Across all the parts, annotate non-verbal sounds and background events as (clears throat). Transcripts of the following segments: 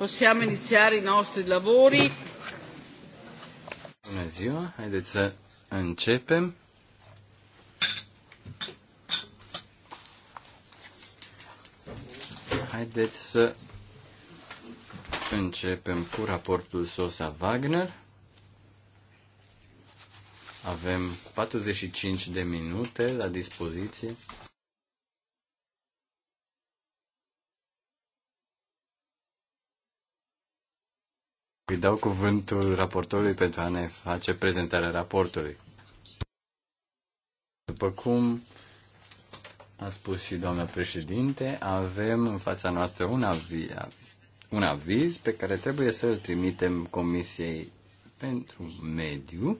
Possiamo iniziare i nostri lavori. Bună ziua, haideți să începem. Haideți să începem cu raportul Sosa Wagner. Avem 45 de minute la dispoziție. Îi dau cuvântul raportorului pentru a ne face prezentarea raportului. După cum a spus și doamna președinte, avem în fața noastră un aviz, un aviz pe care trebuie să l trimitem Comisiei pentru Mediu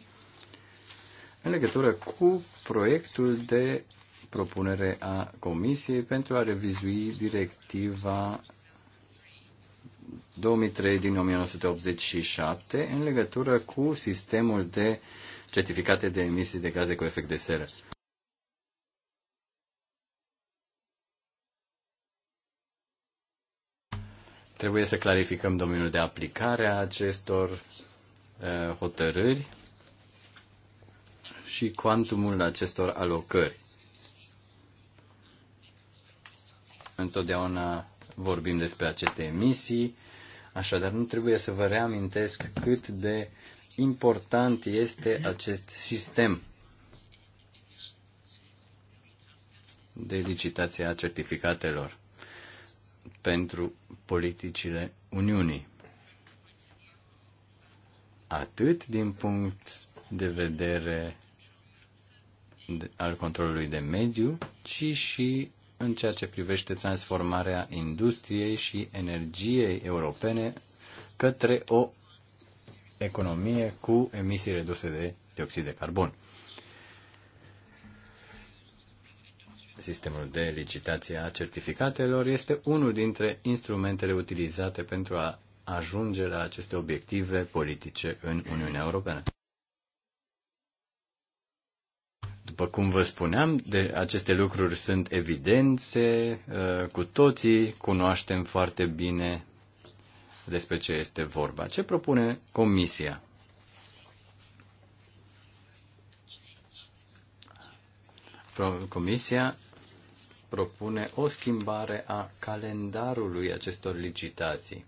în legătură cu proiectul de propunere a Comisiei pentru a revizui directiva 2003 din 1987 în legătură cu sistemul de certificate de emisii de gaze cu efect de seră. Trebuie să clarificăm domeniul de aplicare a acestor uh, hotărâri și cuantumul acestor alocări. Întotdeauna vorbim despre aceste emisii Așadar, nu trebuie să vă reamintesc cât de important este acest sistem de licitație a certificatelor pentru politicile Uniunii. Atât din punct de vedere al controlului de mediu, ci și în ceea ce privește transformarea industriei și energiei europene către o economie cu emisii reduse de dioxid de carbon. Sistemul de licitație a certificatelor este unul dintre instrumentele utilizate pentru a ajunge la aceste obiective politice în Uniunea Europeană. După cum vă spuneam, de, aceste lucruri sunt evidențe, uh, cu toții cunoaștem foarte bine despre ce este vorba. Ce propune Comisia? Comisia propune o schimbare a calendarului acestor licitații.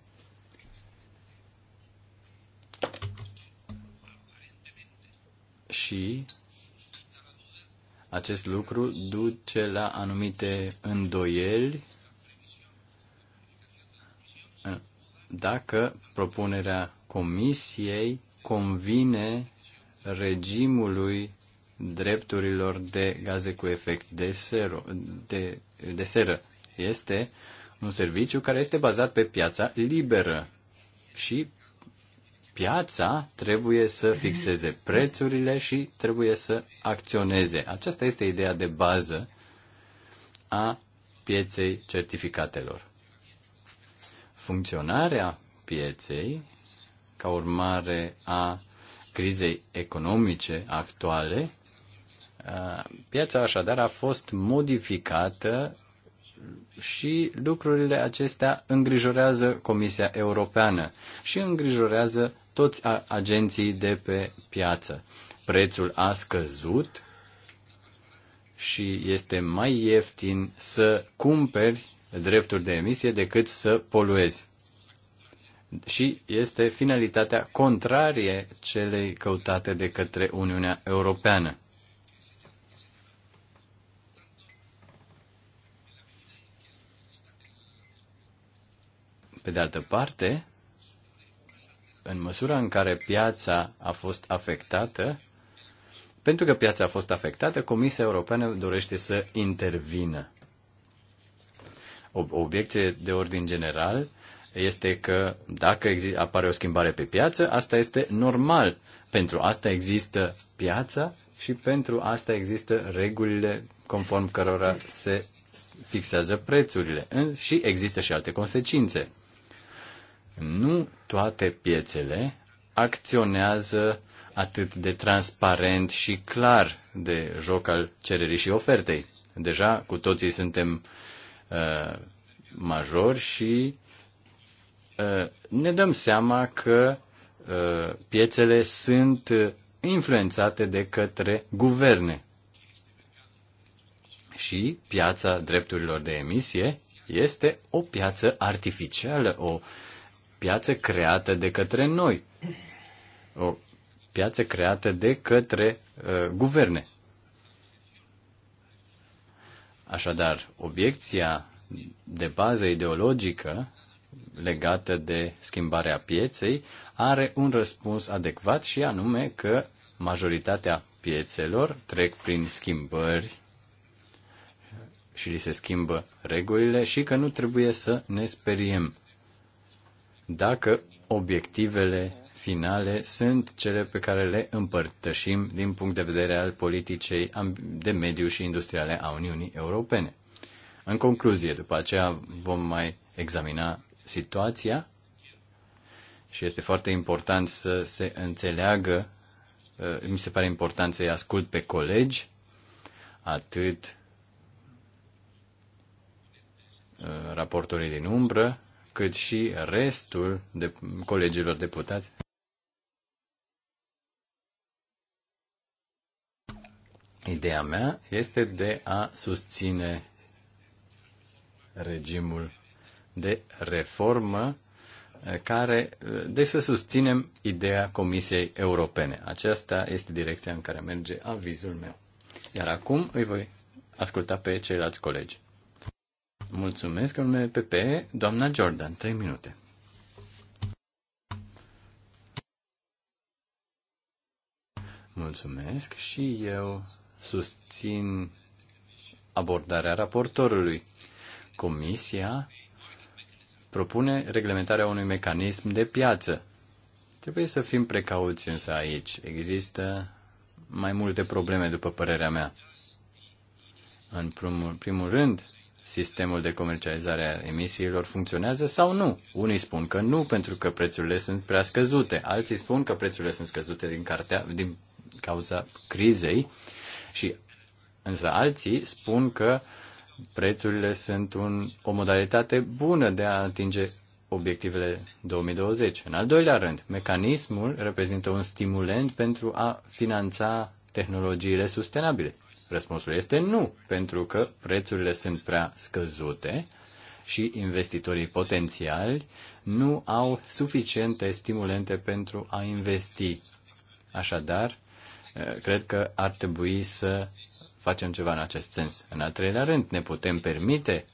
Și acest lucru duce la anumite îndoieli dacă propunerea comisiei convine regimului drepturilor de gaze cu efect de, sero, de, de seră. Este un serviciu care este bazat pe piața liberă și piața trebuie să fixeze prețurile și trebuie să acționeze. Aceasta este ideea de bază a pieței certificatelor. Funcționarea pieței, ca urmare a crizei economice actuale, piața așadar a fost modificată și lucrurile acestea îngrijorează Comisia Europeană și îngrijorează toți agenții de pe piață. Prețul a scăzut și este mai ieftin să cumperi drepturi de emisie decât să poluezi. Și este finalitatea contrarie celei căutate de către Uniunea Europeană. Pe de altă parte, în măsura în care piața a fost afectată, pentru că piața a fost afectată, Comisia Europeană dorește să intervină. O obiecție de ordin general este că dacă apare o schimbare pe piață, asta este normal. Pentru asta există piața și pentru asta există regulile conform cărora se fixează prețurile. Și există și alte consecințe. Nu toate piețele acționează atât de transparent și clar de joc al cererii și ofertei. Deja cu toții suntem uh, majori și uh, ne dăm seama că uh, piețele sunt influențate de către guverne. Și piața drepturilor de emisie este o piață artificială, o uh, piață creată de către noi, o piață creată de către uh, guverne. Așadar, obiecția de bază ideologică legată de schimbarea pieței are un răspuns adecvat și anume că majoritatea piețelor trec prin schimbări și li se schimbă regulile și că nu trebuie să ne speriem dacă obiectivele finale sunt cele pe care le împărtășim din punct de vedere al politicei de mediu și industriale a Uniunii Europene. În concluzie, după aceea vom mai examina situația și este foarte important să se înțeleagă, uh, mi se pare important să-i ascult pe colegi, atât uh, raportorii din umbră, cât și restul de colegilor deputați. Ideea mea este de a susține regimul de reformă eh, care, eh, de să susținem ideea Comisiei Europene. Aceasta este direcția în care merge avizul meu. Iar acum îi voi asculta pe ceilalți colegi. Mulțumesc, în numele PP, doamna Jordan, 3 minute. Mulțumesc și eu susțin abordarea raportorului. Comisia propune reglementarea unui mecanism de piață. Trebuie să fim precauți însă aici. Există mai multe probleme, după părerea mea. În primul, primul rând, sistemul de comercializare a emisiilor funcționează sau nu. Unii spun că nu pentru că prețurile sunt prea scăzute, alții spun că prețurile sunt scăzute din, cartea, din cauza crizei și însă alții spun că prețurile sunt un, o modalitate bună de a atinge obiectivele 2020. În al doilea rând, mecanismul reprezintă un stimulent pentru a finanța tehnologiile sustenabile. Răspunsul este nu, pentru că prețurile sunt prea scăzute și investitorii potențiali nu au suficiente stimulente pentru a investi. Așadar, eh, cred că ar trebui să facem ceva în acest sens. În al treilea rând, ne putem permite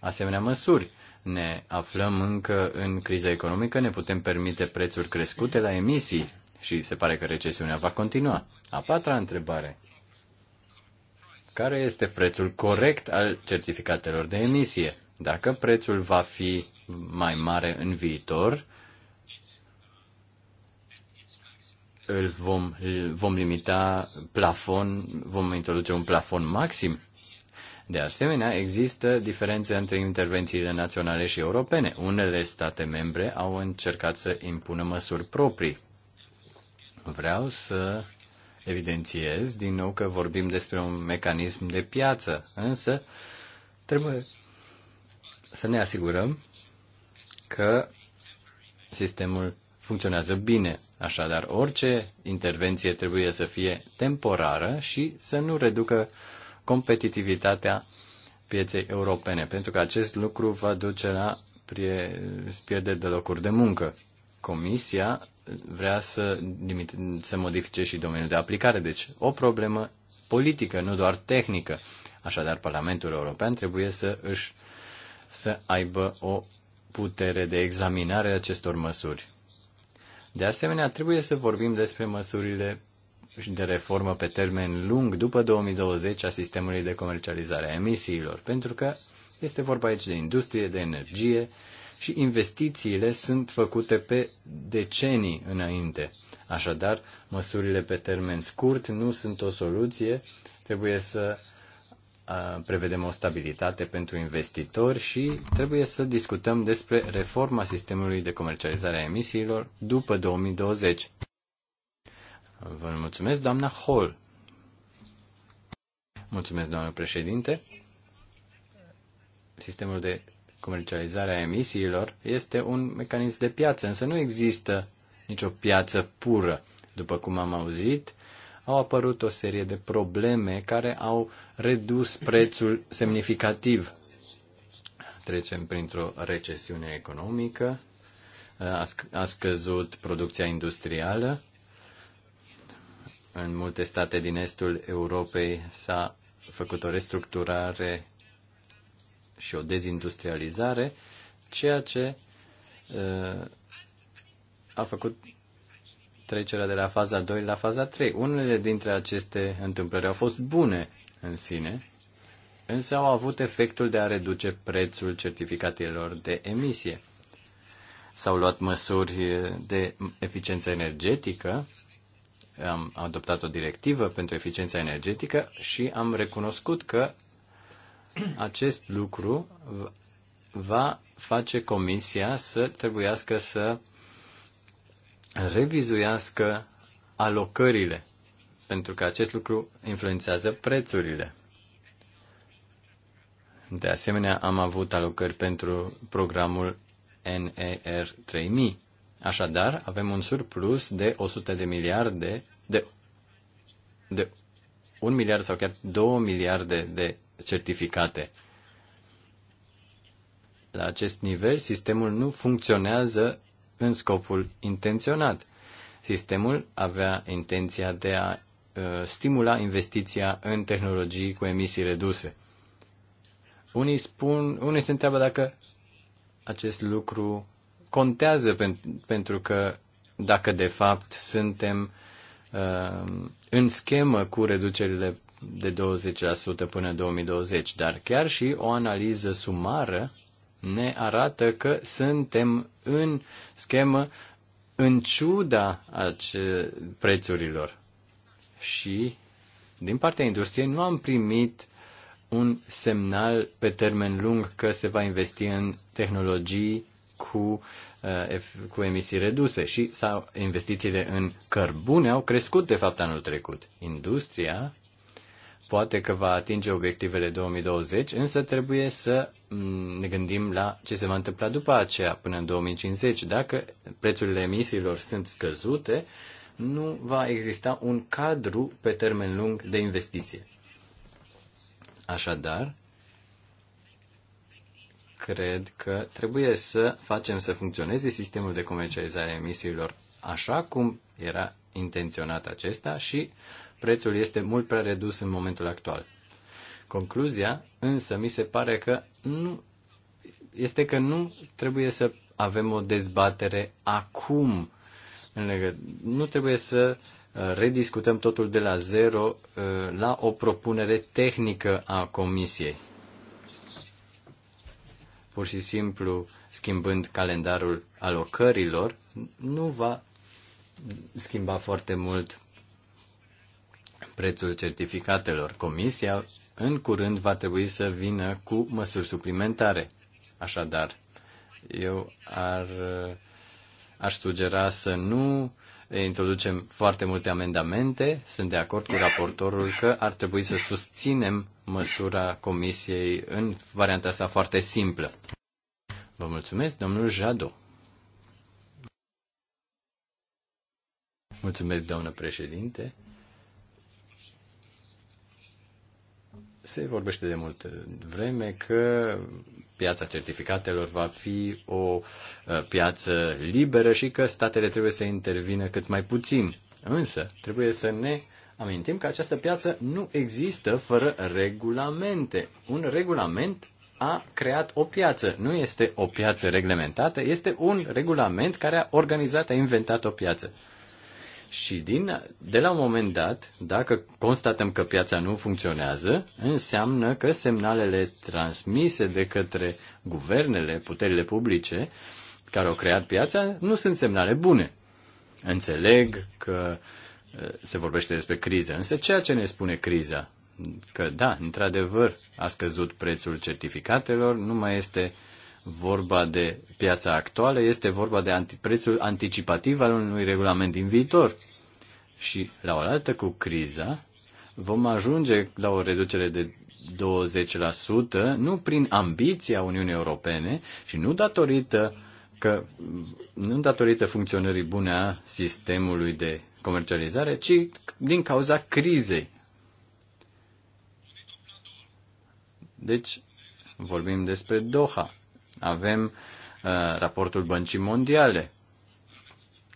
asemenea măsuri. Ne aflăm încă în criza economică, ne putem permite prețuri crescute la emisii și se pare că recesiunea va continua. A patra întrebare care este prețul corect al certificatelor de emisie. Dacă prețul va fi mai mare în viitor, îl vom, îl vom limita plafon, vom introduce un plafon maxim. De asemenea, există diferențe între intervențiile naționale și europene. Unele state membre au încercat să impună măsuri proprii. Vreau să evidențiez din nou că vorbim despre un mecanism de piață, însă trebuie să ne asigurăm că sistemul funcționează bine. Așadar, orice intervenție trebuie să fie temporară și să nu reducă competitivitatea pieței europene, pentru că acest lucru va duce la pierderi de locuri de muncă. Comisia vrea să se modifice și domeniul de aplicare. Deci, o problemă politică, nu doar tehnică. Așadar, Parlamentul European trebuie să își să aibă o putere de examinare a acestor măsuri. De asemenea, trebuie să vorbim despre măsurile de reformă pe termen lung după 2020 a sistemului de comercializare a emisiilor, pentru că este vorba aici de industrie, de energie, și investițiile sunt făcute pe decenii înainte. Așadar, măsurile pe termen scurt nu sunt o soluție, trebuie să prevedem o stabilitate pentru investitori și trebuie să discutăm despre reforma sistemului de comercializare a emisiilor după 2020. Vă mulțumesc, doamna Hall. Mulțumesc, doamnă președinte. Sistemul de Comercializarea emisiilor este un mecanism de piață, însă nu există nicio piață pură. După cum am auzit, au apărut o serie de probleme care au redus (laughs) prețul semnificativ. Trecem printr-o recesiune economică, a scăzut producția industrială. În multe state din estul Europei s-a făcut o restructurare și o dezindustrializare, ceea ce uh, a făcut trecerea de la faza 2 la faza 3. Unele dintre aceste întâmplări au fost bune în sine, însă au avut efectul de a reduce prețul certificatelor de emisie. S-au luat măsuri de eficiență energetică, am adoptat o directivă pentru eficiența energetică și am recunoscut că acest lucru va face comisia să trebuiască să revizuiască alocările, pentru că acest lucru influențează prețurile. De asemenea, am avut alocări pentru programul NER 3000. Așadar, avem un surplus de 100 de miliarde, de, de 1 miliard sau chiar 2 miliarde de certificate. La acest nivel, sistemul nu funcționează în scopul intenționat. Sistemul avea intenția de a uh, stimula investiția în tehnologii cu emisii reduse. Unii spun, unii se întreabă dacă acest lucru contează pen, pentru că dacă de fapt suntem uh, în schemă cu reducerile de 20% până 2020, dar chiar și o analiză sumară ne arată că suntem în schemă în ciuda prețurilor. Și din partea industriei nu am primit un semnal pe termen lung că se va investi în tehnologii cu, uh, cu emisii reduse și sau investițiile în cărbune au crescut de fapt anul trecut. Industria poate că va atinge obiectivele 2020, însă trebuie să mm, ne gândim la ce se va întâmpla după aceea, până în 2050. Dacă prețurile emisiilor sunt scăzute, nu va exista un cadru pe termen lung de investiție. Așadar, cred că trebuie să facem să funcționeze sistemul de comercializare a emisiilor așa cum era intenționat acesta și prețul este mult prea redus în momentul actual. Concluzia, însă, mi se pare că nu este că nu trebuie să avem o dezbatere acum. În nu trebuie să uh, rediscutăm totul de la zero uh, la o propunere tehnică a Comisiei. Pur și simplu, schimbând calendarul alocărilor, nu va schimba foarte mult prețul certificatelor. Comisia în curând va trebui să vină cu măsuri suplimentare. Așadar, eu ar, aș sugera să nu introducem foarte multe amendamente. Sunt de acord cu raportorul că ar trebui să susținem măsura comisiei în varianta sa foarte simplă. Vă mulțumesc, domnul Jado. Mulțumesc, doamnă președinte. Se vorbește de mult vreme că piața certificatelor va fi o uh, piață liberă și că statele trebuie să intervină cât mai puțin. Însă, trebuie să ne amintim că această piață nu există fără regulamente. Un regulament a creat o piață. Nu este o piață reglementată, este un regulament care a organizat, a inventat o piață. Și din, de la un moment dat, dacă constatăm că piața nu funcționează, înseamnă că semnalele transmise de către guvernele, puterile publice care au creat piața, nu sunt semnale bune. Înțeleg că se vorbește despre criză, însă ceea ce ne spune criza, că da, într-adevăr a scăzut prețul certificatelor, nu mai este uh, vorba de piața actuală, este vorba de anti, prețul anticipativ al unui regulament din viitor. Și la o altă cu criza, vom ajunge la o reducere de 20%, nu prin ambiția Uniunii Europene și nu datorită că nu datorită funcționării bune a sistemului de comercializare, ci din cauza crizei. Deci, vorbim despre Doha. Avem uh, raportul Băncii Mondiale,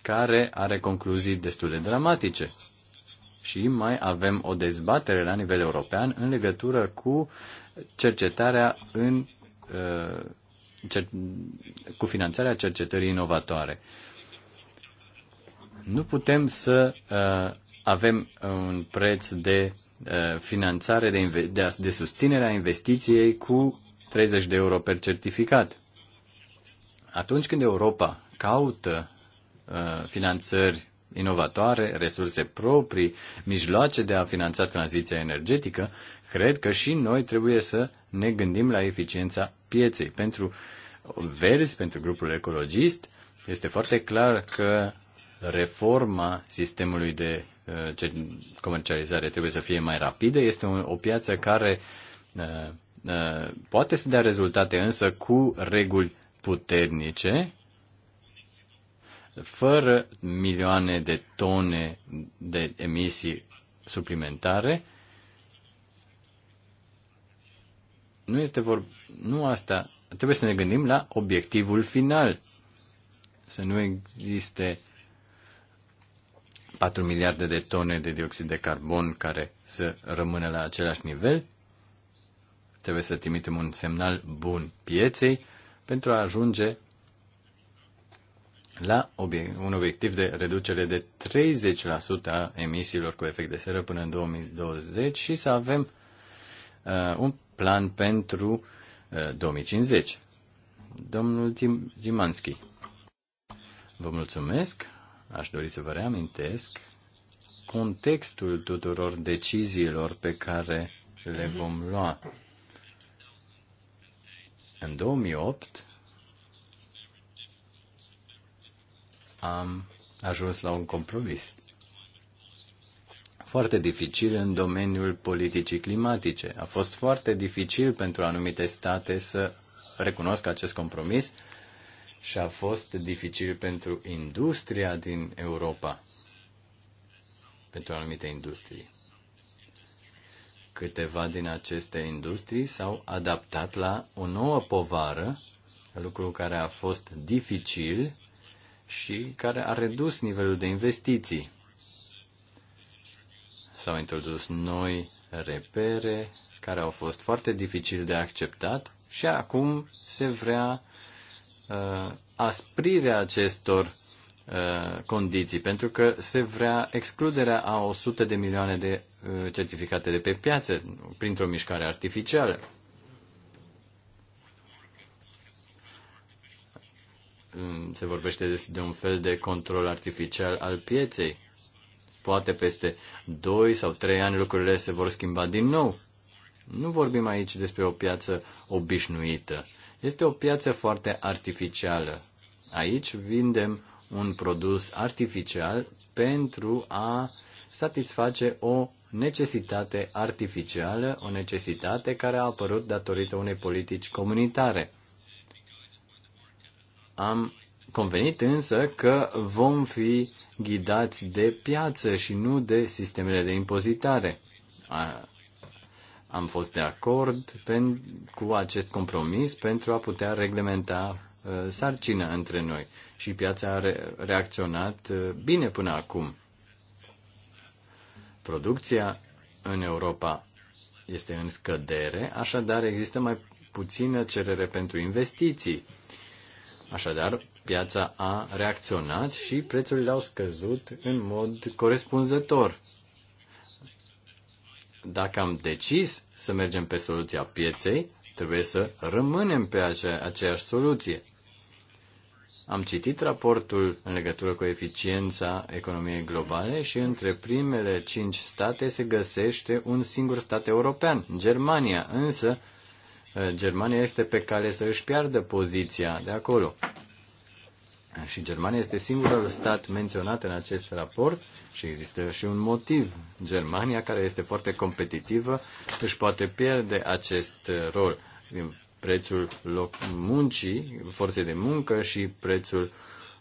care are concluzii destul de dramatice. Și mai avem o dezbatere la nivel european în legătură cu cercetarea în, uh, cer, cu finanțarea cercetării inovatoare. Nu putem să uh, avem un preț de uh, finanțare, de, de, de susținere a investiției cu 30 de euro per certificat. Atunci când Europa caută uh, finanțări inovatoare, resurse proprii, mijloace de a finanța tranziția energetică, cred că și noi trebuie să ne gândim la eficiența pieței. Pentru verzi, pentru grupul ecologist, este foarte clar că reforma sistemului de uh, comercializare trebuie să fie mai rapidă. Este o piață care uh, Eh, poate să dea rezultate însă cu reguli puternice, fără milioane de tone de emisii suplimentare. Nu este vorba, nu asta, trebuie să ne gândim la obiectivul final. Să nu existe 4 miliarde de tone de dioxid de carbon care să rămână la același nivel, Trebuie să trimitem un semnal bun pieței pentru a ajunge la un obiectiv de reducere de 30% a emisiilor cu efect de seră până în 2020 și să avem uh, un plan pentru uh, 2050. Domnul Tim Zimanski, vă mulțumesc. Aș dori să vă reamintesc contextul tuturor deciziilor pe care le vom lua în 2008 am ajuns la un compromis foarte dificil în domeniul politicii climatice. A fost foarte dificil pentru anumite state să recunoască acest compromis și a fost dificil pentru industria din Europa, pentru anumite industrii. Câteva din aceste industrii s-au adaptat la o nouă povară, lucru care a fost dificil și care a redus nivelul de investiții. S-au introdus noi repere care au fost foarte dificil de acceptat și acum se vrea uh, asprirea acestor Uh, condiții, pentru că se vrea excluderea a 100 de milioane de uh, certificate de pe piață printr-o mișcare artificială. Mm, se vorbește de un fel de control artificial al pieței. Poate peste 2 sau 3 ani lucrurile se vor schimba din nou. Nu vorbim aici despre o piață obișnuită. Este o piață foarte artificială. Aici vindem un produs artificial pentru a satisface o necesitate artificială, o necesitate care a apărut datorită unei politici comunitare. Am convenit însă că vom fi ghidați de piață și nu de sistemele de impozitare. Am fost de acord cu acest compromis pentru a putea reglementa uh, sarcina între noi și piața a re- reacționat uh, bine până acum. Producția în Europa este în scădere, așadar există mai puțină cerere pentru investiții. Așadar, piața a reacționat și prețurile au scăzut în mod corespunzător. Dacă am decis să mergem pe soluția pieței, trebuie să rămânem pe acea, aceeași soluție. Am citit raportul în legătură cu eficiența economiei globale și între primele cinci state se găsește un singur stat european, Germania, însă eh, Germania este pe cale să își piardă poziția de acolo. Și Germania este singurul stat menționat în acest raport și există și un motiv. Germania, care este foarte competitivă, își poate pierde acest eh, rol prețul loc muncii, forței de muncă și prețul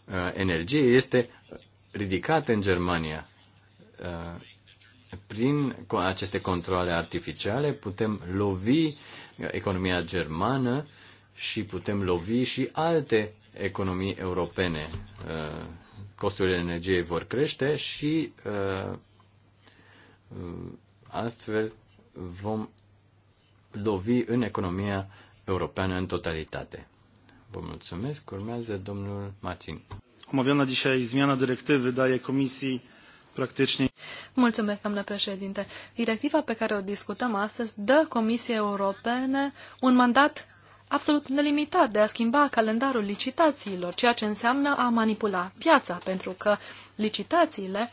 uh, energiei este ridicat în Germania. Uh, prin aceste controle artificiale putem lovi uh, economia germană și putem lovi și alte economii europene. Uh, costurile energiei vor crește și uh, uh astfel vom lovi în economia europeană în totalitate. Vă mulțumesc. Urmează domnul Macin. Omawiana dzisiaj zmiana dyrektywy daje Komisji practicnie. Mulțumesc, doamnă președinte. Directiva pe care o discutăm astăzi dă Comisiei Europene un mandat absolut nelimitat de a schimba calendarul licitațiilor, ceea ce înseamnă a manipula piața, pentru că licitațiile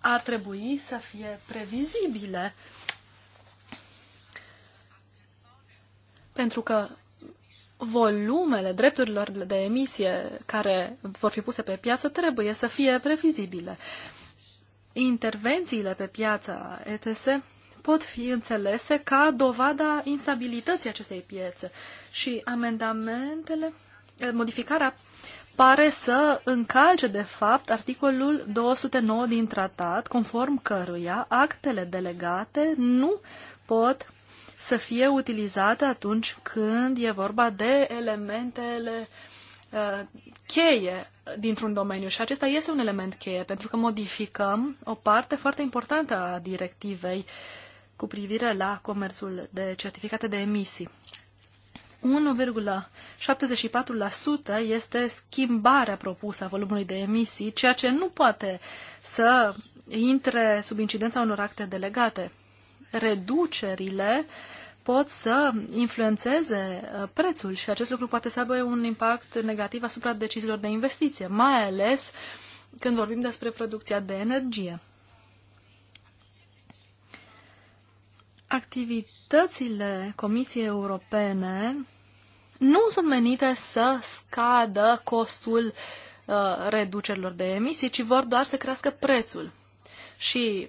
ar trebui să fie previzibile pentru că volumele drepturilor de emisie care vor fi puse pe piață trebuie să fie previzibile. Intervențiile pe piața ETS pot fi înțelese ca dovada instabilității acestei piețe și amendamentele, modificarea pare să încalce de fapt articolul 209 din tratat, conform căruia actele delegate nu pot să fie utilizate atunci când e vorba de elementele uh, cheie dintr-un domeniu. Și acesta este un element cheie, pentru că modificăm o parte foarte importantă a directivei cu privire la comerțul de certificate de emisii. 1,74% este schimbarea propusă a volumului de emisii, ceea ce nu poate să intre sub incidența unor acte delegate. Reducerile uh, pot să influențeze uh, prețul și acest lucru poate să aibă un impact negativ asupra deciziilor de investiție, mai ales când vorbim despre producția de energie. Activitățile Comisiei Europene nu sunt menite să scadă costul uh, reducerilor de emisii, ci vor doar să crească prețul. Și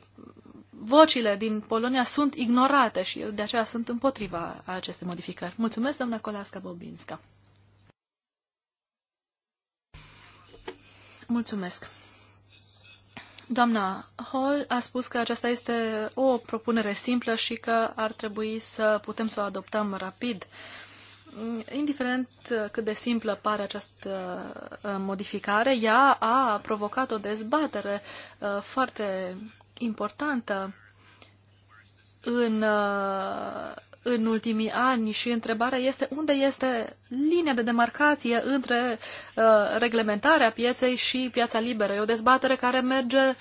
vocile din Polonia sunt ignorate și eu de aceea sunt împotriva acestei modificări. Mulțumesc, doamna Coleasca Bobinska. Mulțumesc. Doamna Hall a spus că aceasta este o propunere simplă și că ar trebui să putem să o adoptăm rapid. Indiferent cât de simplă pare această uh, modificare, ea a provocat o dezbatere uh, foarte importantă în, uh, în ultimii ani și întrebarea este unde este linia de demarcație între uh, reglementarea pieței și piața liberă. E o dezbatere care merge uh,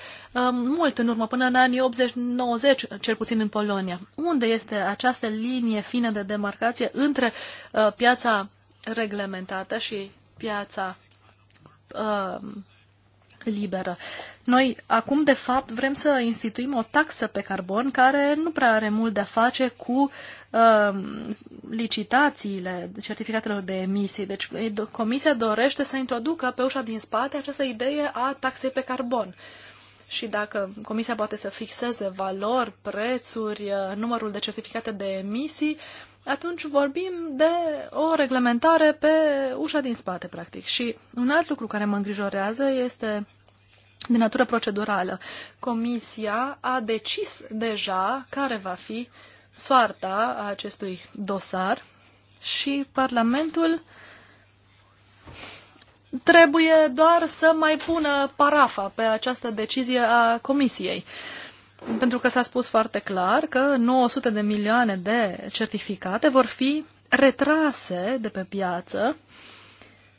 mult în urmă, până în anii 80-90, cel puțin în Polonia. Unde este această linie fină de demarcație între uh, piața reglementată și piața uh, liberă. Noi acum, de fapt, vrem să instituim o taxă pe carbon care nu prea are mult de-a face cu uh, licitațiile certificatelor de emisii. Deci Comisia dorește să introducă pe ușa din spate această idee a taxei pe carbon. Și dacă Comisia poate să fixeze valori, prețuri, uh, numărul de certificate de emisii, uh, atunci vorbim de o reglementare pe ușa din spate, practic. Și un alt lucru care mă îngrijorează este de natură procedurală. Comisia a decis deja care va fi soarta a acestui dosar și Parlamentul trebuie doar să mai pună parafa pe această decizie a Comisiei. Uh, pentru că s-a spus foarte clar că 900 de milioane de certificate vor fi retrase de pe piață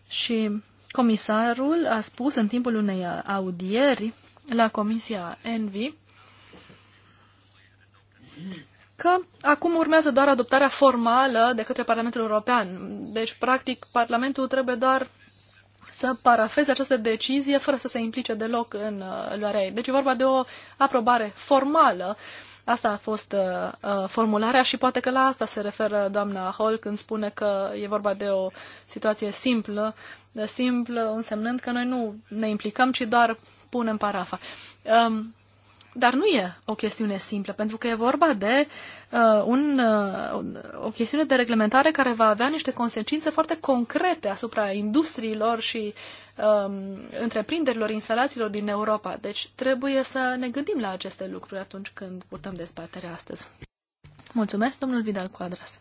și comisarul a spus în timpul unei audieri la Comisia Envi că acum urmează doar adoptarea formală de către Parlamentul European. Deci, practic, Parlamentul trebuie doar să parafeze această decizie fără să se implice deloc în uh, luarea ei. Deci e vorba de o aprobare formală. Asta a fost uh, uh, formularea și poate că la asta se referă doamna Hall când spune că e vorba de o situație simplă, simplă însemnând că noi nu ne implicăm, ci doar punem parafa. Um, dar nu e o chestiune simplă, pentru că e vorba de uh, un, uh, o chestiune de reglementare care va avea niște consecințe foarte concrete asupra industriilor și um, uh, întreprinderilor, instalațiilor din Europa. Deci trebuie să ne gândim la aceste lucruri atunci când putem dezbaterea astăzi. Mulțumesc, domnul Vidal Cuadras.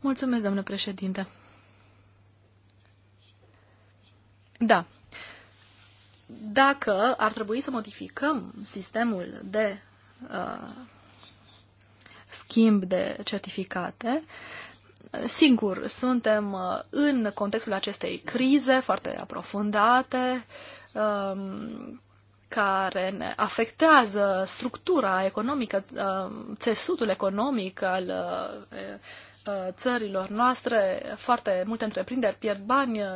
Mulțumesc, domnule președinte. Da. Dacă ar trebui să modificăm sistemul de uh, schimb de certificate, Sigur, suntem uh, în contextul acestei crize foarte aprofundate, um, care ne afectează structura economică, uh, țesutul economic al uh, Uh, țărilor noastre. Foarte multe întreprinderi pierd bani, uh,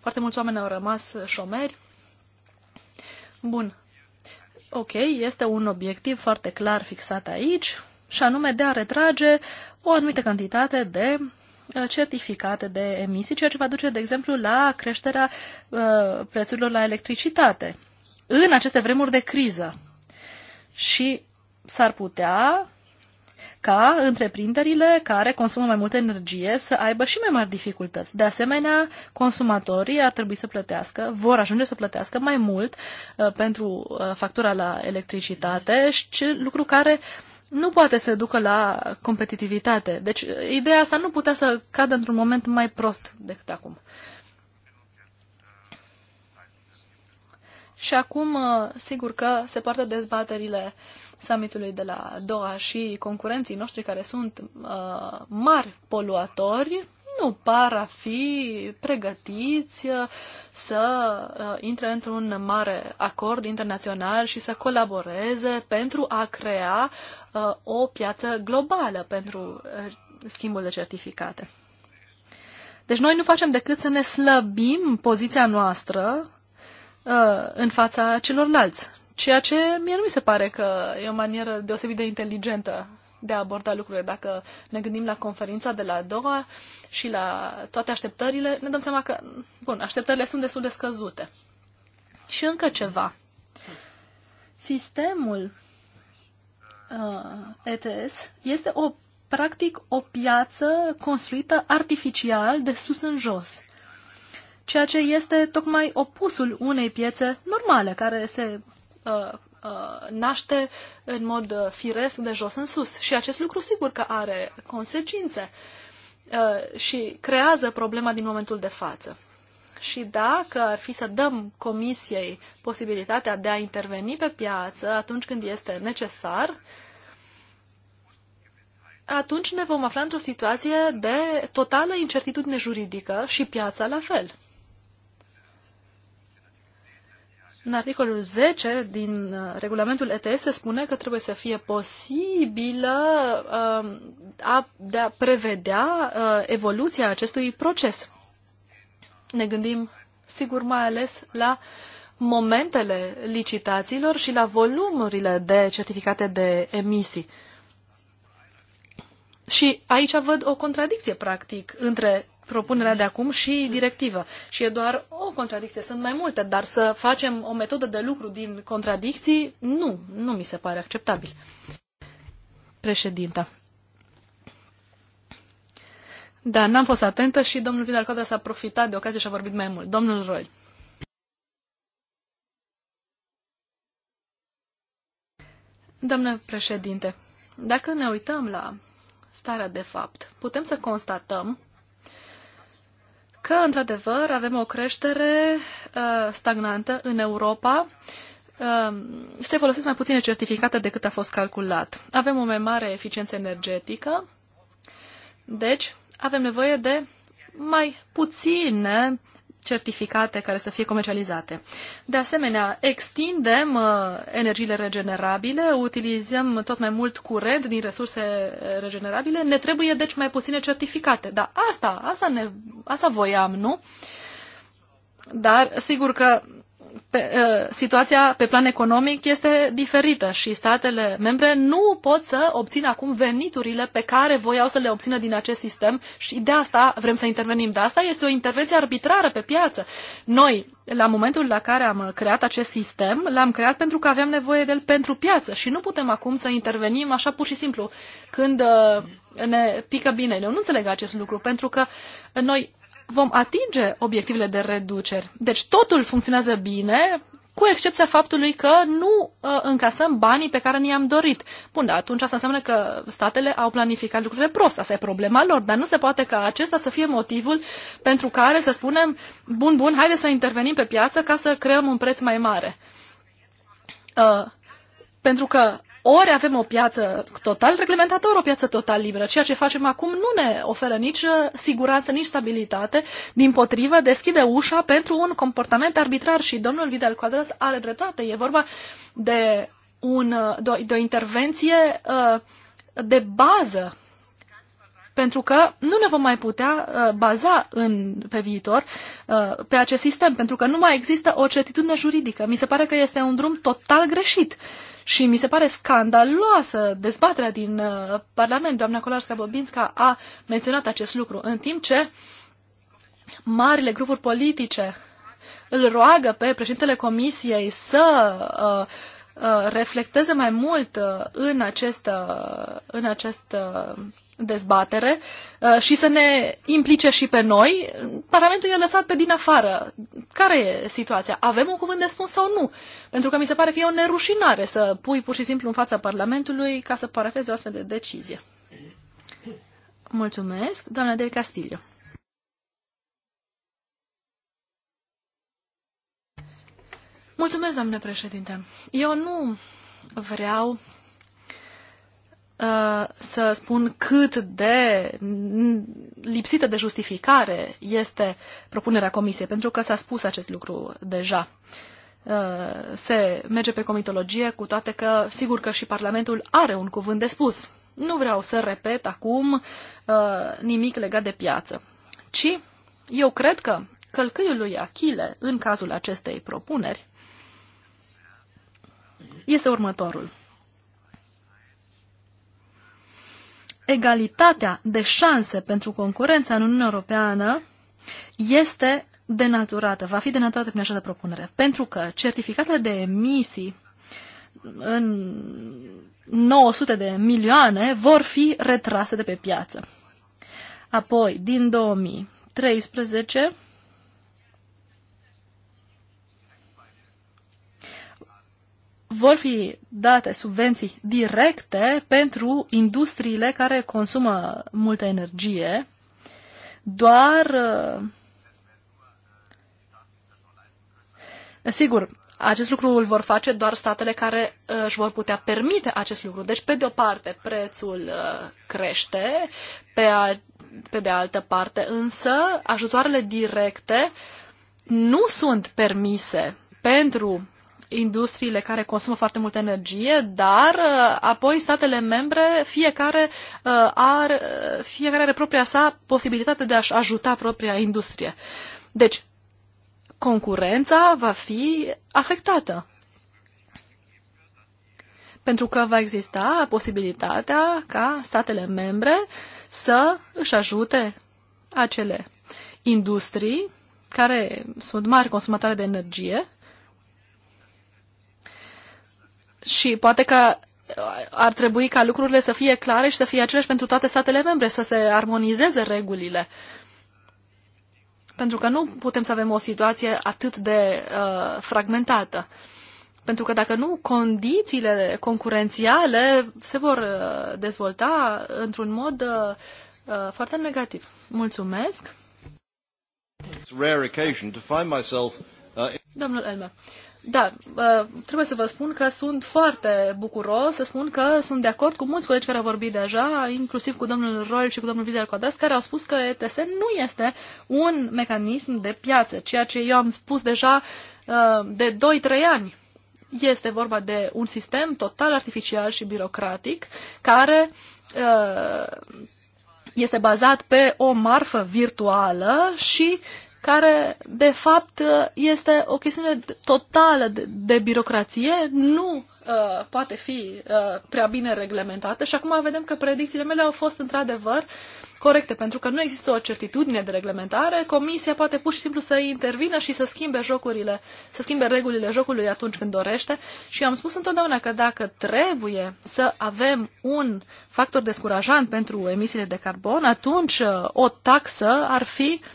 foarte mulți oameni au rămas șomeri. Bun. Ok, este un obiectiv foarte clar fixat aici, și anume de a retrage o anumită cantitate de uh, certificate de emisii, ceea ce va duce, de exemplu, la creșterea prețurilor la electricitate în aceste vremuri de criză. Și s-ar putea ca întreprinderile care consumă mai multă energie să aibă și mai mari dificultăți. De asemenea, consumatorii ar trebui să plătească, vor ajunge să plătească mai mult uh, pentru uh, factura la electricitate, și lucru care nu poate să ducă la competitivitate. Deci, uh, ideea asta nu putea să cadă într-un moment mai prost decât acum. Și acum, uh, sigur că se poartă dezbaterile uh, summitului de la Doha și concurenții noștri care sunt uh, mari poluatori nu par a fi pregătiți uh, să uh, intre într-un mare acord internațional și să colaboreze pentru a crea uh, o piață globală pentru schimbul de certificate. Deci noi nu facem decât să ne slăbim poziția noastră în fața celorlalți. Ceea ce mie nu mi se pare că e o manieră deosebit de inteligentă de a aborda lucrurile. Dacă ne gândim la conferința de la Doha și la toate așteptările, ne dăm seama că, bun, așteptările sunt destul de scăzute. Și încă ceva. Sistemul uh, ETS este o, practic o piață construită artificial de sus în jos ceea ce este tocmai opusul unei piețe normale, care se Uh, uh, naște în mod uh, firesc de jos în sus. Și acest lucru sigur că are consecințe și creează problema din momentul de față. Și dacă ar fi să dăm comisiei posibilitatea de a interveni pe piață atunci când este necesar, atunci ne vom afla într-o situație de totală incertitudine juridică și piața la fel. În articolul 10 din uh, regulamentul ETS se spune că trebuie să fie posibilă uh, a, de a prevedea uh, evoluția acestui proces. Ne gândim, sigur, mai ales la momentele licitațiilor și la volumurile de certificate de emisii. Și aici văd o contradicție, practic, între propunerea de acum și directivă. Și e doar o contradicție, sunt mai multe, dar să facem o metodă de lucru din contradicții, nu, nu mi se pare acceptabil. Președinta. Da, n-am fost atentă și domnul Vidal Codra s-a profitat de ocazie și a vorbit mai mult. Domnul Roy. Doamnă președinte, dacă ne uităm la starea de fapt, putem să constatăm că, într-adevăr, avem o creștere uh, stagnantă în Europa. Uh, se folosesc mai puține certificate decât a fost calculat. Avem o mai mare eficiență energetică, deci avem nevoie de mai puține certificate care să fie comercializate. De asemenea, extindem uh, energiile regenerabile, utilizăm tot mai mult curent din resurse uh, regenerabile, ne trebuie deci mai puține certificate. Dar asta, asta, ne, asta voiam, nu? Dar sigur că pe, uh, situația pe plan economic este diferită și statele membre nu pot să obțină acum veniturile pe care voiau să le obțină din acest sistem și de asta vrem să intervenim. De asta este o intervenție arbitrară pe piață. Noi, la momentul la care am creat acest sistem, l-am creat pentru că aveam nevoie de el pentru piață și nu putem acum să intervenim așa pur și simplu când uh, ne pică bine. Eu nu înțeleg acest lucru pentru că noi vom atinge obiectivele de reduceri. Deci totul funcționează bine, cu excepția faptului că nu uh, încasăm banii pe care ni-am dorit. Bun, dar atunci asta înseamnă că statele au planificat lucrurile prost, asta e problema lor, dar nu se poate ca acesta să fie motivul pentru care să spunem, bun, bun, haide să intervenim pe piață ca să creăm un preț mai mare. Uh, pentru că ori avem o piață total reglementată, ori o piață total liberă. Ceea ce facem acum nu ne oferă nici uh, siguranță, nici stabilitate. Din potrivă, deschide ușa pentru un comportament arbitrar și domnul Vidal Quadras are dreptate. E vorba de, un, uh, de, o, de o intervenție uh, de bază pentru că nu ne vom mai putea uh, baza în, pe viitor uh, pe acest sistem, pentru că nu mai există o certitudine juridică. Mi se pare că este un drum total greșit. Și mi se pare scandaloasă dezbaterea din uh, Parlament. Doamna Kolarska-Bobinska a menționat acest lucru, în timp ce marile grupuri politice îl roagă pe președintele Comisiei să uh, uh reflecteze mai mult în acest, în acest dezbatere uh, și să ne implice și pe noi, Parlamentul e lăsat pe din afară. Care e situația? Avem un cuvânt de spus sau nu? Pentru că mi se pare că e o nerușinare să pui pur și simplu în fața Parlamentului ca să parafezi o astfel de decizie. Mulțumesc, doamna Del Castillo. Mulțumesc, doamnă președinte. Eu nu vreau Uh, să spun cât de lipsită de justificare este propunerea comisiei, pentru că s-a spus acest lucru deja. Uh, se merge pe comitologie, cu toate că sigur că și Parlamentul are un cuvânt de spus. Nu vreau să repet acum uh, nimic legat de piață, ci eu cred că călcâiul lui Achille în cazul acestei propuneri este următorul. egalitatea de șanse pentru concurența în Uniunea Europeană este denaturată, va fi denaturată prin această propunere, pentru că certificatele de emisii în 900 de milioane vor fi retrase de pe piață. Apoi, din 2013, vor fi date subvenții directe pentru industriile care consumă multă energie, doar uh, Sigur, acest lucru îl vor face doar statele care uh, își vor putea permite acest lucru. Deci, pe de o parte, prețul uh, crește, pe, a, pe de altă parte, însă, ajutoarele directe nu sunt permise pentru industriile care consumă foarte multă energie, dar uh, apoi statele membre, fiecare, uh, are, uh, fiecare are propria sa posibilitate de a-și ajuta propria industrie. Deci, concurența va fi afectată. Pentru că va exista posibilitatea ca statele membre să își ajute acele industrii care sunt mari consumatoare de energie Și poate că uh, ar trebui ca lucrurile să fie clare și să fie aceleași pentru toate statele membre, să se armonizeze regulile. Pentru că nu putem să avem o situație atât de uh, fragmentată. Pentru că dacă nu, condițiile concurențiale se vor uh, dezvolta într-un mod uh, uh foarte negativ. Mulțumesc! Domnul Elmer, uh, da, uh, trebuie să vă spun că sunt foarte bucuros să spun că sunt de acord cu mulți colegi care au vorbit deja, inclusiv cu domnul Royal și cu domnul Vidal Codras, care au spus că ETS nu este un mecanism de piață, ceea ce eu am spus deja uh, de 2-3 ani. Este vorba de un sistem total artificial și birocratic care uh, este bazat pe o marfă virtuală și uh, care, de fapt, este o chestiune totală de, de birocrație, nu uh, poate fi uh, prea bine reglementată și acum vedem că predicțiile mele au fost, într-adevăr, corecte, pentru că nu există o certitudine de reglementare, comisia poate pur și simplu să intervină și să schimbe jocurile, să schimbe regulile jocului atunci când dorește și eu am spus întotdeauna că dacă trebuie să avem un factor descurajant pentru emisiile de carbon, atunci uh, o taxă ar fi uh,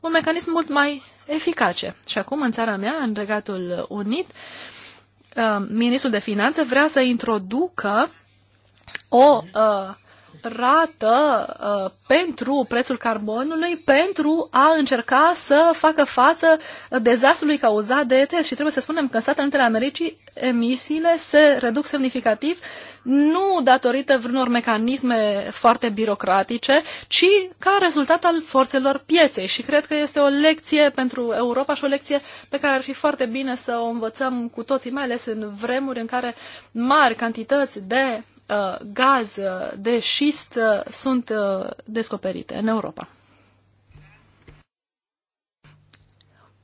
un mecanism mult mai eficace. Și acum, în țara mea, în Regatul Unit, uh, ministrul de finanțe vrea să introducă o uh, rată uh, pentru prețul carbonului pentru a încerca să facă față dezastrului cauzat de ETS. Și trebuie să spunem că în Statele Unite ale Americii emisiile se reduc semnificativ nu datorită vreunor mecanisme foarte birocratice, ci ca rezultat al forțelor pieței. Și cred că este o lecție pentru Europa și o lecție pe care ar fi foarte bine să o învățăm cu toții, mai ales în vremuri în care mari cantități de Uh, gaz uh, de șist uh, sunt descoperite în Europa.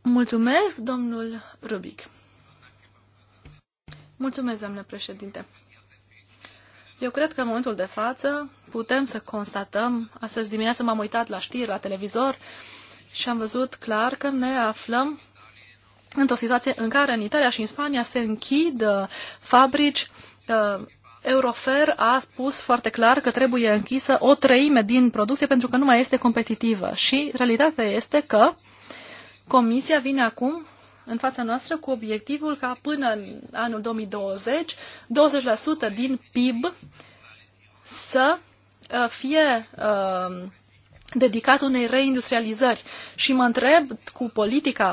Mulțumesc, domnul Rubic. Mulțumesc, doamne președinte. Eu cred că în momentul de față putem să constatăm, astăzi dimineață m-am uitat la știri, la televizor și am văzut clar că ne aflăm într-o situație în care în Italia și în Spania se închid fabrici Eurofer a spus foarte clar că trebuie închisă o treime din producție pentru că nu mai este competitivă. Și realitatea este că Comisia vine acum în fața noastră cu obiectivul ca până în anul 2020 20% din PIB să uh, fie uh, dedicat unei reindustrializări și mă întreb cu politica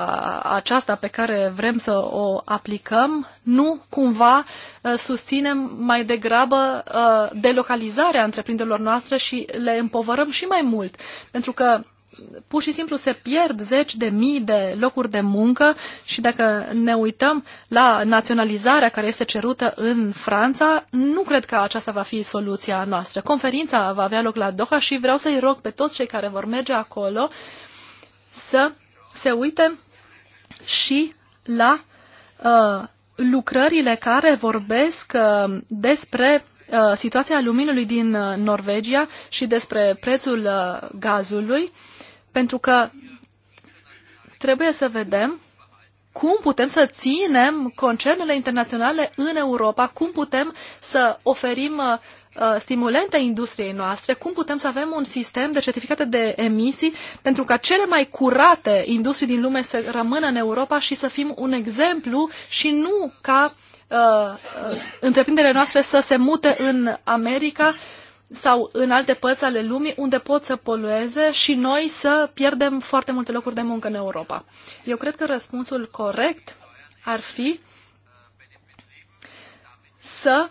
aceasta pe care vrem să o aplicăm, nu cumva uh, susținem mai degrabă uh, delocalizarea întreprinderilor noastre și le împovărăm și mai mult. Pentru că pur și simplu se pierd zeci de mii de locuri de muncă și dacă ne uităm la naționalizarea care este cerută în Franța, nu cred că aceasta va fi soluția noastră. Conferința va avea loc la Doha și vreau să-i rog pe toți cei care vor merge acolo să se uite și la uh, lucrările care vorbesc uh, despre uh, situația luminului din uh, Norvegia și despre prețul uh, gazului pentru că trebuie să vedem cum putem să ținem concernele internaționale în Europa, cum putem să oferim uh, uh, stimulente industriei noastre, cum putem să avem un sistem de certificate de emisii pentru ca cele mai curate industrii din lume să rămână în Europa și să fim un exemplu și nu ca uh, uh întreprinderile noastre să se mute în America sau în alte părți ale lumii unde pot să polueze și noi să pierdem foarte multe locuri de muncă în Europa. Eu cred că răspunsul corect ar fi să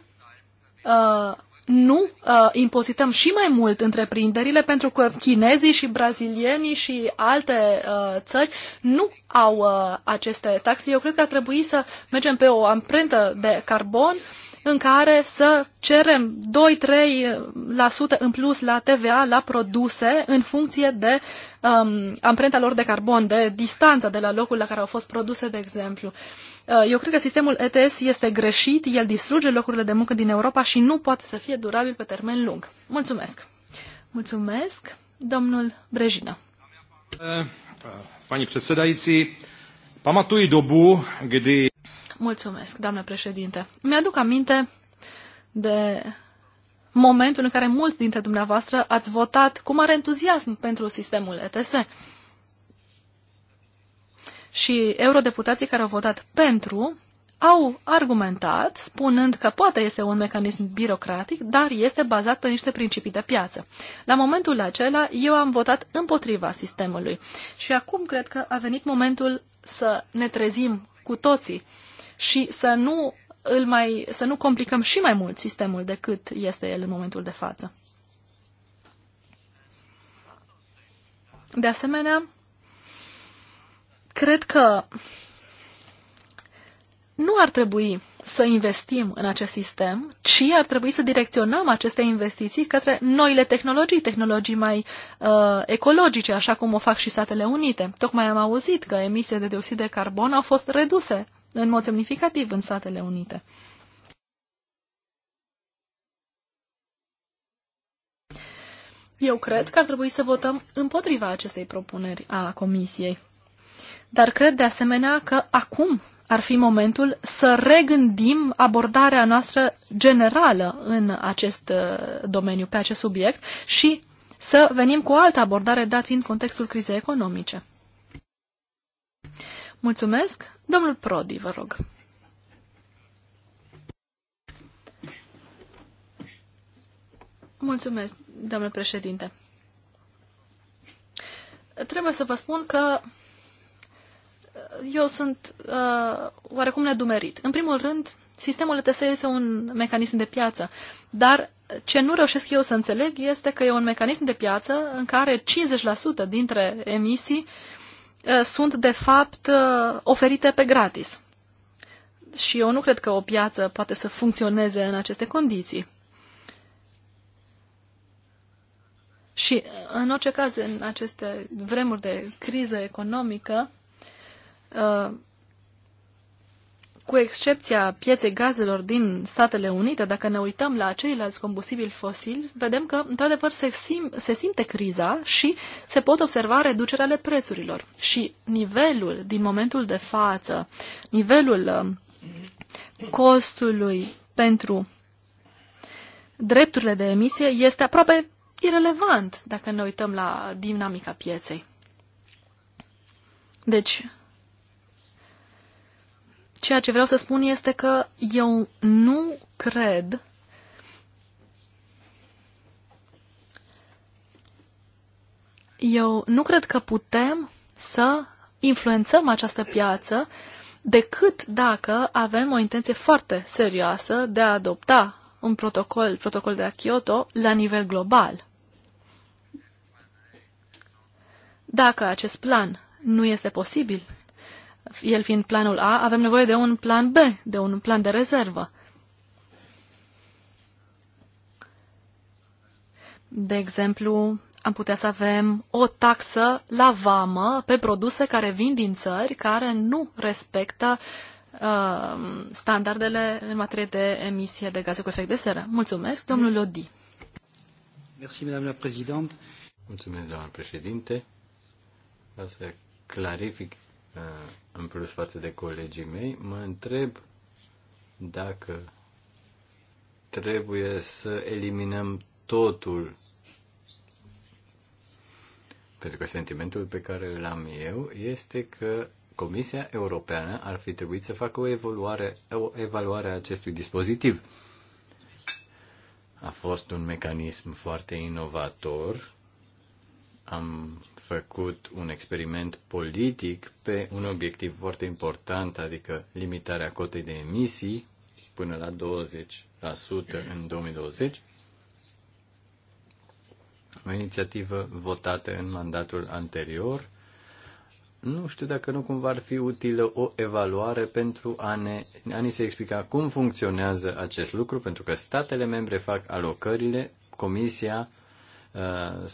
uh, nu uh, impozităm și mai mult întreprinderile, pentru că chinezii și brazilienii și alte uh, țări nu au uh, aceste taxe. Eu cred că ar trebui să mergem pe o amprentă de carbon uh, în care să cerem 2-3% eh, în plus la TVA, la produse, în funcție de um, amprenta lor de carbon, de distanța de la locul la care au fost produse, de exemplu. Eh, eu cred că sistemul ETS este greșit, el distruge locurile de muncă din Europa și nu poate să fie durabil pe termen lung. Mulțumesc! Mulțumesc, domnul Brejină. Eh, pani președinte, pamatuji dobu, kdy... Mulțumesc, doamnă președinte. Mi-aduc aminte de momentul în care mulți dintre dumneavoastră ați votat cu mare entuziasm pentru sistemul ETS. Și eurodeputații care au votat pentru au argumentat spunând că poate este un mecanism birocratic, dar este bazat pe niște principii de piață. La momentul acela, eu am votat împotriva sistemului și acum cred că a venit momentul să ne trezim cu toții și să nu, îl mai, să nu complicăm și mai mult sistemul decât este el în momentul de față. De asemenea, cred că nu ar trebui să investim în acest sistem, ci ar trebui să direcționăm aceste investiții către noile tehnologii, tehnologii mai uh, ecologice, așa cum o fac și Statele Unite. Tocmai am auzit că emisiile de dioxid de carbon au fost reduse în mod semnificativ în Statele Unite. Eu cred că ar trebui să votăm împotriva acestei propuneri a Comisiei. Dar cred de asemenea că acum ar fi momentul să regândim abordarea noastră generală în acest uh, domeniu, pe acest subiect și să venim cu o altă abordare, dat fiind contextul crizei economice. Mulțumesc! Domnul Prodi, vă rog. Mulțumesc, domnule președinte. Trebuie să vă spun că eu sunt uh, oarecum nedumerit. În primul rând, sistemul ETS este un mecanism de piață, dar ce nu reușesc eu să înțeleg este că e un mecanism de piață în care 50% dintre emisii uh, Uh, sunt, de fapt, uh, oferite pe gratis. Și eu nu cred că o piață poate să funcționeze în aceste condiții. Și, uh, în orice caz, în aceste vremuri de criză economică, cu excepția pieței gazelor din Statele Unite, dacă ne uităm la ceilalți combustibili fosili, vedem că, într-adevăr, se, sim- se simte criza și se pot observa reducerea ale prețurilor. Și nivelul din momentul de față, nivelul um, costului pentru drepturile de emisie este aproape irelevant dacă ne uităm la dinamica pieței. Deci, Ceea ce vreau să spun este că eu nu cred eu nu cred că putem să influențăm această piață decât dacă avem o intenție foarte serioasă de a adopta un protocol, protocol de la Kyoto, la nivel global. Dacă acest plan nu este posibil el fiind planul A, avem nevoie de un plan B, de un plan de rezervă. De exemplu, am putea să avem o taxă la vamă pe produse care vin din țări care nu respectă uh, standardele în materie de emisie de gaze cu efect de seră. Mulțumesc, domnul Lodi. Merci, madame la Mulțumesc, doamna președinte. Vreau să clarific Uh, în plus față de colegii mei, mă întreb dacă trebuie să eliminăm totul. Pentru că sentimentul pe care îl am eu este că Comisia Europeană ar fi trebuit să facă o, evaluare, o evaluare a acestui dispozitiv. A fost un mecanism foarte inovator. Am făcut un experiment politic pe un obiectiv foarte important, adică limitarea cotei de emisii până la 20% în 2020, o inițiativă votată în mandatul anterior. Nu știu dacă nu cumva ar fi utilă o evaluare pentru a ne, a ne se explica cum funcționează acest lucru, pentru că statele membre fac alocările, Comisia uh,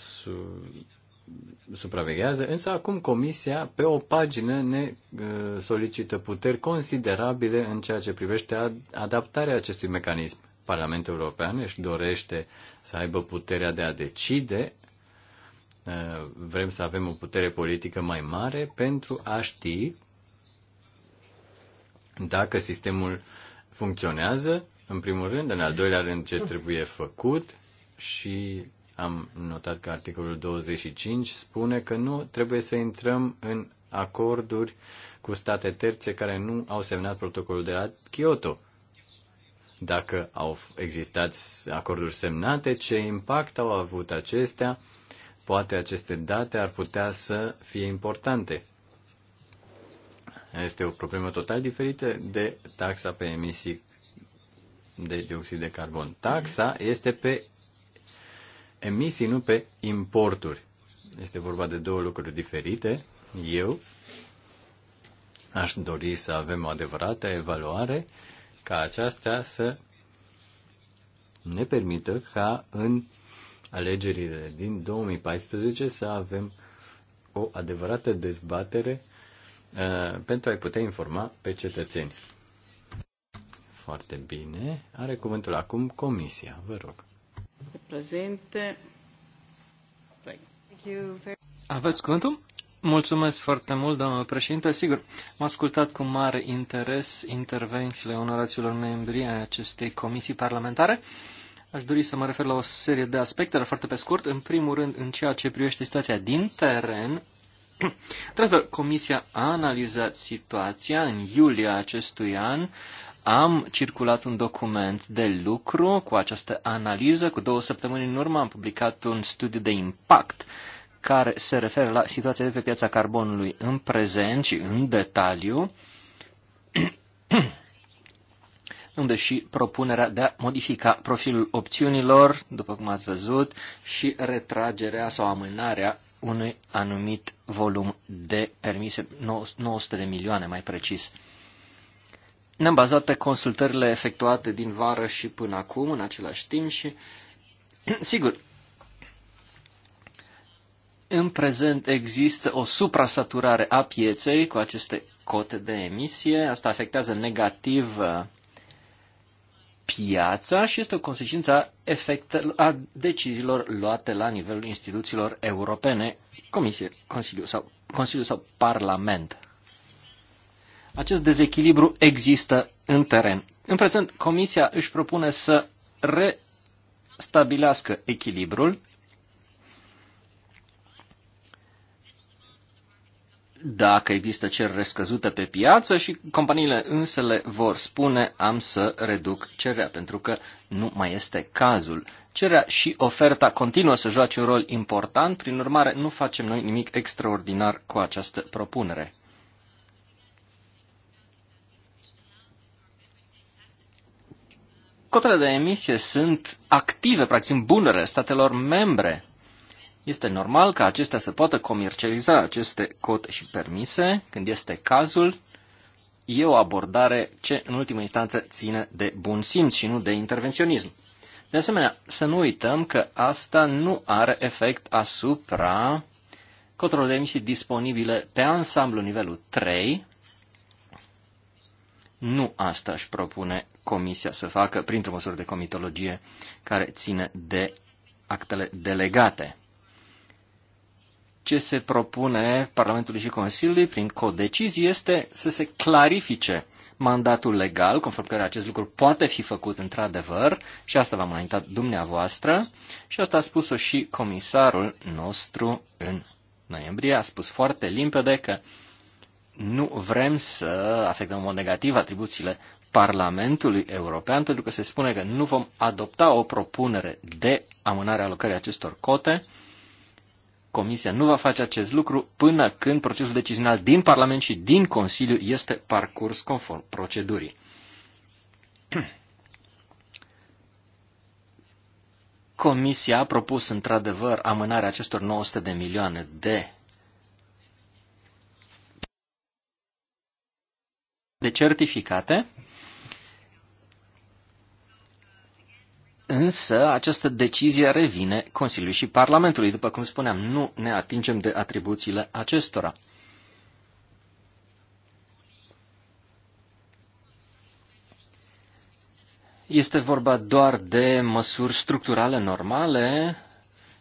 supraveghează, însă acum Comisia, pe o pagină, ne uh, solicită puteri considerabile în ceea ce privește adaptarea acestui mecanism. Parlamentul European își dorește să aibă puterea de a decide, uh, vrem să avem o putere politică mai mare pentru a ști dacă sistemul funcționează, în primul rând, în al doilea rând ce trebuie făcut și am notat că articolul 25 spune că nu trebuie să intrăm în acorduri cu state terțe care nu au semnat protocolul de la Kyoto. Dacă au existat acorduri semnate, ce impact au avut acestea? Poate aceste date ar putea să fie importante. Este o problemă total diferită de taxa pe emisii de dioxid de carbon. Taxa este pe emisii, nu pe importuri. Este vorba de două lucruri diferite. Eu aș dori să avem o adevărată evaluare ca aceasta să ne permită ca în alegerile din 2014 să avem o adevărată dezbatere uh, pentru a-i putea informa pe cetățeni. Foarte bine. Are cuvântul acum Comisia. Vă rog. Prezente. Aveți cuvântul? Mulțumesc foarte mult, doamnă președinte. Sigur, am ascultat cu mare interes intervențiile onoraților membri ai acestei comisii parlamentare. Aș dori să mă refer la o serie de aspecte, dar foarte pe scurt. În primul rând, în ceea ce privește situația din teren, (clears throat) într Comisia a analizat situația în iulie acestui an, am circulat un document de lucru cu această analiză. Cu două săptămâni în urmă am publicat un studiu de impact care se referă la situația de pe piața carbonului în prezent și în detaliu, (clears throat) unde și propunerea de a modifica profilul opțiunilor, după cum ați văzut, și retragerea sau amânarea unui anumit volum de permise, 900 de milioane mai precis. Ne-am bazat pe consultările efectuate din vară și până acum, în același timp și, (clears throat) sigur, în prezent există o suprasaturare a pieței cu aceste cote de emisie. Asta afectează negativ uh, piața și este o consecință a, efectelor, a deciziilor luate la nivelul instituțiilor europene, Comisie, Consiliu sau, Consiliu sau Parlament. Acest dezechilibru există în teren. În prezent, Comisia își propune să restabilească echilibrul, dacă există cerere scăzută pe piață și companiile le vor spune am să reduc cererea, pentru că nu mai este cazul. Cererea și oferta continuă să joace un rol important, prin urmare nu facem noi nimic extraordinar cu această propunere. cotele de emisie sunt active, practic în bunere statelor membre. Este normal ca acestea să poată comercializa aceste cote și permise, când este cazul, e o abordare ce, în ultimă instanță, ține de bun simț și nu de intervenționism. De asemenea, să nu uităm că asta nu are efect asupra cotelor de emisii disponibile pe ansamblu nivelul 3, nu asta își propune Comisia să facă printr-o măsură de comitologie care ține de actele delegate. Ce se propune Parlamentului și Consiliului prin codecizie este să se clarifice mandatul legal, conform care acest lucru poate fi făcut într-adevăr, și asta v-am înaintat dumneavoastră, și asta a spus-o și comisarul nostru în noiembrie, a spus foarte limpede că nu vrem să afectăm în mod negativ atribuțiile Parlamentului European, pentru că se spune că nu vom adopta o propunere de amânare a alocării acestor cote. Comisia nu va face acest lucru până când procesul decizional din Parlament și din Consiliu este parcurs conform procedurii. Comisia a propus într-adevăr amânarea acestor 900 de milioane de de certificate, însă această decizie revine Consiliului și Parlamentului. După cum spuneam, nu ne atingem de atribuțiile acestora. Este vorba doar de măsuri structurale normale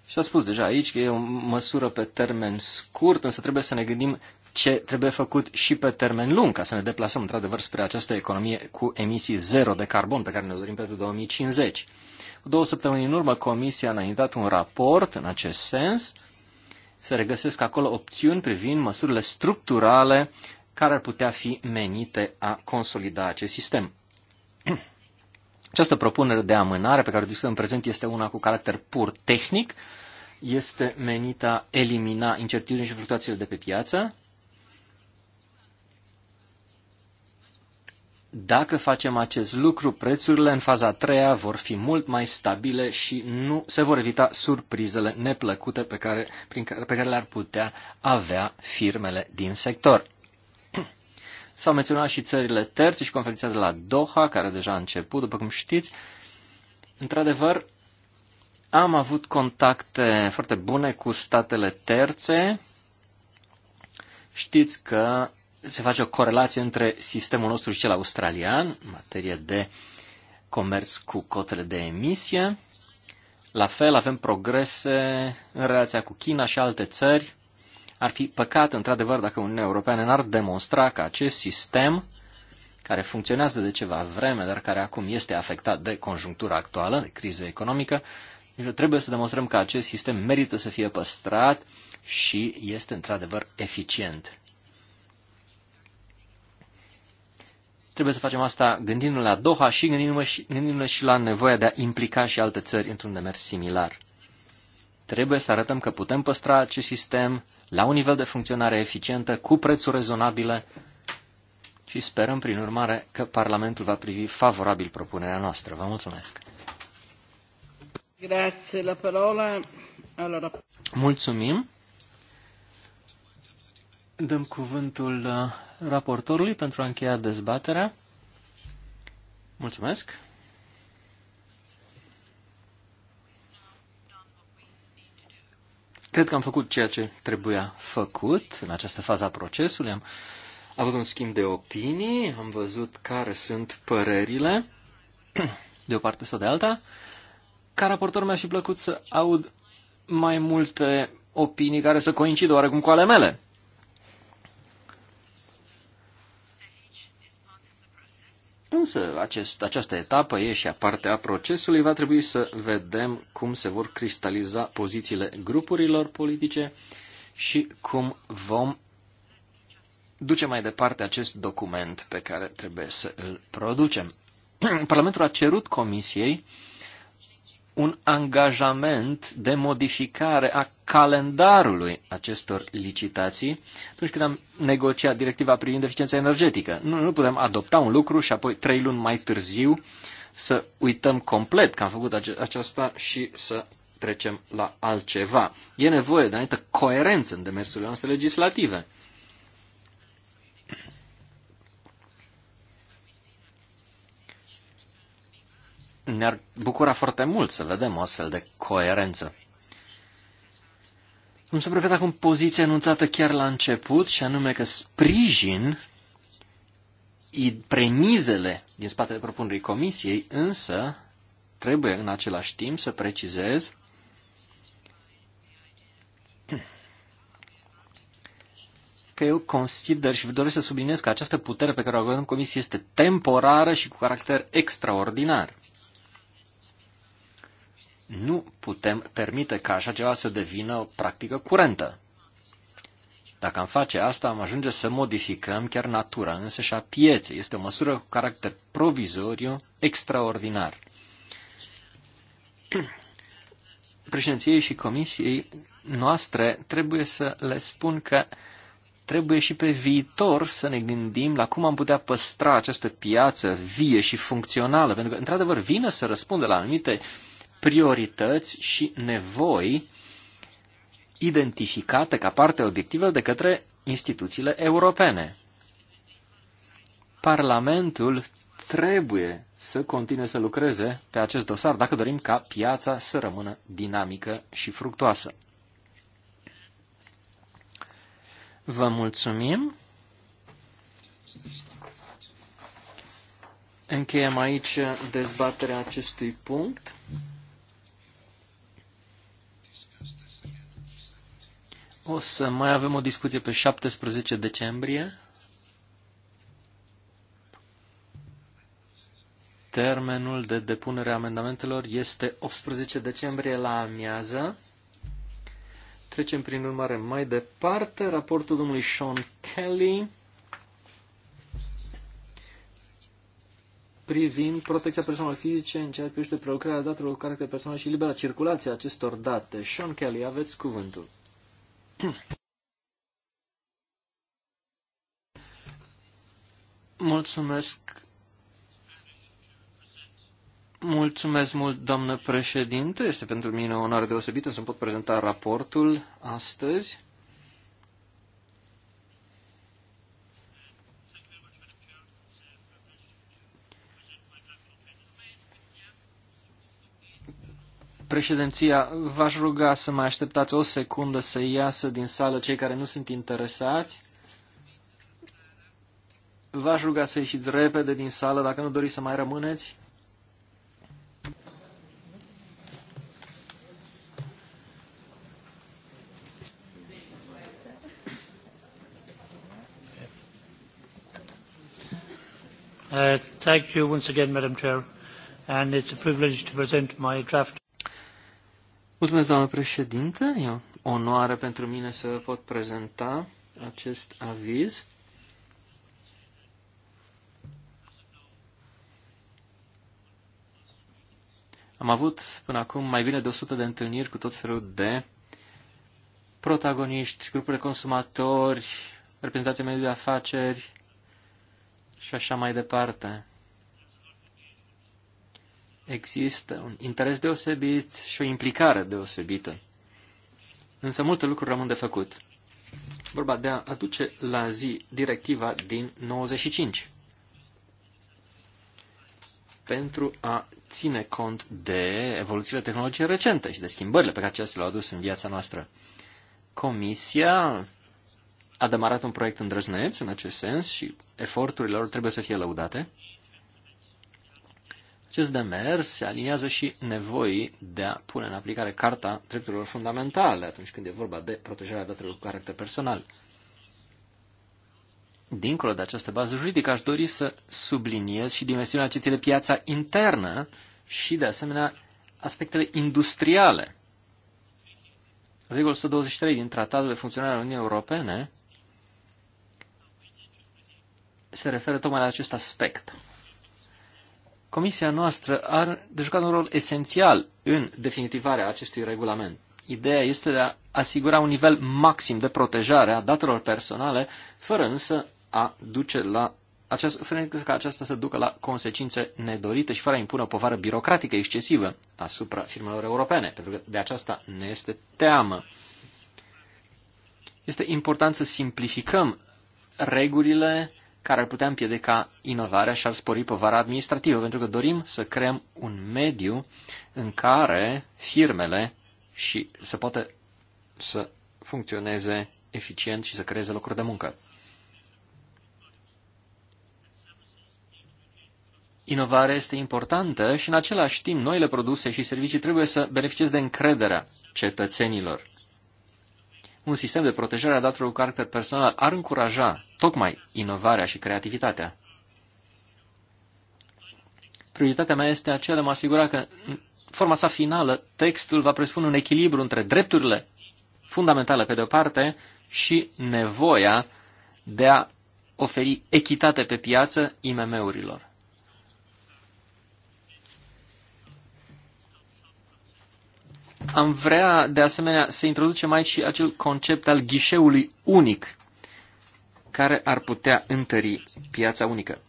și s-a spus deja aici că e o măsură pe termen scurt, însă trebuie să ne gândim ce trebuie făcut și pe termen lung, ca să ne deplasăm într-adevăr spre această economie cu emisii zero de carbon pe care ne dorim pentru 2050. Cu două săptămâni în urmă, Comisia a înaintat un raport în acest sens. Se regăsesc acolo opțiuni privind măsurile structurale care ar putea fi menite a consolida acest sistem. (clears throat) Această propunere de amânare pe care o discutăm în prezent este una cu caracter pur tehnic, este menită a elimina incertitudinile și fluctuațiile de pe piață, Dacă facem acest lucru, prețurile în faza a treia vor fi mult mai stabile și nu se vor evita surprizele neplăcute pe care, prin care, pe care le-ar putea avea firmele din sector. (clears throat) S-au menționat și țările terțe și conferința de la Doha, care deja a început, după cum știți. Într-adevăr, am avut contacte foarte bune cu statele terțe. Știți că se face o corelație între sistemul nostru și cel australian, în materie de comerț cu cotele de emisie. La fel, avem progrese în relația cu China și alte țări. Ar fi păcat, într-adevăr, dacă Uniunea Europeană n-ar demonstra că acest sistem, care funcționează de ceva vreme, dar care acum este afectat de conjunctura actuală, de criză economică, deci trebuie să demonstrăm că acest sistem merită să fie păstrat și este într-adevăr eficient. Trebuie să facem asta gândindu-ne la Doha și gândindu-ne și, gândindu și la nevoia de a implica și alte țări într-un demers similar. Trebuie să arătăm că putem păstra acest sistem la un nivel de funcționare eficientă, cu prețuri rezonabile și sperăm, prin urmare, că Parlamentul va privi favorabil propunerea noastră. Vă mulțumesc! Grazie, la parola. Allora... Mulțumim! Dăm cuvântul uh, raportorului pentru a încheia dezbaterea. Mulțumesc! Cred că am făcut ceea ce trebuia făcut în această fază a procesului. Am avut un schimb de opinii, am văzut care sunt părerile, (clears throat) de o parte sau de alta. Ca raportor mi-aș fi plăcut să aud mai multe opinii care să coincidă oarecum cu ale mele. Însă acest, această etapă e și a parte a procesului, va trebui să vedem cum se vor cristaliza pozițiile grupurilor politice și cum vom duce mai departe acest document pe care trebuie să îl producem. (clears throat) Parlamentul a cerut Comisiei uh, un angajament de modificare a calendarului acestor licitații atunci când am negociat directiva privind eficiența energetică. Nu, nu putem adopta un lucru și apoi trei luni mai târziu să uităm complet că am făcut ace- aceasta și să trecem la altceva. E nevoie de anumită coerență în demersurile noastre legislative. Ne-ar bucura foarte mult să vedem o astfel de coerență. Cum să repet acum poziția anunțată chiar la început, și anume că sprijin premizele din spatele propunerii comisiei, însă trebuie în același timp să precizez că eu consider și vă doresc să subliniez că această putere pe care o acordăm comisiei este temporară și cu caracter extraordinar. Nu putem permite ca așa ceva să devină o practică curentă. Dacă am face asta, am ajunge să modificăm chiar natura însă și a pieței. Este o măsură cu caracter provizoriu extraordinar. (clears throat) Președinției și comisiei noastre trebuie să le spun că trebuie și pe viitor să ne gândim la cum am putea păstra această piață vie și funcțională, pentru că, într-adevăr, vine să răspundă la anumite uh, priorități și nevoi identificate ca parte obiectivă de către instituțiile europene. Parlamentul trebuie să continue să lucreze pe acest dosar dacă dorim ca piața să rămână dinamică și fructoasă. Vă mulțumim. Încheiem aici dezbaterea acestui punct. O să mai avem o discuție pe 17 decembrie. Termenul de depunere a amendamentelor este 18 decembrie la amiază. Trecem prin urmare mai departe. Raportul domnului Sean Kelly privind protecția persoanelor fizice în ceea ce privește prelucrarea datelor cu caracter personal și libera circulație acestor date. Sean Kelly, aveți cuvântul. Mulțumesc. Mulțumesc mult, doamnă președinte. Este pentru mine o onoare deosebită să pot prezenta raportul astăzi. Președinția, v-aș ruga să mai așteptați o secundă să iasă din sală cei care nu sunt interesați. V-aș ruga să ieșiți repede din sală dacă nu doriți să mai rămâneți. Uh, thank you once again, Madam Chair, and it's a privilege to present my draft. Mulțumesc, doamnă președinte. E o onoare pentru mine să vă pot prezenta acest aviz. Am avut până acum mai bine de 100 de întâlniri cu tot felul de protagoniști, grupuri de consumatori, reprezentanții mediului de afaceri și așa mai departe există un interes deosebit și o implicare deosebită. Însă multe lucruri rămân de făcut. Vorba de a aduce la zi directiva din 95 pentru a ține cont de evoluțiile tehnologice recente și de schimbările pe care acestea le-au adus în viața noastră. Comisia a demarat un proiect îndrăzneț în acest sens și eforturile lor trebuie să fie lăudate. Acest demers se aliniază și nevoii de a pune în aplicare Carta Drepturilor Fundamentale atunci când e vorba de protejarea datelor cu caracter personal. Dincolo de această bază juridică, aș dori să subliniez și dimensiunea ce ține piața internă și, de asemenea, aspectele industriale. Articolul 123 din Tratatul de Funcționare a Uniunii Europene se referă tocmai la acest aspect. Comisia noastră a de jucat un rol esențial în definitivarea acestui regulament. Ideea este de a asigura un nivel maxim de protejare a datelor personale, fără însă a duce la această, fără ca aceasta să ducă la consecințe nedorite și fără a impune o povară birocratică excesivă asupra firmelor europene, pentru că de aceasta ne este teamă. Este important să simplificăm regulile care ar putea împiedica inovarea și ar spori povara administrativă, pentru că dorim să creăm un mediu în care firmele și să poată să funcționeze eficient și să creeze locuri de muncă. Inovarea este importantă și în același timp noile produse și servicii trebuie să beneficieze de încrederea cetățenilor un sistem de protejare a datelor cu caracter personal ar încuraja tocmai inovarea și creativitatea. Prioritatea mea este aceea de a mă asigura că, în forma sa finală, textul va presupune un echilibru între drepturile fundamentale, pe de-o parte, și nevoia de a oferi echitate pe piață IMM-urilor. Am vrea, de asemenea, să introducem aici și acel concept al ghișeului unic, care ar putea întări piața unică.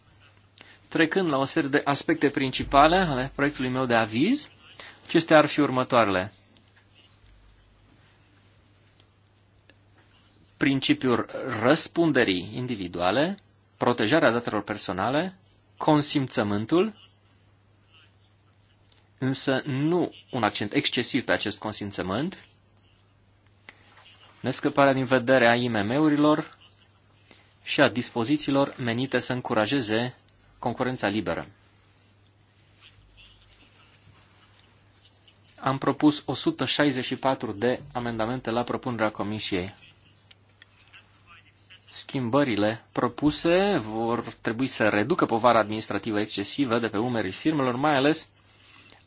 Trecând la o serie de aspecte principale ale proiectului meu de aviz, acestea ar fi următoarele. Principiul răspunderii individuale, protejarea datelor personale, consimțământul, însă nu un accent excesiv pe acest consimțământ, nescăparea din vedere a IMM-urilor și a dispozițiilor menite să încurajeze concurența liberă. Am propus 164 de amendamente la propunerea Comisiei. Schimbările propuse vor trebui să reducă povara administrativă excesivă de pe umerii firmelor, mai ales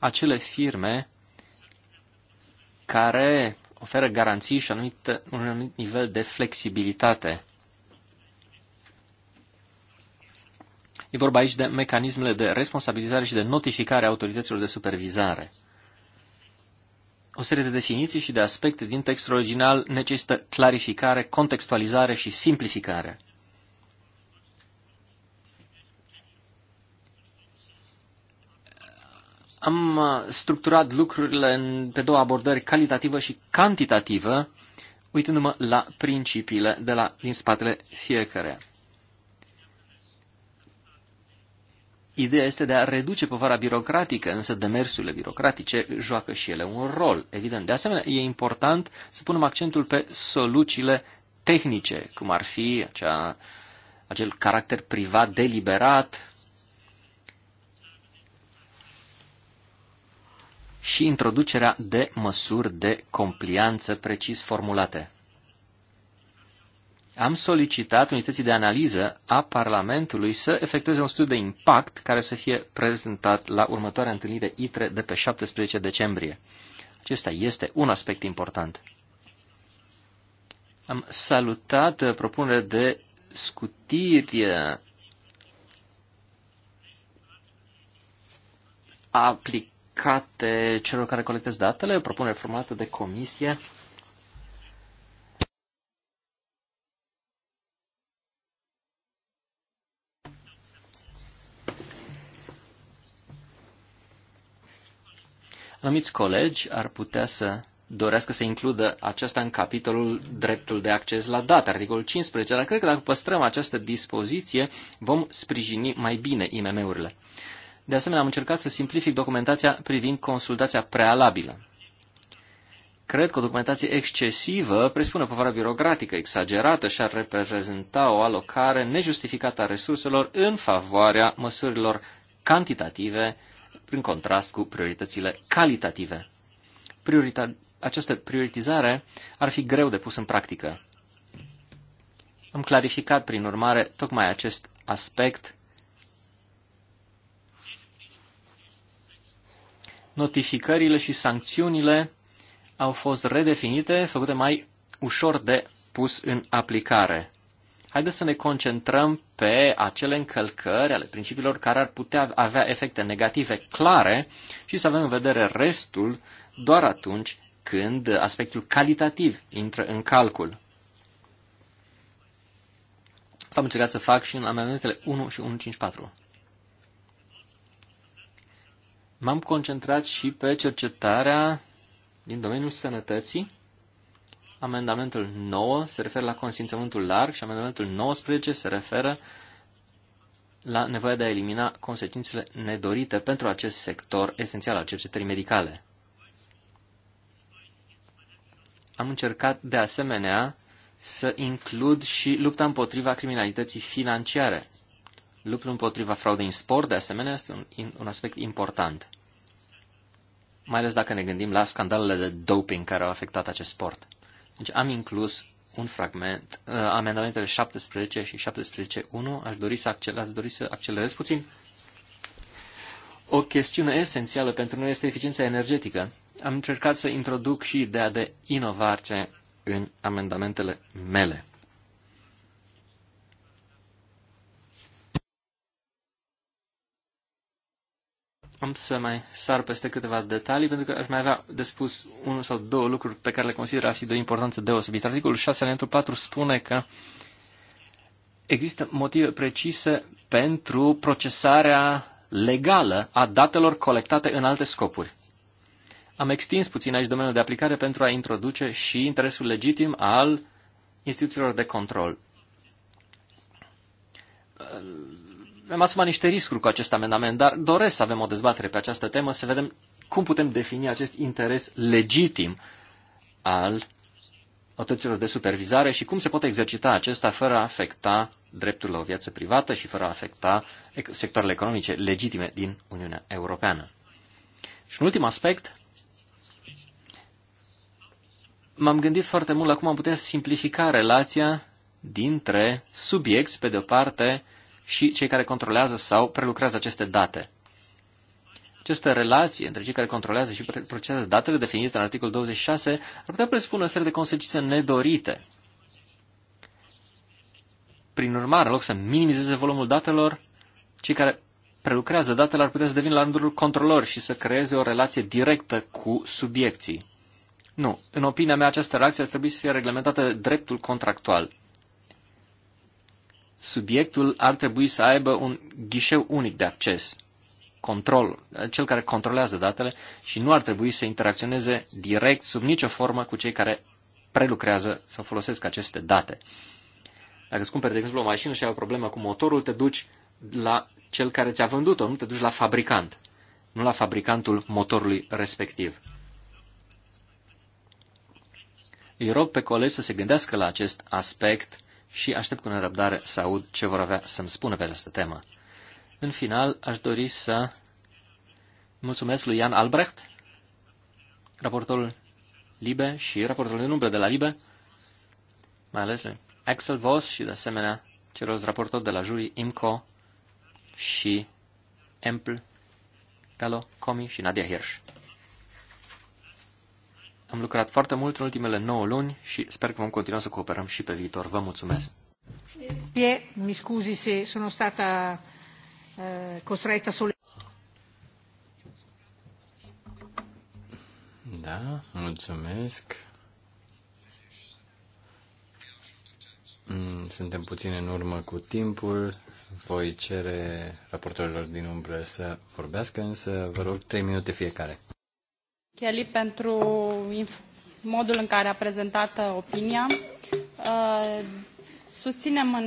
acele firme care oferă garanții și anumit, un anumit nivel de flexibilitate. E vorba aici de mecanismele de responsabilizare și de notificare a autorităților de supervizare. O serie de definiții și de aspecte din textul original necesită clarificare, contextualizare și simplificare. Am uh, structurat lucrurile în, pe două abordări, calitativă și cantitativă, uitându-mă la principiile de la, din spatele fiecăreia. Ideea este de a reduce povara birocratică, însă demersurile birocratice joacă și ele un rol, evident. De asemenea, e important să punem accentul pe soluțiile tehnice, cum ar fi acea, acel caracter privat deliberat și introducerea de măsuri de complianță precis formulate. Am solicitat unității de analiză a Parlamentului să efectueze un studiu de impact care să fie prezentat la următoarea întâlnire ITRE de pe 17 decembrie. Acesta este un aspect important. Am salutat uh, propunerea de scutiri aplicată aplicate celor care colectează datele, o propunere formată de comisie. Anumiți colegi ar putea să dorească să includă aceasta în capitolul dreptul de acces la date, articolul 15, dar cred că dacă păstrăm această dispoziție, vom sprijini mai bine IMM-urile. De asemenea, am încercat să simplific documentația privind consultația prealabilă. Cred că o documentație excesivă presupune povară birocratică exagerată și ar reprezenta o alocare nejustificată a resurselor în favoarea măsurilor cantitative, prin contrast cu prioritățile calitative. Priorita- această prioritizare ar fi greu de pus în practică. Am clarificat, prin urmare, tocmai acest aspect notificările și sancțiunile au fost redefinite, făcute mai ușor de pus în aplicare. Haideți să ne concentrăm pe acele încălcări ale principiilor care ar putea avea efecte negative clare și să avem în vedere restul doar atunci când aspectul calitativ intră în calcul. Asta am încercat să fac și în amendamentele 1 și 154 m-am concentrat și pe cercetarea din domeniul sănătății. Amendamentul 9 se referă la consimțământul larg și amendamentul 19 se referă la nevoia de a elimina consecințele nedorite pentru acest sector esențial al cercetării medicale. Am încercat de asemenea să includ și lupta împotriva criminalității financiare. Luptul împotriva fraudei în sport, de asemenea, este un, un aspect important. Mai ales dacă ne gândim la scandalele de doping care au afectat acest sport. Deci am inclus un fragment, uh, amendamentele 17 și 17.1. Aș dori să, acceler, aș dori să accelerez puțin. O chestiune esențială pentru noi este eficiența energetică. Am încercat să introduc și ideea de inovare în amendamentele mele. Am să mai sar peste câteva detalii, pentru că aș mai avea de spus unul sau două lucruri pe care le consider a fi de importanță deosebită. Articolul 6 alineatul 4 spune că există motive precise pentru procesarea legală a datelor colectate în alte scopuri. Am extins puțin aici domeniul de aplicare pentru a introduce și interesul legitim al instituțiilor de control am asumat niște riscuri cu acest amendament, dar doresc să avem o dezbatere pe această temă, să vedem cum putem defini acest interes legitim al autorităților de supervizare și cum se poate exercita acesta fără a afecta dreptul la o viață privată și fără a afecta sectoarele economice legitime din Uniunea Europeană. Și un ultim aspect, m-am gândit foarte mult la cum am putea simplifica relația dintre subiecti, pe de o parte, și cei care controlează sau prelucrează aceste date. Această relație între cei care controlează și procesează datele definite în articolul 26 ar putea presupune o serie de consecințe nedorite. Prin urmare, în loc să minimizeze volumul datelor, cei care prelucrează datele ar putea să devină la rândul controlor și să creeze o relație directă cu subiecții. Nu. În opinia mea, această relație ar trebui să fie reglementată dreptul contractual subiectul ar trebui să aibă un ghișeu unic de acces, control, cel care controlează datele și nu ar trebui să interacționeze direct, sub nicio formă, cu cei care prelucrează sau folosesc aceste date. Dacă îți cumperi, de exemplu, o mașină și ai o problemă cu motorul, te duci la cel care ți-a vândut-o, nu te duci la fabricant, nu la fabricantul motorului respectiv. Îi rog pe colegi să se gândească la acest aspect și aștept cu nerăbdare să aud ce vor avea să-mi spună pe această temă. În final, aș dori să mulțumesc lui Ian Albrecht, raportorul Libe și raportorul în umbră de la Libe, mai ales lui Axel Voss și, de asemenea, celorlalți raportori de la jurii IMCO și Empl, Galo, Comi și Nadia Hirsch. Am lucrat foarte mult în ultimele 9 luni și sper că vom continua să cooperăm și pe viitor. Vă mulțumesc! E, mi scuzi se sono stata eh, costretta Da, mulțumesc. Mm, suntem puțin în urmă cu timpul. Voi cere raportorilor din umbră să vorbească, însă vă rog 3 minute fiecare. Kelly pentru modul în care a prezentat uh, opinia. Uh, susținem uh,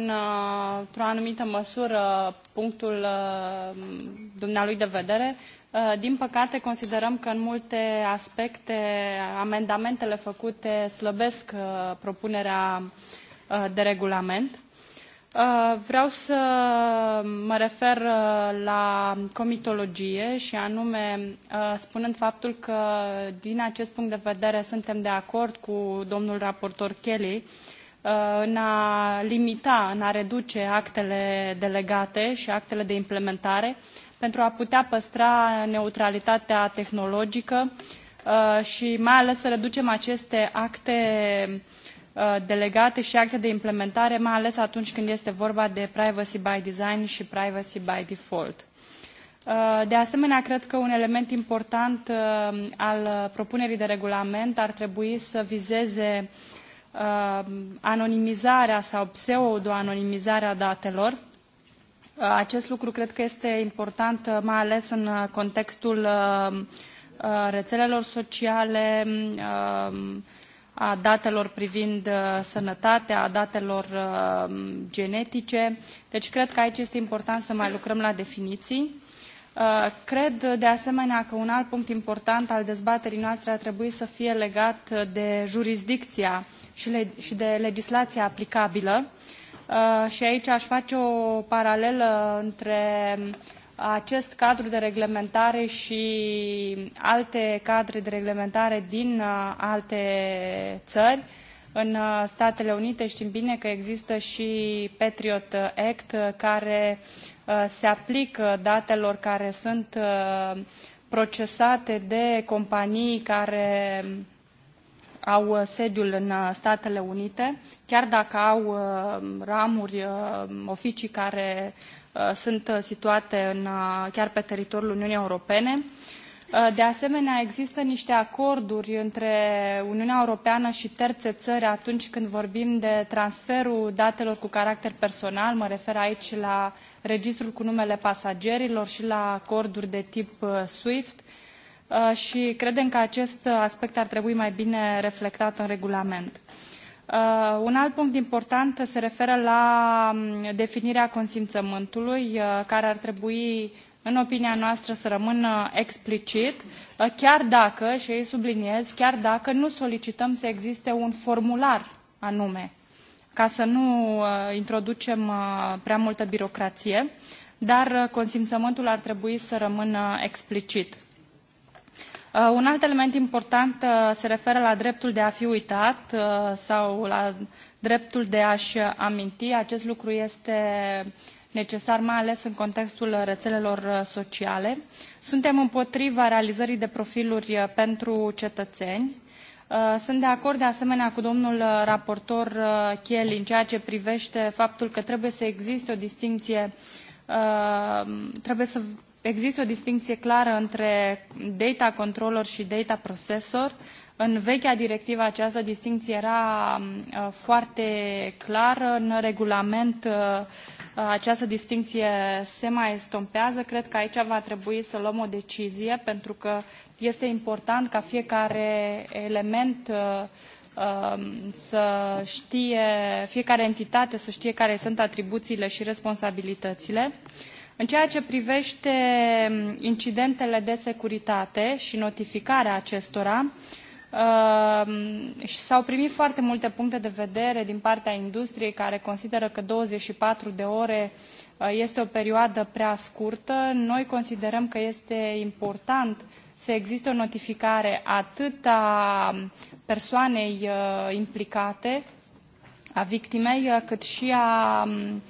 într-o anumită măsură punctul dumnealui de vedere. Din păcate, considerăm că în multe aspecte amendamentele făcute slăbesc propunerea de regulament. Uh, vreau să mă refer uh, la comitologie și anume uh, spunând faptul că din acest punct de vedere suntem de acord cu domnul raportor Kelly în a limita, în a reduce actele delegate și actele de implementare pentru a putea păstra neutralitatea tehnologică și mai ales să reducem aceste acte Uh, delegate și acte de implementare, mai ales atunci când este vorba de privacy by design și privacy by default. Uh, de asemenea, cred că un element important uh, al propunerii de regulament ar trebui să vizeze anonimizarea sau pseudo-anonimizarea datelor. Acest lucru cred că este important, mai ales în contextul rețelelor sociale, a datelor privind uh, sănătatea, a datelor uh, genetice. Deci cred că aici este important să mai lucrăm la definiții. Uh, cred de asemenea că un alt punct important al dezbaterii noastre ar trebui să fie legat de jurisdicția și de legislația aplicabilă. Și aici aș face o paralelă între acest cadru de reglementare și alte cadre de reglementare din uh, alte țări. În uh, Statele Unite știm bine că există și Patriot Act uh, care se aplică datelor care sunt procesate de companii care um, au sediul în Statele Unite, chiar dacă au ramuri, oficii care Uh, sunt uh, situate în, uh, chiar pe teritoriul Uniunii Europene. De asemenea, există niște acorduri între Uniunea Europeană și terțe țări atunci când vorbim de transferul datelor cu caracter personal. Mă refer aici la registrul cu numele pasagerilor și la acorduri de tip SWIFT și credem că acest aspect ar trebui mai bine reflectat în regulament. Uh, un alt punct important se referă la um, definirea consimțământului, uh, care ar trebui, în opinia noastră, să rămână explicit, uh, chiar dacă, și ei subliniez, chiar dacă nu solicităm să existe un formular anume, ca să nu introducem prea multă birocrație, dar consimțământul ar trebui să rămână explicit. Uh, un alt element important uh, se referă la dreptul de a fi uitat uh, sau la dreptul de a-și aminti. Acest lucru este necesar, mai ales în contextul rețelelor sociale. Suntem împotriva realizării de profiluri pentru cetățeni. Sunt de acord de asemenea cu domnul raportor Chieli în ceea ce privește faptul că trebuie să existe o distinție, trebuie să există o distinție clară între data controller și data processor. În vechea directivă această distinție era ă, foarte clară, în regulament ă, ă, această distinție se mai estompează. Cred că aici va trebui să luăm o decizie pentru că este important ca fiecare element să știe, fiecare entitate să știe care sunt atribuțiile și responsabilitățile. În ceea ce privește mm, incidentele de securitate și notificarea acestora, uh, și s-au primit foarte multe puncte de vedere din partea industriei care consideră că 24 de ore uh, este o perioadă prea scurtă. Noi considerăm că este important să existe o notificare atât a persoanei uh, implicate, a victimei, cât și a mm,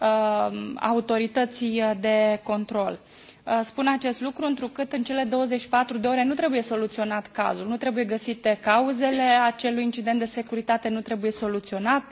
Um, autorității de control. Uh, spun acest lucru întrucât în cele 24 de ore nu trebuie soluționat cazul, nu trebuie găsite cauzele acelui incident de securitate, nu trebuie soluționat,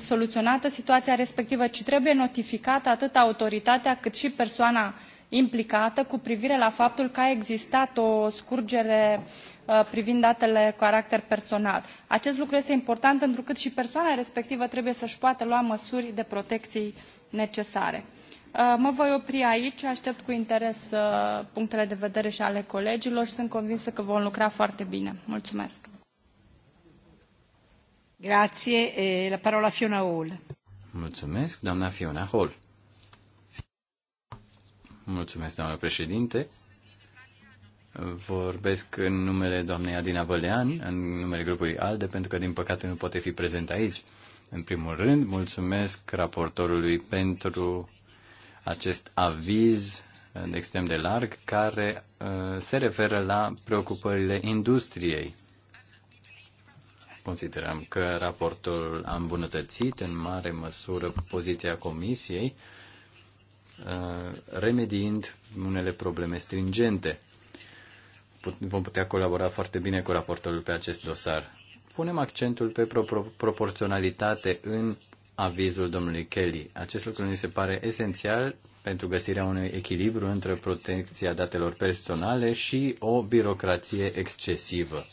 soluționată situația respectivă, ci trebuie notificată atât autoritatea cât și persoana implicată cu privire la faptul că a existat o scurgere Uh, privind datele cu caracter personal. Acest lucru este important întrucât și persoana respectivă trebuie să-și poată lua măsuri de protecție necesare. Uh, mă voi opri aici, aștept cu interes uh, punctele de vedere și ale colegilor și sunt convinsă că vom lucra foarte bine. Mulțumesc! Grazie. La parola Fiona Hall. Mulțumesc, doamna Fiona Hall. Mulțumesc, doamnă președinte. Vorbesc în numele doamnei Adina Vălean, în numele grupului ALDE, pentru că, din păcate, nu poate fi prezent aici. În primul rând, mulțumesc raportorului pentru acest aviz extrem de larg, care uh, se referă la preocupările industriei. Considerăm că raportorul a îmbunătățit în mare măsură poziția Comisiei, uh, remediind unele probleme stringente vom putea colabora foarte bine cu raportorul pe acest dosar. Punem accentul pe pro- pro- proporționalitate în avizul domnului Kelly. Acest lucru ne se pare esențial pentru găsirea unui echilibru între protecția datelor personale și o birocrație excesivă.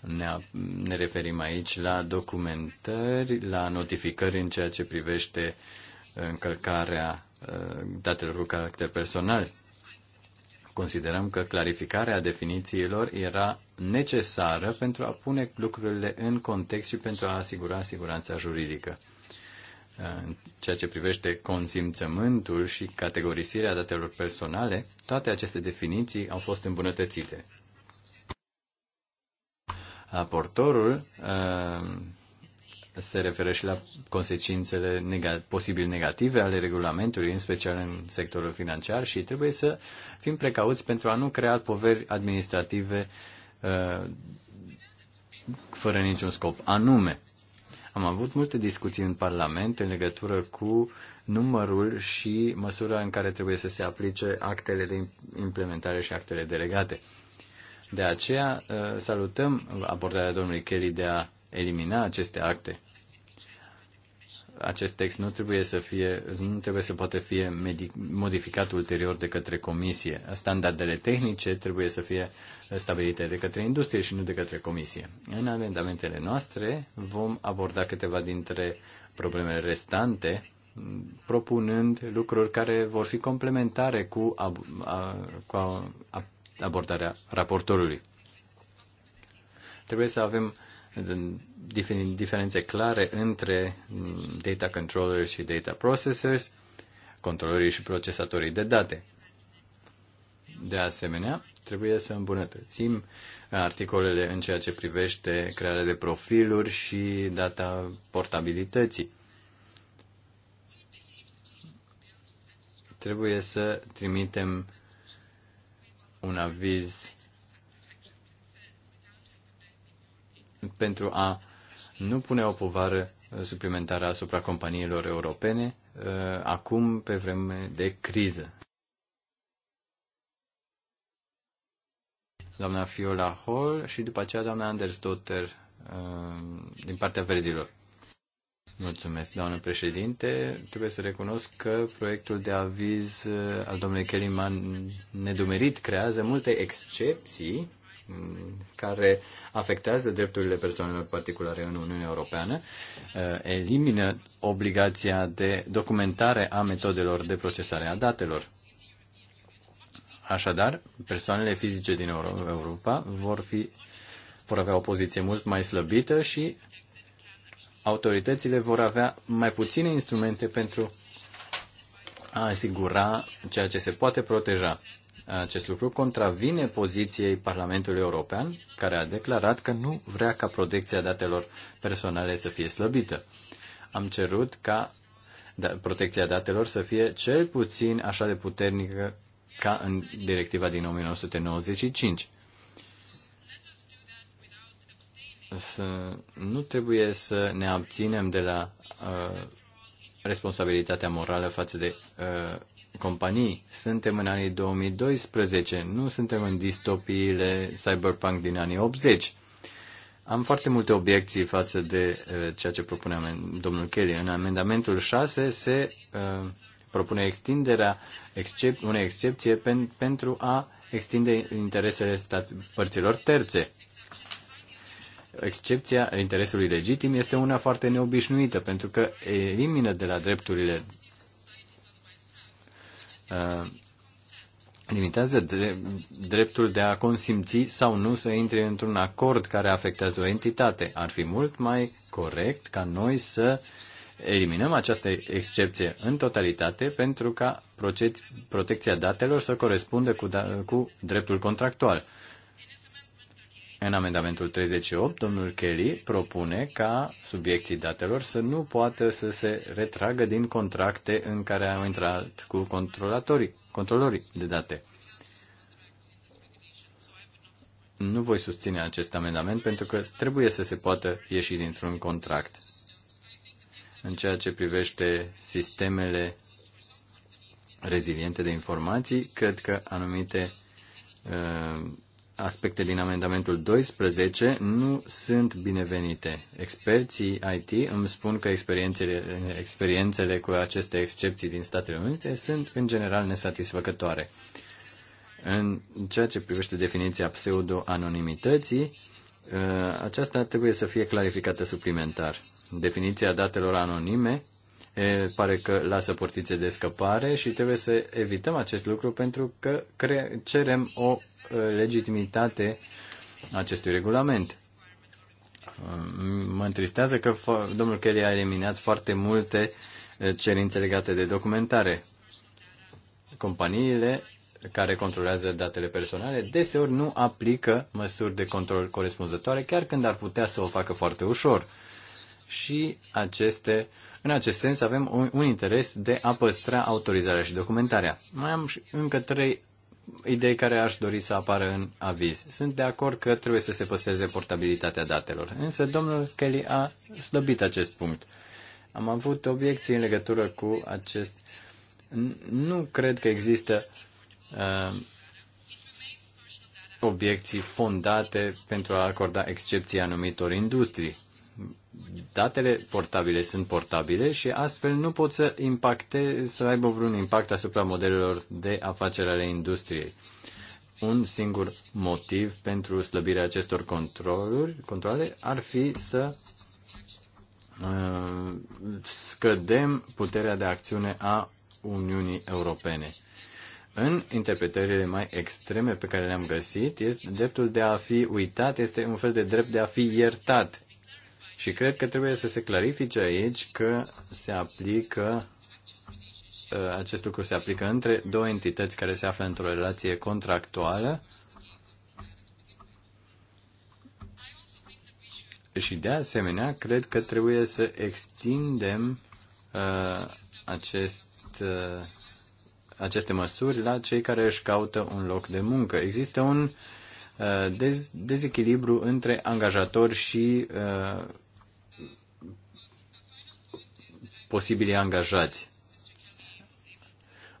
Ne, ne referim aici la documentări, la notificări în ceea ce privește încălcarea uh, datelor cu caracter personal. Considerăm că clarificarea definițiilor era necesară pentru a pune lucrurile în context și pentru a asigura siguranța juridică. În ceea ce privește consimțământul și categorisirea datelor personale, toate aceste definiții au fost îmbunătățite. Raportorul uh, se referă și la consecințele nega- posibil negative ale regulamentului, în special în sectorul financiar și trebuie să fim precauți pentru a nu crea poveri administrative uh, fără niciun scop anume. Am avut multe discuții în Parlament în legătură cu numărul și măsura în care trebuie să se aplice actele de implementare și actele delegate. De aceea uh, salutăm abordarea domnului Kelly de a elimina aceste acte. Acest text nu trebuie să fie, nu trebuie să poate fi modificat ulterior de către comisie. Standardele tehnice trebuie să fie stabilite de către industrie și nu de către comisie. În amendamentele noastre vom aborda câteva dintre problemele restante propunând lucruri care vor fi complementare cu, ab, a, cu a, abordarea raportorului. Trebuie să avem diferențe clare între data controllers și data processors, controlorii și procesatorii de date. De asemenea, trebuie să îmbunătățim articolele în ceea ce privește crearea de profiluri și data portabilității. Trebuie să trimitem un aviz pentru a nu pune o povară uh, suplimentară asupra companiilor europene uh, acum pe vreme de criză. Doamna Fiola Hall și după aceea doamna Anders Dotter uh, din partea verzilor. Mulțumesc, doamnă președinte. Trebuie să recunosc că proiectul de aviz al domnului Kellyman nedumerit creează multe excepții Mm, care afectează drepturile persoanelor particulare în Uniunea Europeană, eh, elimină obligația de documentare a metodelor de procesare a datelor. Așadar, persoanele fizice din Europa vor, fi, vor avea o poziție mult mai slăbită și autoritățile vor avea mai puține instrumente pentru a asigura ceea ce se poate proteja. Acest lucru contravine poziției Parlamentului European, care a declarat că nu vrea ca protecția datelor personale să fie slăbită. Am cerut ca da, protecția datelor să fie cel puțin așa de puternică ca în directiva din 1995. Să, nu trebuie să ne abținem de la uh, responsabilitatea morală față de uh, companii. Suntem în anii 2012, nu suntem în distopiile cyberpunk din anii 80. Am foarte multe obiecții față de uh, ceea ce propune domnul Kelly. În amendamentul 6 se uh, propune extinderea excep- unei excepție pen- pentru a extinde interesele stat- părților terțe. Excepția interesului legitim este una foarte neobișnuită, pentru că elimină de la drepturile Uh, limitează dreptul de a consimți sau nu să intre într-un acord care afectează o entitate. Ar fi mult mai corect ca noi să eliminăm această excepție în totalitate pentru ca protecția datelor să corespundă cu, da, cu dreptul contractual. În amendamentul 38, domnul Kelly propune ca subiectii datelor să nu poată să se retragă din contracte în care au intrat cu controlatorii, controlorii de date. Nu voi susține acest amendament pentru că trebuie să se poată ieși dintr-un contract. În ceea ce privește sistemele reziliente de informații, cred că anumite uh, aspecte din amendamentul 12 nu sunt binevenite. Experții IT îmi spun că experiențele, experiențele cu aceste excepții din Statele Unite sunt în general nesatisfăcătoare. În ceea ce privește definiția pseudo-anonimității, ă, aceasta trebuie să fie clarificată suplimentar. Definiția datelor anonime pare că lasă portițe de scăpare și trebuie să evităm acest lucru pentru că cre- cerem o legitimitate acestui regulament. Mă întristează că domnul Kelly a eliminat foarte multe eh, cerințe legate de documentare. Companiile care controlează datele personale deseori nu aplică măsuri de control corespunzătoare, chiar când ar putea să o facă foarte ușor. Și aceste, în acest sens avem un, un interes de a păstra autorizarea și documentarea. Mai am și încă trei idei care aș dori să apară în aviz. Sunt de acord că trebuie să se păstreze portabilitatea datelor, însă domnul Kelly a slăbit acest punct. Am avut obiecții în legătură cu acest. Nu cred că există uh, obiecții fondate pentru a acorda excepții anumitor industrii datele portabile sunt portabile și astfel nu pot să impacte, să aibă vreun impact asupra modelelor de afaceri ale industriei. Un singur motiv pentru slăbirea acestor controluri, controle ar fi să uh, scădem puterea de acțiune a Uniunii Europene. În interpretările mai extreme pe care le-am găsit, este, dreptul de a fi uitat este un fel de drept de a fi iertat și cred că trebuie să se clarifice aici că se aplică uh, acest lucru se aplică între două entități care se află într-o relație contractuală și de asemenea cred că trebuie să extindem uh, acest, uh, aceste măsuri la cei care își caută un loc de muncă. Există un uh, dez- dezechilibru între angajatori și uh, posibilii angajați.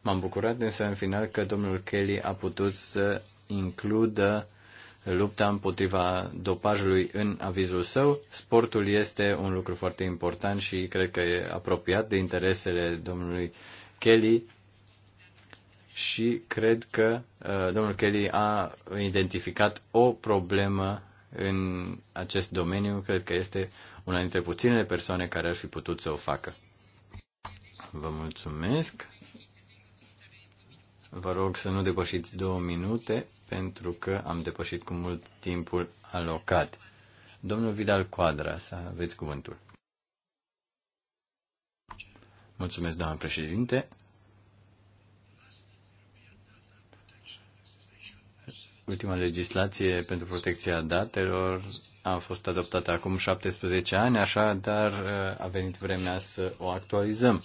M-am bucurat însă în final că domnul Kelly a putut să includă lupta împotriva dopajului în avizul său. Sportul este un lucru foarte important și cred că e apropiat de interesele domnului Kelly și cred că uh, domnul Kelly a identificat o problemă în acest domeniu. Cred că este una dintre puținele persoane care ar fi putut să o facă. Vă mulțumesc. Vă rog să nu depășiți două minute, pentru că am depășit cu mult timpul alocat. Domnul Vidal Coadra, să aveți cuvântul. Mulțumesc, doamnă președinte. Ultima legislație pentru protecția datelor a fost adoptată acum 17 ani, așa, dar uh, a venit vremea să o actualizăm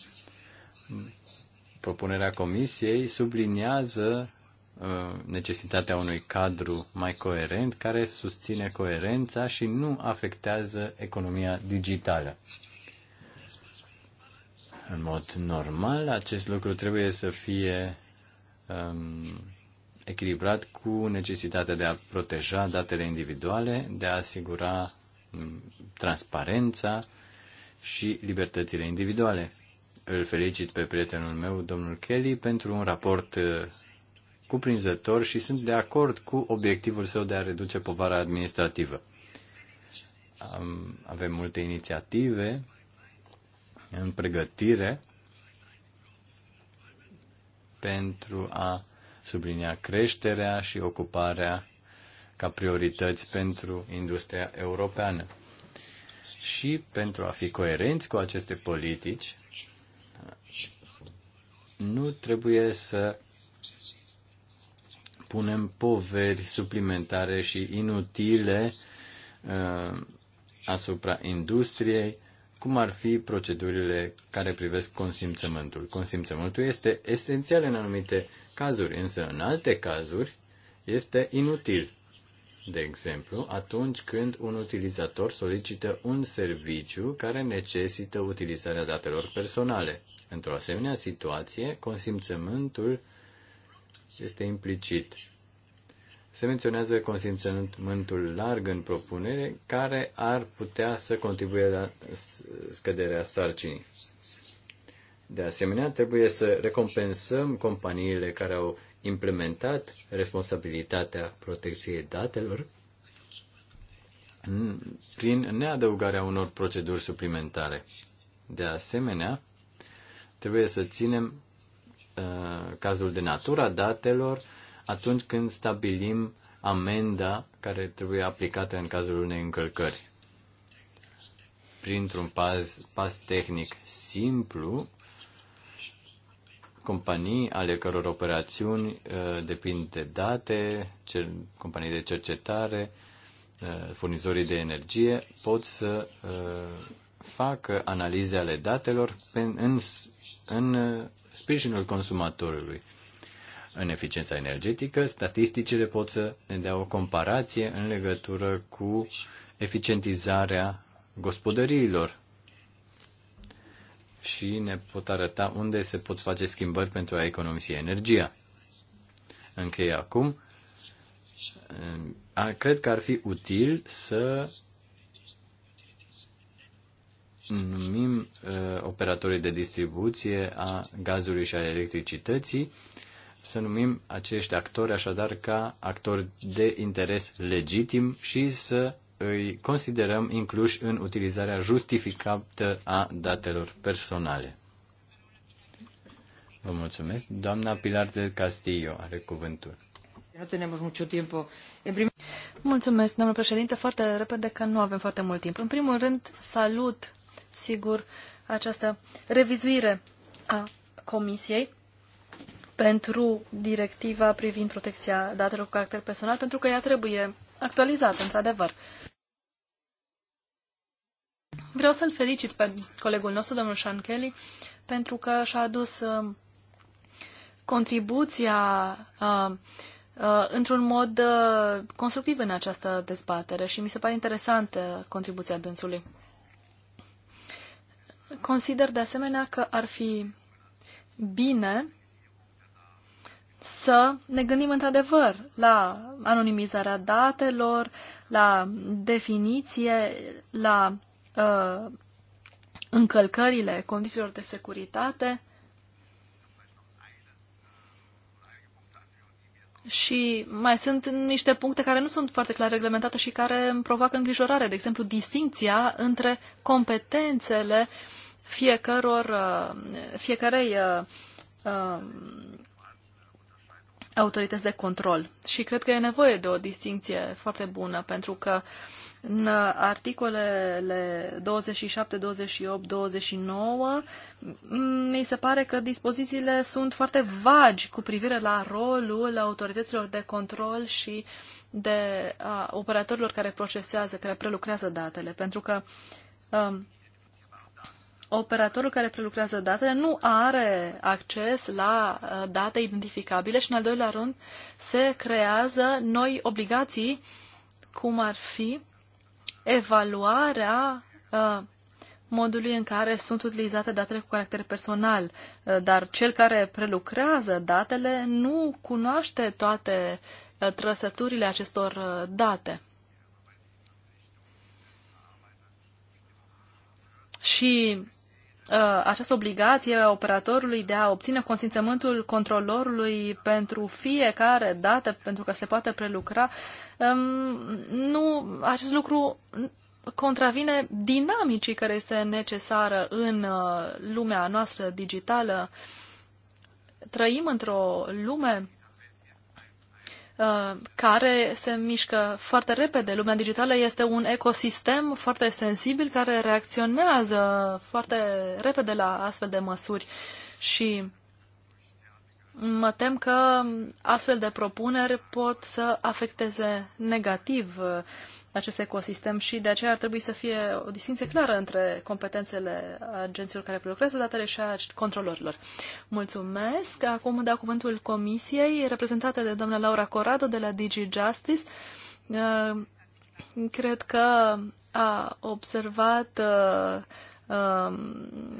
propunerea comisiei subliniază uh, necesitatea unui cadru mai coerent care susține coerența și nu afectează economia digitală. În mod normal, acest lucru trebuie să fie um, echilibrat cu necesitatea de a proteja datele individuale, de a asigura um, transparența și libertățile individuale îl felicit pe prietenul meu, domnul Kelly, pentru un raport uh, cuprinzător și sunt de acord cu obiectivul său de a reduce povara administrativă. Avem multe inițiative în pregătire pentru a sublinia creșterea și ocuparea ca priorități pentru industria europeană. Și pentru a fi coerenți cu aceste politici, nu trebuie să punem poveri suplimentare și inutile uh, asupra industriei, cum ar fi procedurile care privesc consimțământul. Consimțământul este esențial în anumite cazuri, însă în alte cazuri este inutil. De exemplu, atunci când un utilizator solicită un serviciu care necesită utilizarea datelor personale. Într-o asemenea situație, consimțământul este implicit. Se menționează consimțământul larg în propunere care ar putea să contribuie la scăderea sarcinii. De asemenea, trebuie să recompensăm companiile care au implementat responsabilitatea protecției datelor prin neadăugarea unor proceduri suplimentare. De asemenea, Trebuie să ținem uh, cazul de natura datelor atunci când stabilim amenda care trebuie aplicată în cazul unei încălcări. Printr-un pas, pas tehnic simplu, companii ale căror operațiuni uh, depind de date, cer, companii de cercetare, uh, furnizorii de energie pot să uh, facă analize ale datelor în, în uh, sprijinul consumatorului. În eficiența energetică, statisticile pot să ne dea o comparație în legătură cu eficientizarea gospodăriilor și ne pot arăta unde se pot face schimbări pentru a economisi energia. Închei acum. Cred că ar fi util să numim uh, operatorii de distribuție a gazului și a electricității, să numim acești actori așadar ca actori de interes legitim și să îi considerăm incluși în utilizarea justificată a datelor personale. Vă mulțumesc. Doamna Pilar del Castillo are cuvântul. Nu Mulțumesc, domnul președinte, foarte repede că nu avem foarte mult timp. În primul rând, salut sigur, această revizuire a Comisiei pentru directiva privind protecția datelor cu caracter personal, pentru că ea trebuie actualizată, într-adevăr. Vreau să-l felicit pe colegul nostru, domnul Sean Kelly, pentru că și-a adus um, contribuția uh, uh, într-un mod uh, constructiv în această dezbatere și mi se pare interesantă contribuția dânsului. Consider de asemenea că ar fi bine să ne gândim într-adevăr la anonimizarea datelor, la definiție, la uh, încălcările condițiilor de securitate și mai sunt niște puncte care nu sunt foarte clar reglementate și care îmi provoacă îngrijorare, de exemplu, distinția între competențele uh, fiecăror, uh, fiecarei uh, uh, autorități de control. Și cred că e nevoie de o distinție foarte bună, pentru că în articolele 27, 28, 29, mi se pare că dispozițiile sunt foarte vagi cu privire la rolul autorităților de control și de a operatorilor care procesează, care prelucrează datele, pentru că um, operatorul care prelucrează datele nu are acces la uh, date identificabile și, în al doilea rând, se creează noi obligații, cum ar fi evaluarea uh, modului în care sunt utilizate datele cu caracter personal, uh, dar cel care prelucrează datele nu cunoaște toate trăsăturile acestor date. Și Uh, această obligație a operatorului de a obține consimțământul controlorului pentru fiecare dată, pentru că se poate prelucra, um, nu, acest lucru contravine dinamicii care este necesară în uh, lumea noastră digitală. Trăim într-o lume Uh, care se mișcă foarte repede. Lumea digitală este un ecosistem foarte sensibil care reacționează foarte repede la astfel de măsuri și mă tem că astfel de propuneri pot să afecteze negativ uh, acest ecosistem și de aceea ar trebui să fie o distinție clară între competențele agenților care prelucrează datele și a controlorilor. Mulțumesc! Acum dau cuvântul comisiei reprezentată de doamna Laura Corado de la DG Justice. Uh, cred că a observat uh, um,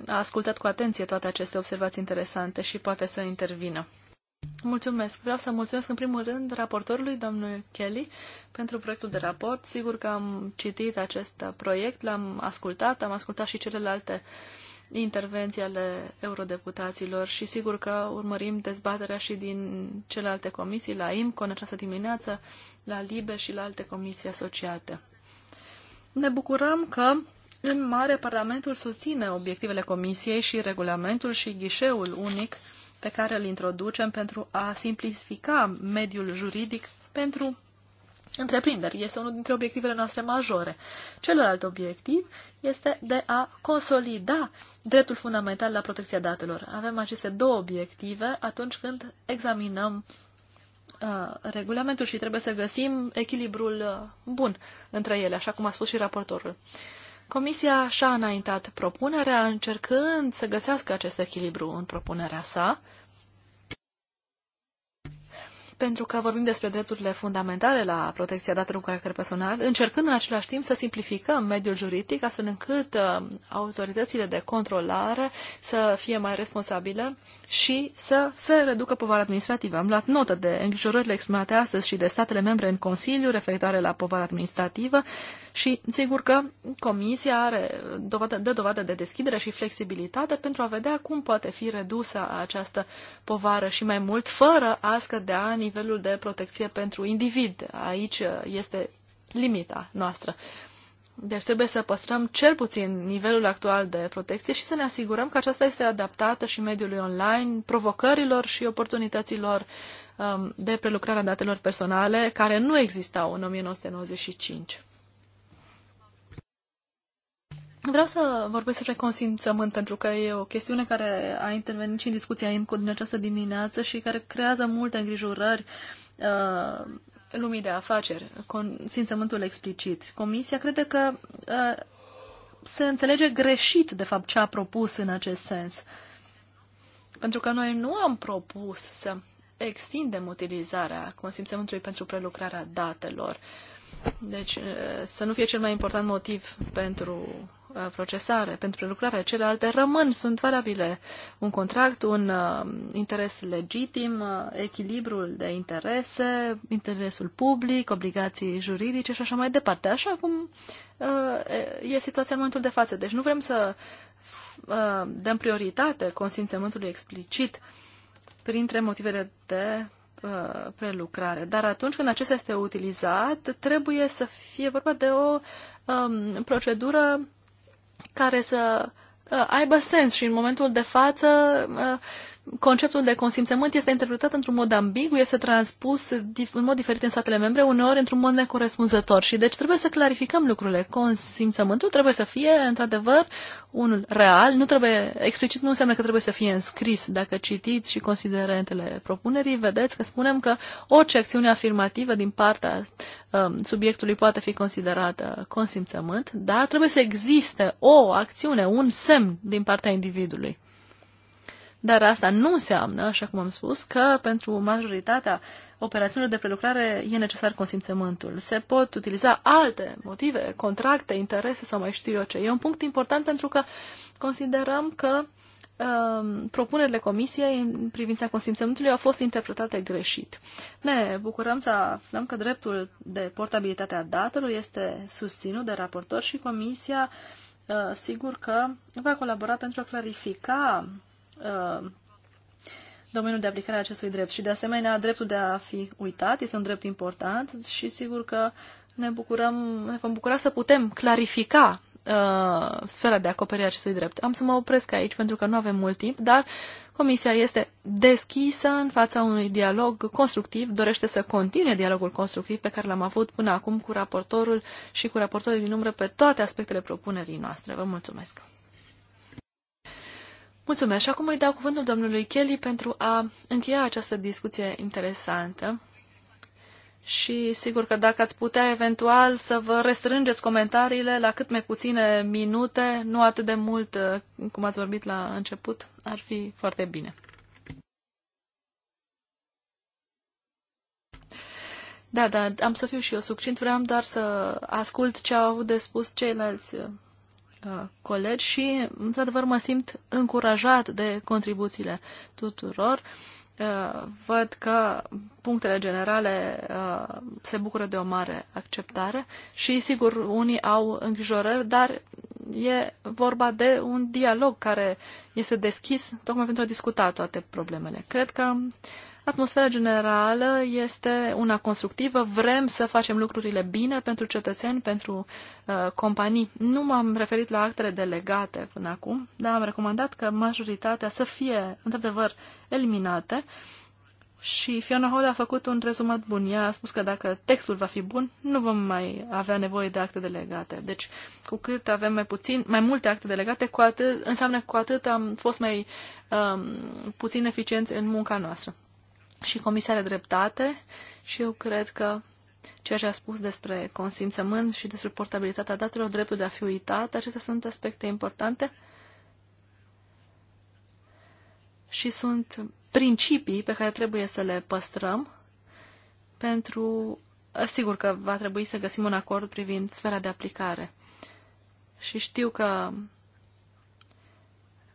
a ascultat cu atenție toate aceste observații interesante și poate să intervină. Mulțumesc. Vreau să mulțumesc în primul rând raportorului, domnul Kelly, pentru proiectul de raport. Sigur că am citit acest proiect, l-am ascultat, am ascultat și celelalte intervenții ale eurodeputaților și sigur că urmărim dezbaterea și din celelalte comisii, la IMCO în această dimineață, la LIBE și la alte comisii asociate. Ne bucurăm că în mare, Parlamentul susține obiectivele Comisiei și regulamentul și ghișeul unic pe care îl introducem pentru a simplifica mediul juridic pentru întreprinderi. Este unul dintre obiectivele noastre majore. Celălalt obiectiv este de a consolida dreptul fundamental la protecția datelor. Avem aceste două obiective atunci când examinăm uh, regulamentul și trebuie să găsim echilibrul uh, bun între ele, așa cum a spus și raportorul. Comisia și-a înaintat propunerea încercând să găsească acest echilibru în propunerea sa, pentru că vorbim despre drepturile fundamentale la protecția datelor cu caracter personal, încercând în același timp să simplificăm mediul juridic astfel încât uh, autoritățile de controlare să fie mai responsabile și să se reducă povara administrativă. Am luat notă de îngrijorările exprimate astăzi și de statele membre în Consiliu referitoare la povara administrativă și sigur că Comisia are dovadă, dă dovadă de deschidere și flexibilitate pentru a vedea cum poate fi redusă această povară și mai mult, fără a scădea nivelul de protecție pentru individ. Aici uh, este limita noastră. Deci trebuie să păstrăm cel puțin nivelul actual de protecție și să ne asigurăm că aceasta este adaptată și mediului online, provocărilor și oportunităților um, de prelucrare a datelor personale care nu existau în 1995. Vreau să vorbesc despre consimțământ, pentru că e o chestiune care a intervenit și în discuția IMCO din această dimineață și care creează multe îngrijorări uh, lumii de afaceri, consimțământul explicit. Comisia crede că uh, se înțelege greșit, de fapt, ce a propus în acest sens. Pentru că noi nu am propus să extindem utilizarea consimțământului pentru prelucrarea datelor. Deci, uh, să nu fie cel mai important motiv pentru Uh, procesare, pentru prelucrare, celelalte rămân, sunt valabile. Un contract, un uh, interes legitim, uh, echilibrul de interese, interesul public, obligații juridice și așa mai departe, așa cum uh, e situația în momentul de față. Deci nu vrem să uh, dăm prioritate consimțământului explicit printre motivele de uh, prelucrare. Dar atunci când acesta este utilizat, trebuie să fie vorba de o um, procedură care să uh, aibă sens și în momentul de față uh, conceptul de consimțământ este interpretat într-un mod ambigu, este transpus în mod diferit în statele membre, uneori într-un mod necorespunzător. Și deci trebuie să clarificăm lucrurile. Consimțământul trebuie să fie, într-adevăr, unul real. Nu trebuie, explicit nu înseamnă că trebuie să fie înscris. Dacă citiți și considerentele propunerii, vedeți că spunem că orice acțiune afirmativă din partea um, subiectului poate fi considerată consimțământ, dar trebuie să existe o acțiune, un semn din partea individului. Dar asta nu înseamnă, așa cum am spus, că pentru majoritatea operațiunilor de prelucrare e necesar consimțământul. Se pot utiliza alte motive, contracte, interese sau mai știu eu ce. E un punct important pentru că considerăm că um, propunerile comisiei în privința consimțământului au fost interpretate greșit. Ne bucurăm să aflăm că dreptul de portabilitate a datelor este susținut de raportor și comisia uh, sigur că va colabora pentru a clarifica Uh, domeniul de aplicare a acestui drept. Și, de asemenea, dreptul de a fi uitat este un drept important și sigur că ne, bucurăm, ne vom bucura să putem clarifica uh, sfera de acoperire a acestui drept. Am să mă opresc aici pentru că nu avem mult timp, dar Comisia este deschisă în fața unui dialog constructiv, dorește să continue dialogul constructiv pe care l-am avut până acum cu raportorul și cu raportorii din umbră pe toate aspectele propunerii noastre. Vă mulțumesc! Mulțumesc. Și acum îi dau cuvântul domnului Kelly pentru a încheia această discuție interesantă. Și sigur că dacă ați putea eventual să vă restrângeți comentariile la cât mai puține minute, nu atât de mult uh, cum ați vorbit la început, ar fi foarte bine. Da, da, am să fiu și eu succint, vreau doar să ascult ce au avut de spus ceilalți uh, Uh, colegi și, într-adevăr, mă simt încurajat de contribuțiile tuturor. Uh, văd că punctele generale uh, se bucură de o mare acceptare și, sigur, unii au îngrijorări, dar e vorba de un dialog care este deschis tocmai pentru a discuta toate problemele. Cred că Atmosfera generală este una constructivă, vrem să facem lucrurile bine pentru cetățeni, pentru uh, companii. Nu m-am referit la actele delegate până acum, dar am recomandat că majoritatea să fie, într-adevăr, eliminate. Și Fiona Hall a făcut un rezumat bun. Ea a spus că dacă textul va fi bun, nu vom mai avea nevoie de acte delegate. Deci, cu cât avem mai puțin, mai multe acte delegate, cu atât, înseamnă că cu atât am fost mai um, puțin eficienți în munca noastră și Comisia are dreptate și eu cred că ceea ce a spus despre consimțământ și despre portabilitatea datelor, dreptul de a fi uitat, acestea sunt aspecte importante și sunt principii pe care trebuie să le păstrăm pentru... Sigur că va trebui să găsim un acord privind sfera de aplicare. Și știu că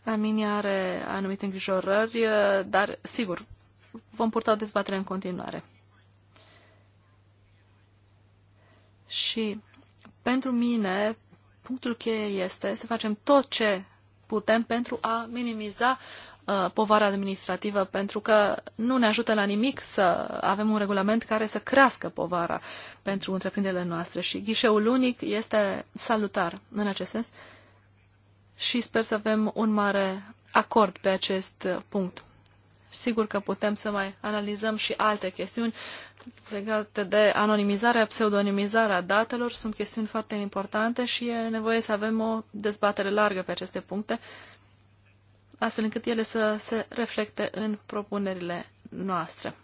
Arminia are anumite îngrijorări, dar, sigur, vom purta o dezbatere în continuare. Și pentru mine, punctul cheie este să facem tot ce putem pentru a minimiza uh, povara administrativă, pentru că nu ne ajută la nimic să avem un regulament care să crească povara pentru întreprinderile noastre. Și ghișeul unic este salutar în acest sens și sper să avem un mare acord pe acest punct sigur că putem să mai analizăm și alte chestiuni legate de anonimizarea, pseudonimizarea datelor. Sunt chestiuni foarte importante și e nevoie să avem o dezbatere largă pe aceste puncte, astfel încât ele să se reflecte în propunerile noastre.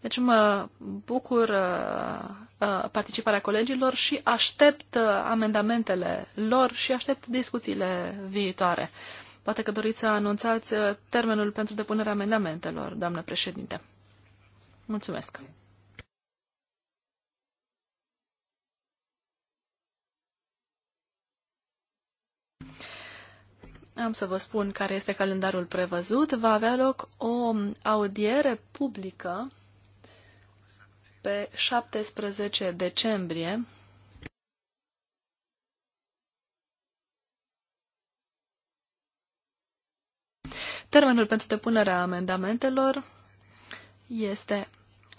Deci mă bucur uh, uh, participarea colegilor și aștept uh, amendamentele lor și aștept discuțiile viitoare. Poate că doriți să anunțați uh, termenul pentru depunerea amendamentelor, doamnă președinte. Mulțumesc. Am să vă spun care este calendarul prevăzut. Va avea loc o audiere publică pe 17 decembrie Termenul pentru depunerea amendamentelor este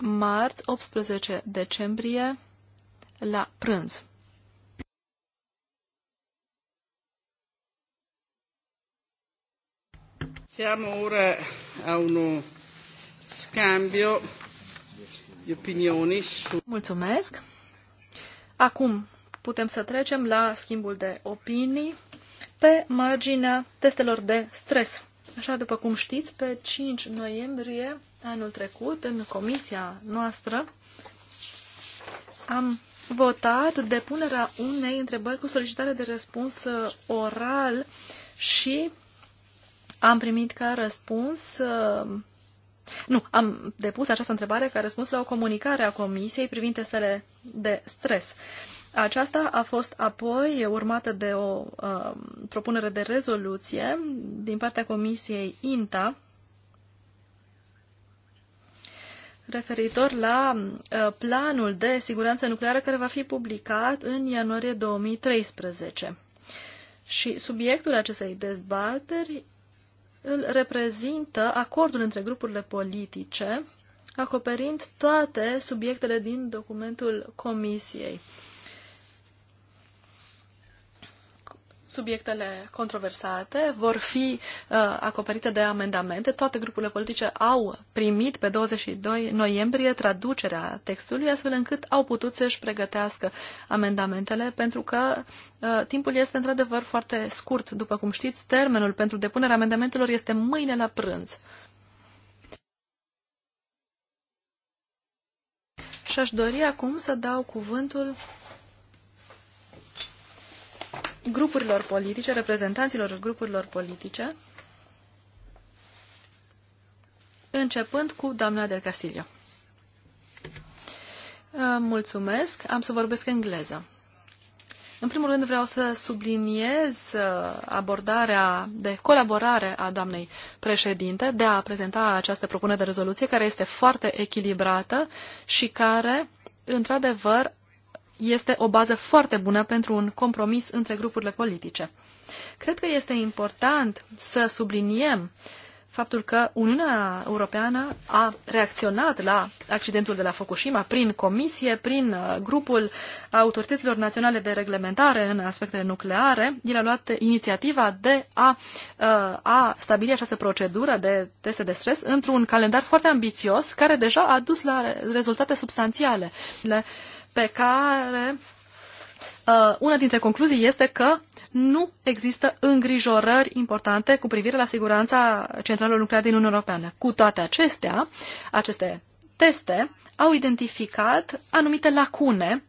marți, 18 decembrie, la prânz. Siamo ora a uno scambio di opinioni su... Mulțumesc! Acum putem să trecem la schimbul de opinii pe marginea testelor de stres. Așa, după cum știți, pe 5 noiembrie anul trecut, în comisia noastră, am votat depunerea unei întrebări cu solicitare de răspuns uh, oral și am primit ca răspuns uh, nu, am depus această întrebare ca răspuns la o comunicare a Comisiei privind testele de stres. Aceasta a fost apoi urmată de o uh, propunere de rezoluție din partea Comisiei INTA referitor la uh, planul de siguranță nucleară care va fi publicat în ianuarie 2013. Și subiectul acestei dezbateri îl reprezintă acordul între grupurile politice, acoperind toate subiectele din documentul Comisiei. subiectele controversate vor fi uh, acoperite de amendamente. Toate grupurile politice au primit pe 22 noiembrie traducerea textului, astfel încât au putut să-și pregătească amendamentele, pentru că uh, timpul este într-adevăr foarte scurt. După cum știți, termenul pentru depunerea amendamentelor este mâine la prânz. Și aș dori acum să dau cuvântul grupurilor politice, reprezentanților grupurilor politice, începând cu doamna Del Castillo. Uh, mulțumesc, am să vorbesc engleză. În primul rând vreau să subliniez uh, abordarea de colaborare a doamnei președinte de a prezenta această propunere de rezoluție care este foarte echilibrată și care, într-adevăr, este o bază foarte bună pentru un compromis între grupurile politice. Cred că este important să subliniem faptul că Uniunea Europeană a reacționat la accidentul de la Fukushima prin comisie, prin uh, grupul autorităților naționale de reglementare în aspectele nucleare. El a luat inițiativa de a, uh, a stabili această procedură de teste de stres într-un calendar foarte ambițios care deja a dus la rezultate substanțiale pe care uh, una dintre concluzii este că nu există îngrijorări importante cu privire la siguranța centralelor nucleare din Uniunea Europeană. Cu toate acestea, aceste teste au identificat anumite lacune,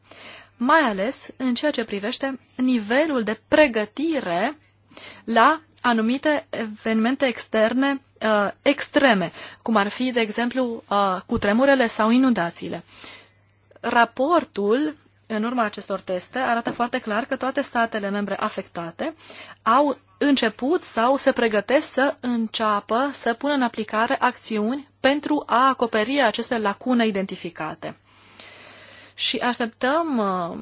mai ales în ceea ce privește nivelul de pregătire la anumite evenimente externe uh, extreme, cum ar fi, de exemplu, uh, cutremurele sau inundațiile. Raportul, în urma acestor teste, arată foarte clar că toate statele membre afectate au început sau se pregătesc să înceapă să pună în aplicare acțiuni pentru a acoperi aceste lacune identificate și așteptăm uh,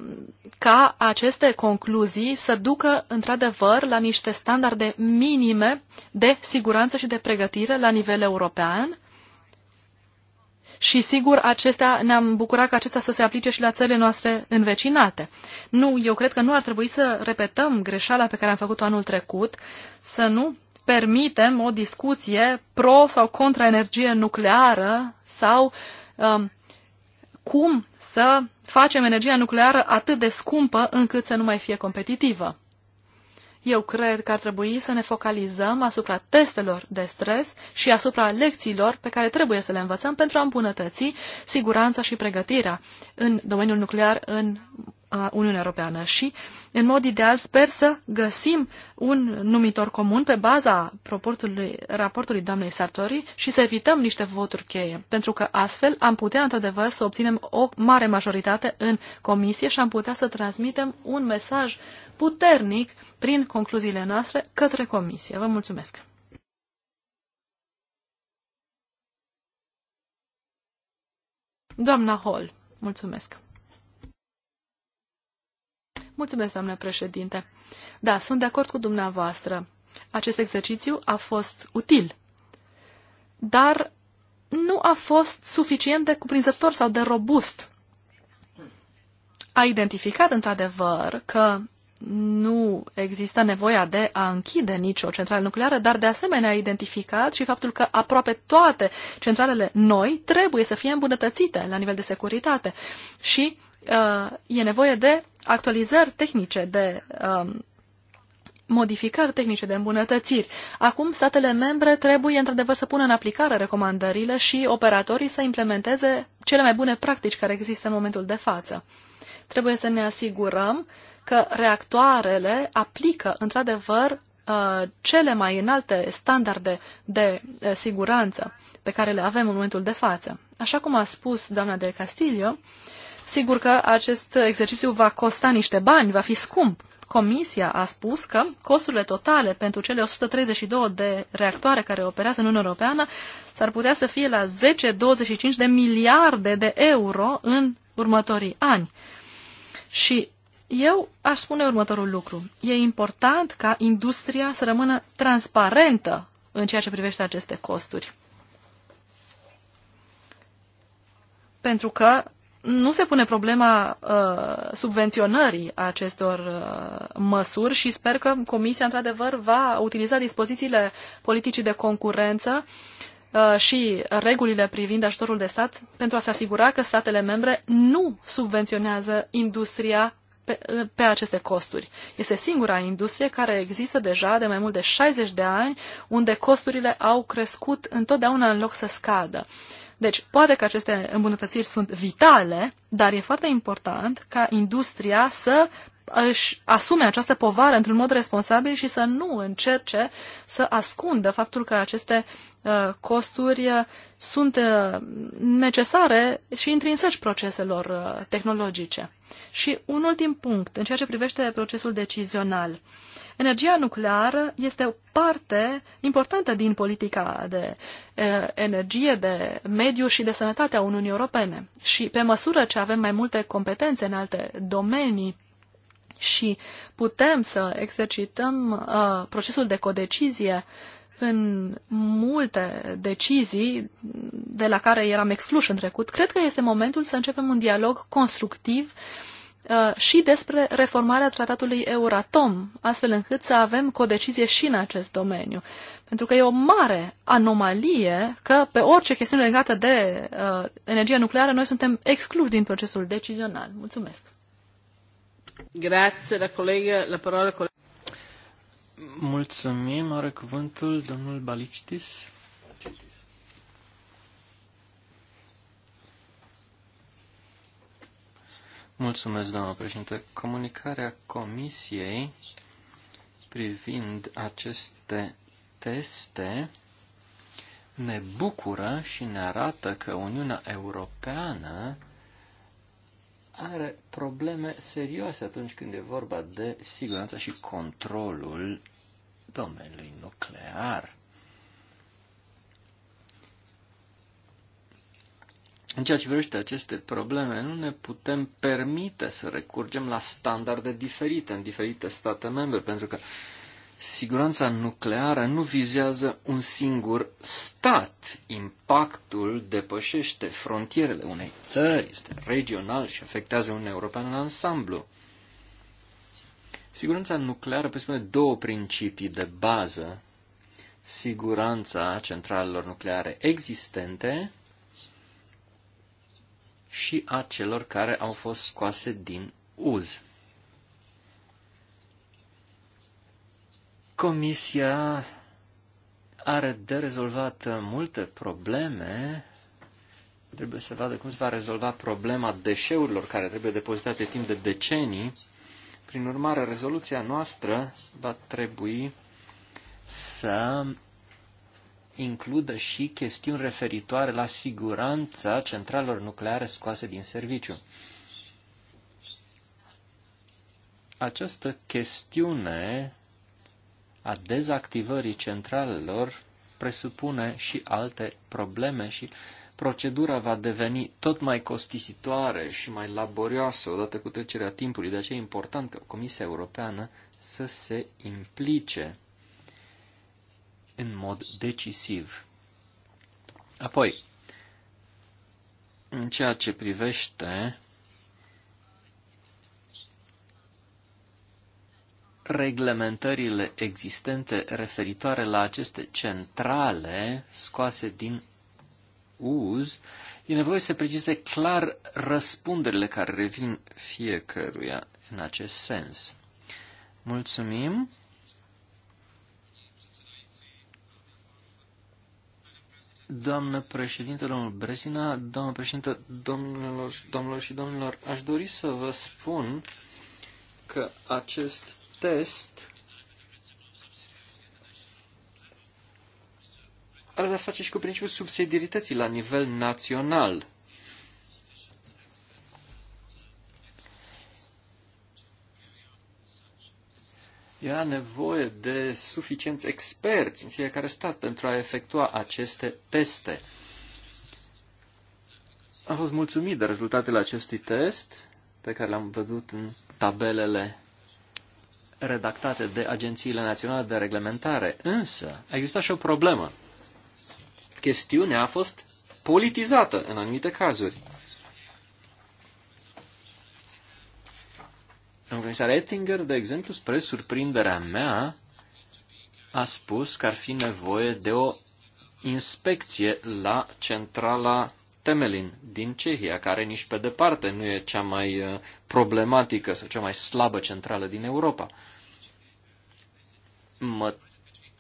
ca aceste concluzii să ducă într-adevăr la niște standarde minime de siguranță și de pregătire la nivel european și sigur acestea, ne-am bucurat că acestea să se aplice și la țările noastre învecinate. Nu, eu cred că nu ar trebui să repetăm greșeala pe care am făcut-o anul trecut, să nu permitem o discuție pro sau contra energie nucleară sau um, cum să facem energia nucleară atât de scumpă încât să nu mai fie competitivă. Eu cred că ar trebui să ne focalizăm asupra testelor de stres și asupra lecțiilor pe care trebuie să le învățăm pentru a îmbunătăți siguranța și pregătirea în domeniul nuclear în a Uniunii Europeană și, în mod ideal, sper să găsim un numitor comun pe baza raportului, raportului doamnei Sartori și să evităm niște voturi cheie, pentru că astfel am putea, într-adevăr, să obținem o mare majoritate în comisie și am putea să transmitem un mesaj puternic prin concluziile noastre către comisie. Vă mulțumesc! Doamna Hall, mulțumesc! Mulțumesc, doamnă președinte. Da, sunt de acord cu dumneavoastră. Acest exercițiu a fost util, dar nu a fost suficient de cuprinzător sau de robust. A identificat, într-adevăr, că nu există nevoia de a închide nicio centrală nucleară, dar de asemenea a identificat și faptul că aproape toate centralele noi trebuie să fie îmbunătățite la nivel de securitate. Și Uh, e nevoie de actualizări tehnice, de um, modificări tehnice, de îmbunătățiri. Acum, statele membre trebuie într-adevăr să pună în aplicare recomandările și operatorii să implementeze cele mai bune practici care există în momentul de față. Trebuie să ne asigurăm că reactoarele aplică într-adevăr uh, cele mai înalte standarde de uh, siguranță pe care le avem în momentul de față. Așa cum a spus doamna Del Castillo, uh, Sigur că acest exercițiu va costa niște bani, va fi scump. Comisia a spus că costurile totale pentru cele 132 de reactoare care operează în Uniunea Europeană s-ar putea să fie la 10-25 de miliarde de euro în următorii ani. Și eu aș spune următorul lucru. E important ca industria să rămână transparentă în ceea ce privește aceste costuri. Pentru că nu se pune problema uh, subvenționării acestor uh, măsuri și sper că Comisia, într-adevăr, va utiliza dispozițiile politicii de concurență uh, și regulile privind ajutorul de stat pentru a se asigura că statele membre nu subvenționează industria pe, uh, pe aceste costuri. Este singura industrie care există deja de mai mult de 60 de ani, unde costurile au crescut întotdeauna în loc să scadă. Uh, deci, poate că aceste îmbunătățiri sunt vitale, dar e foarte important ca industria să își asume această povară într-un mod responsabil și să nu încerce să ascundă faptul că aceste Uh, costuri uh, sunt uh, necesare și intrinseci proceselor tehnologice. Și un ultim punct, în ceea ce privește procesul decizional. Energia nucleară este o parte importantă din politica de energie, de mediu și de sănătate a Uniunii Europene. Și pe măsură ce avem mai multe competențe în alte domenii, și putem să exercităm uh, procesul de codecizie uh, în multe decizii de la care eram excluși în trecut, cred că este momentul să începem un dialog constructiv uh, și despre reformarea tratatului Euratom, astfel încât să avem codecizie și în acest domeniu. Pentru că e o mare anomalie că pe orice chestiune legată de uh, energia nucleară noi suntem excluși din procesul decizional. Mulțumesc! Grazie, la colegă, la parola colegă. Mulțumim. Are cuvântul domnul Balicitis. Mulțumesc, doamnă președinte. Comunicarea Comisiei privind aceste teste ne bucură și ne arată că Uniunea Europeană are probleme serioase atunci când e vorba de siguranța și controlul domeniului nuclear. În ceea ce privește aceste probleme, nu ne putem permite să recurgem la standarde diferite în diferite state membre, pentru că uh, siguranța nucleară nu vizează un singur stat. Impactul depășește frontierele unei țări, este regional și afectează un european în ansamblu. Siguranța nucleară presupune două principii de bază. Siguranța centralelor nucleare existente și a celor care au fost scoase din uz. Comisia are de rezolvat multe probleme. Trebuie să vadă cum se va rezolva problema deșeurilor care trebuie depozitate timp de decenii. Prin urmare, rezoluția noastră va trebui să includă și chestiuni referitoare la siguranța centralelor nucleare scoase din serviciu. Această chestiune a dezactivării centralelor presupune și alte probleme și procedura va deveni tot mai costisitoare și mai laborioasă odată cu trecerea timpului. De aceea e important ca Comisia Europeană să se implice în mod decisiv. Apoi, în ceea ce privește reglementările existente referitoare la aceste centrale scoase din uz, e nevoie să precize clar răspunderile care revin fiecăruia în acest sens. Mulțumim! Doamnă președinte, domnul Brezina, doamnă președinte, domnilor, domnilor și domnilor, aș dori să vă spun că acest test are de-a face și cu principiul subsidiarității la nivel național. Ea nevoie de suficienți experți în fiecare stat pentru a efectua aceste teste. Am fost mulțumit de rezultatele acestui test pe care l am văzut în tabelele redactate de agențiile naționale de reglementare. Însă, a existat și o problemă. Chestiunea a fost politizată în anumite cazuri. În comisar Ettinger, de exemplu, spre surprinderea mea, a spus că ar fi nevoie de o inspecție la centrala Temelin din Cehia, care nici pe departe nu e cea mai uh, problematică sau cea mai slabă centrală din Europa. Mă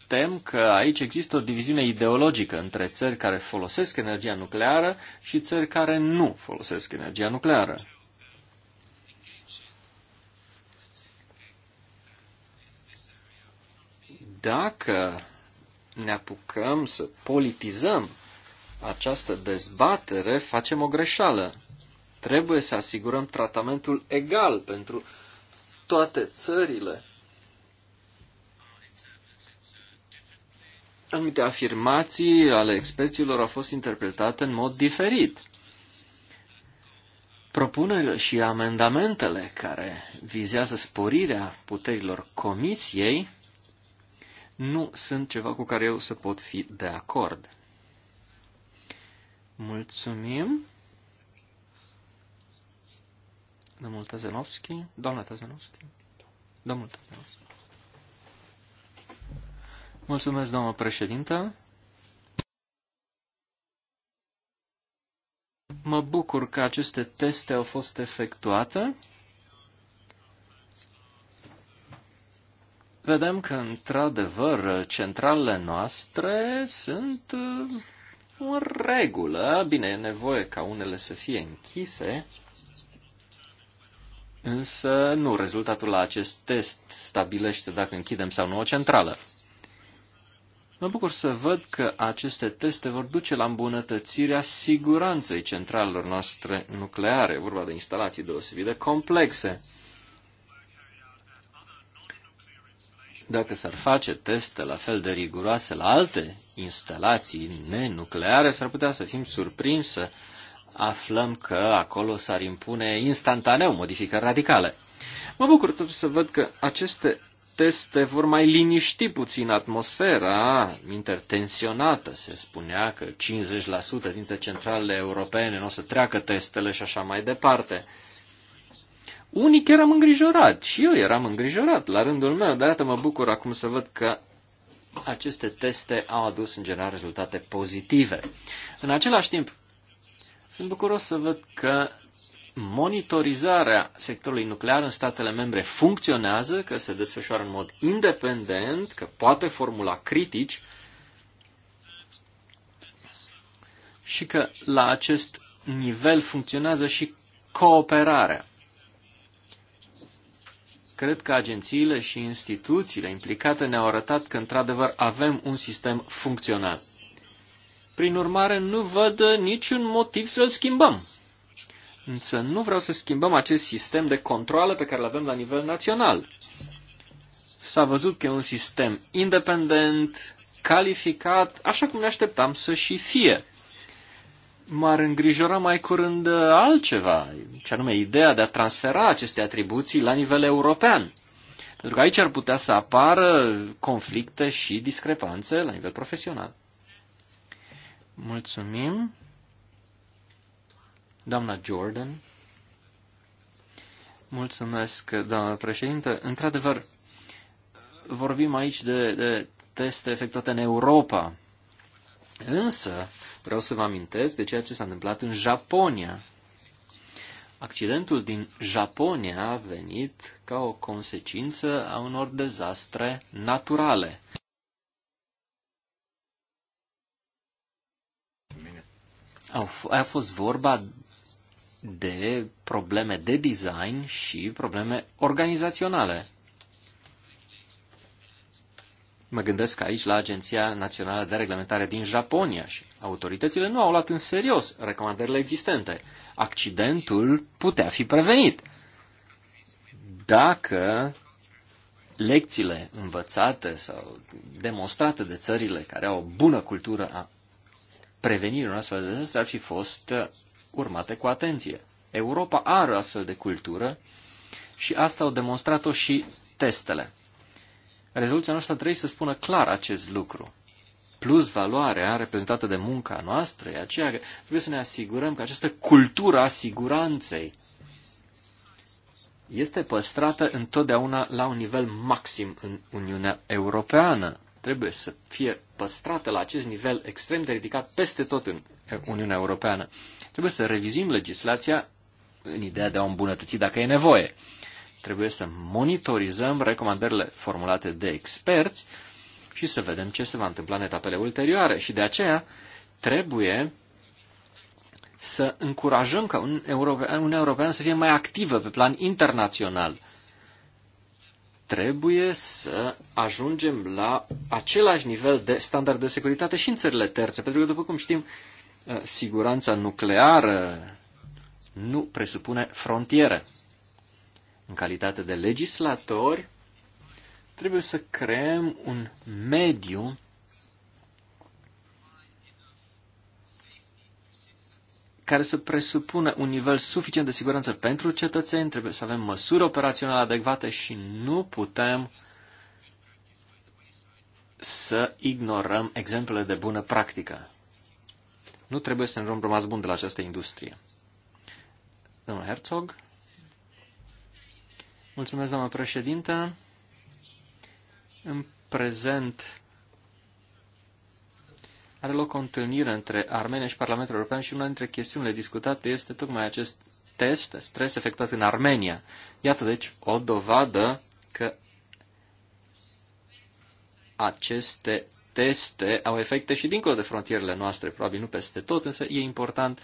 tem că aici există o diviziune ideologică între țări care folosesc energia nucleară și țări care nu folosesc energia nucleară. Dacă ne apucăm să politizăm această dezbatere, facem o greșeală. Trebuie să asigurăm tratamentul egal pentru toate țările anumite afirmații ale experților au fost interpretate în mod diferit. Propunerile și amendamentele care vizează sporirea puterilor comisiei nu sunt ceva cu care eu să pot fi de acord. Mulțumim. Domnul Tazenovski. doamna Tazenovski. domnul Tazenovski. Mulțumesc, doamnă președintă. Mă bucur că aceste teste au fost efectuate. Vedem că, într-adevăr, centralele noastre sunt uh, în regulă. Bine, e nevoie ca unele să fie închise, însă nu rezultatul la acest test stabilește dacă închidem sau nu o centrală. Mă bucur să văd că aceste teste vor duce la îmbunătățirea siguranței centralelor noastre nucleare, vorba de instalații deosebit de complexe. Dacă s-ar face teste la fel de riguroase la alte instalații nenucleare, s-ar putea să fim surprinși să aflăm că acolo s-ar impune instantaneu modificări radicale. Mă bucur totuși să văd că aceste proteste vor mai liniști puțin atmosfera intertensionată. Se spunea că 50% dintre centralele europene nu o să treacă testele și așa mai departe. Unii chiar am îngrijorat și eu eram îngrijorat la rândul meu, dar iată mă bucur acum să văd că aceste teste au adus în general rezultate pozitive. În același timp, sunt bucuros să văd că monitorizarea sectorului nuclear în statele membre funcționează, că se desfășoară în mod independent, că poate formula critici și că la acest nivel funcționează și cooperarea. Cred că agențiile și instituțiile implicate ne-au arătat că, într-adevăr, avem un sistem funcțional. Prin urmare, nu văd niciun motiv să-l schimbăm. Însă nu vreau să schimbăm acest sistem de controle pe care îl avem la nivel național. S-a văzut că e un sistem independent, calificat, așa cum ne așteptam să și fie. M-ar îngrijora mai curând altceva, ce anume ideea de a transfera aceste atribuții la nivel european. Pentru că aici ar putea să apară conflicte și discrepanțe la nivel profesional. Mulțumim. Doamna Jordan. Mulțumesc, doamna președinte. Într-adevăr, vorbim aici de, de teste efectuate în Europa. Însă, vreau să vă amintesc de ceea ce s-a întâmplat în Japonia. Accidentul din Japonia a venit ca o consecință a unor dezastre naturale. Au a fost vorba de probleme de design și probleme organizaționale. Mă gândesc aici la Agenția Națională de Reglementare din Japonia și autoritățile nu au luat în serios recomandările existente. Accidentul putea fi prevenit dacă lecțiile învățate sau demonstrate de țările care au o bună cultură a prevenirii unor astfel de dezastre ar fi fost urmate cu atenție. Europa are o astfel de cultură și asta au demonstrat-o și testele. Rezoluția noastră trebuie să spună clar acest lucru. Plus valoarea reprezentată de munca noastră e aceea că trebuie să ne asigurăm că această cultură a siguranței este păstrată întotdeauna la un nivel maxim în Uniunea Europeană. Trebuie să fie păstrată la acest nivel extrem de ridicat peste tot în Uniunea Europeană. Trebuie să revizuim legislația în ideea de a o îmbunătăți dacă e nevoie. Trebuie să monitorizăm recomandările formulate de experți și să vedem ce se va întâmpla în etapele ulterioare. Și de aceea trebuie să încurajăm ca un european, un european să fie mai activă pe plan internațional. Trebuie să ajungem la același nivel de standard de securitate și în țările terțe, pentru că, după cum știm, Eh, siguranța nucleară nu presupune frontiere. În calitate de legislatori, trebuie să creăm un mediu care să presupună un nivel suficient de siguranță pentru cetățeni, trebuie să avem măsuri operaționale adecvate și nu putem să ignorăm exemplele de bună practică. Nu trebuie să ne luăm rămas bun de la această industrie. Domnul Herzog. Mulțumesc, doamnă președintă. În prezent are loc o întâlnire între Armenia și Parlamentul European și una dintre chestiunile discutate este tocmai acest test, stres efectuat în Armenia. Iată, deci, o dovadă că aceste teste au efecte și dincolo de frontierele noastre, probabil nu peste tot, însă e important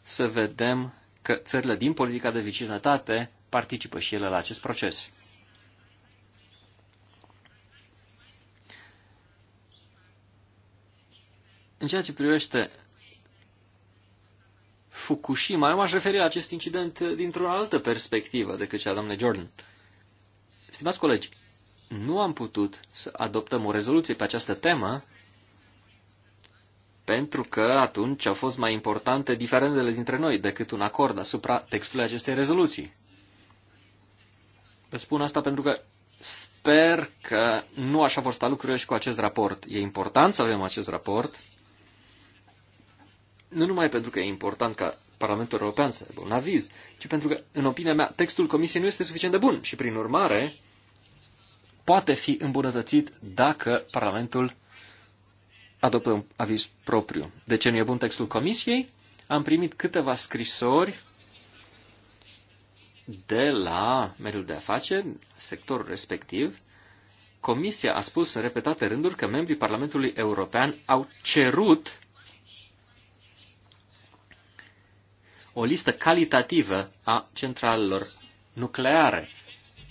să vedem că țările din politica de vicinătate participă și ele la acest proces. În ceea ce privește Fukushima, eu m-aș referi la acest incident dintr-o altă perspectivă decât cea a doamnei Jordan. Stimați colegi, nu am putut să adoptăm o rezoluție pe această temă pentru că atunci au fost mai importante diferendele dintre noi decât un acord asupra textului acestei rezoluții. Vă spun asta pentru că sper că nu așa vor sta lucrurile și cu acest raport. E important să avem acest raport, nu numai pentru că e important ca Parlamentul European să aibă un aviz, ci pentru că, în opinia mea, textul Comisiei nu este suficient de bun și, prin urmare, poate fi îmbunătățit dacă Parlamentul adoptă un aviz propriu. De ce nu e bun textul Comisiei? Am primit câteva scrisori de la mediul de afaceri, sectorul respectiv. Comisia a spus în repetate rânduri că membrii Parlamentului European au cerut o listă calitativă a centralelor nucleare.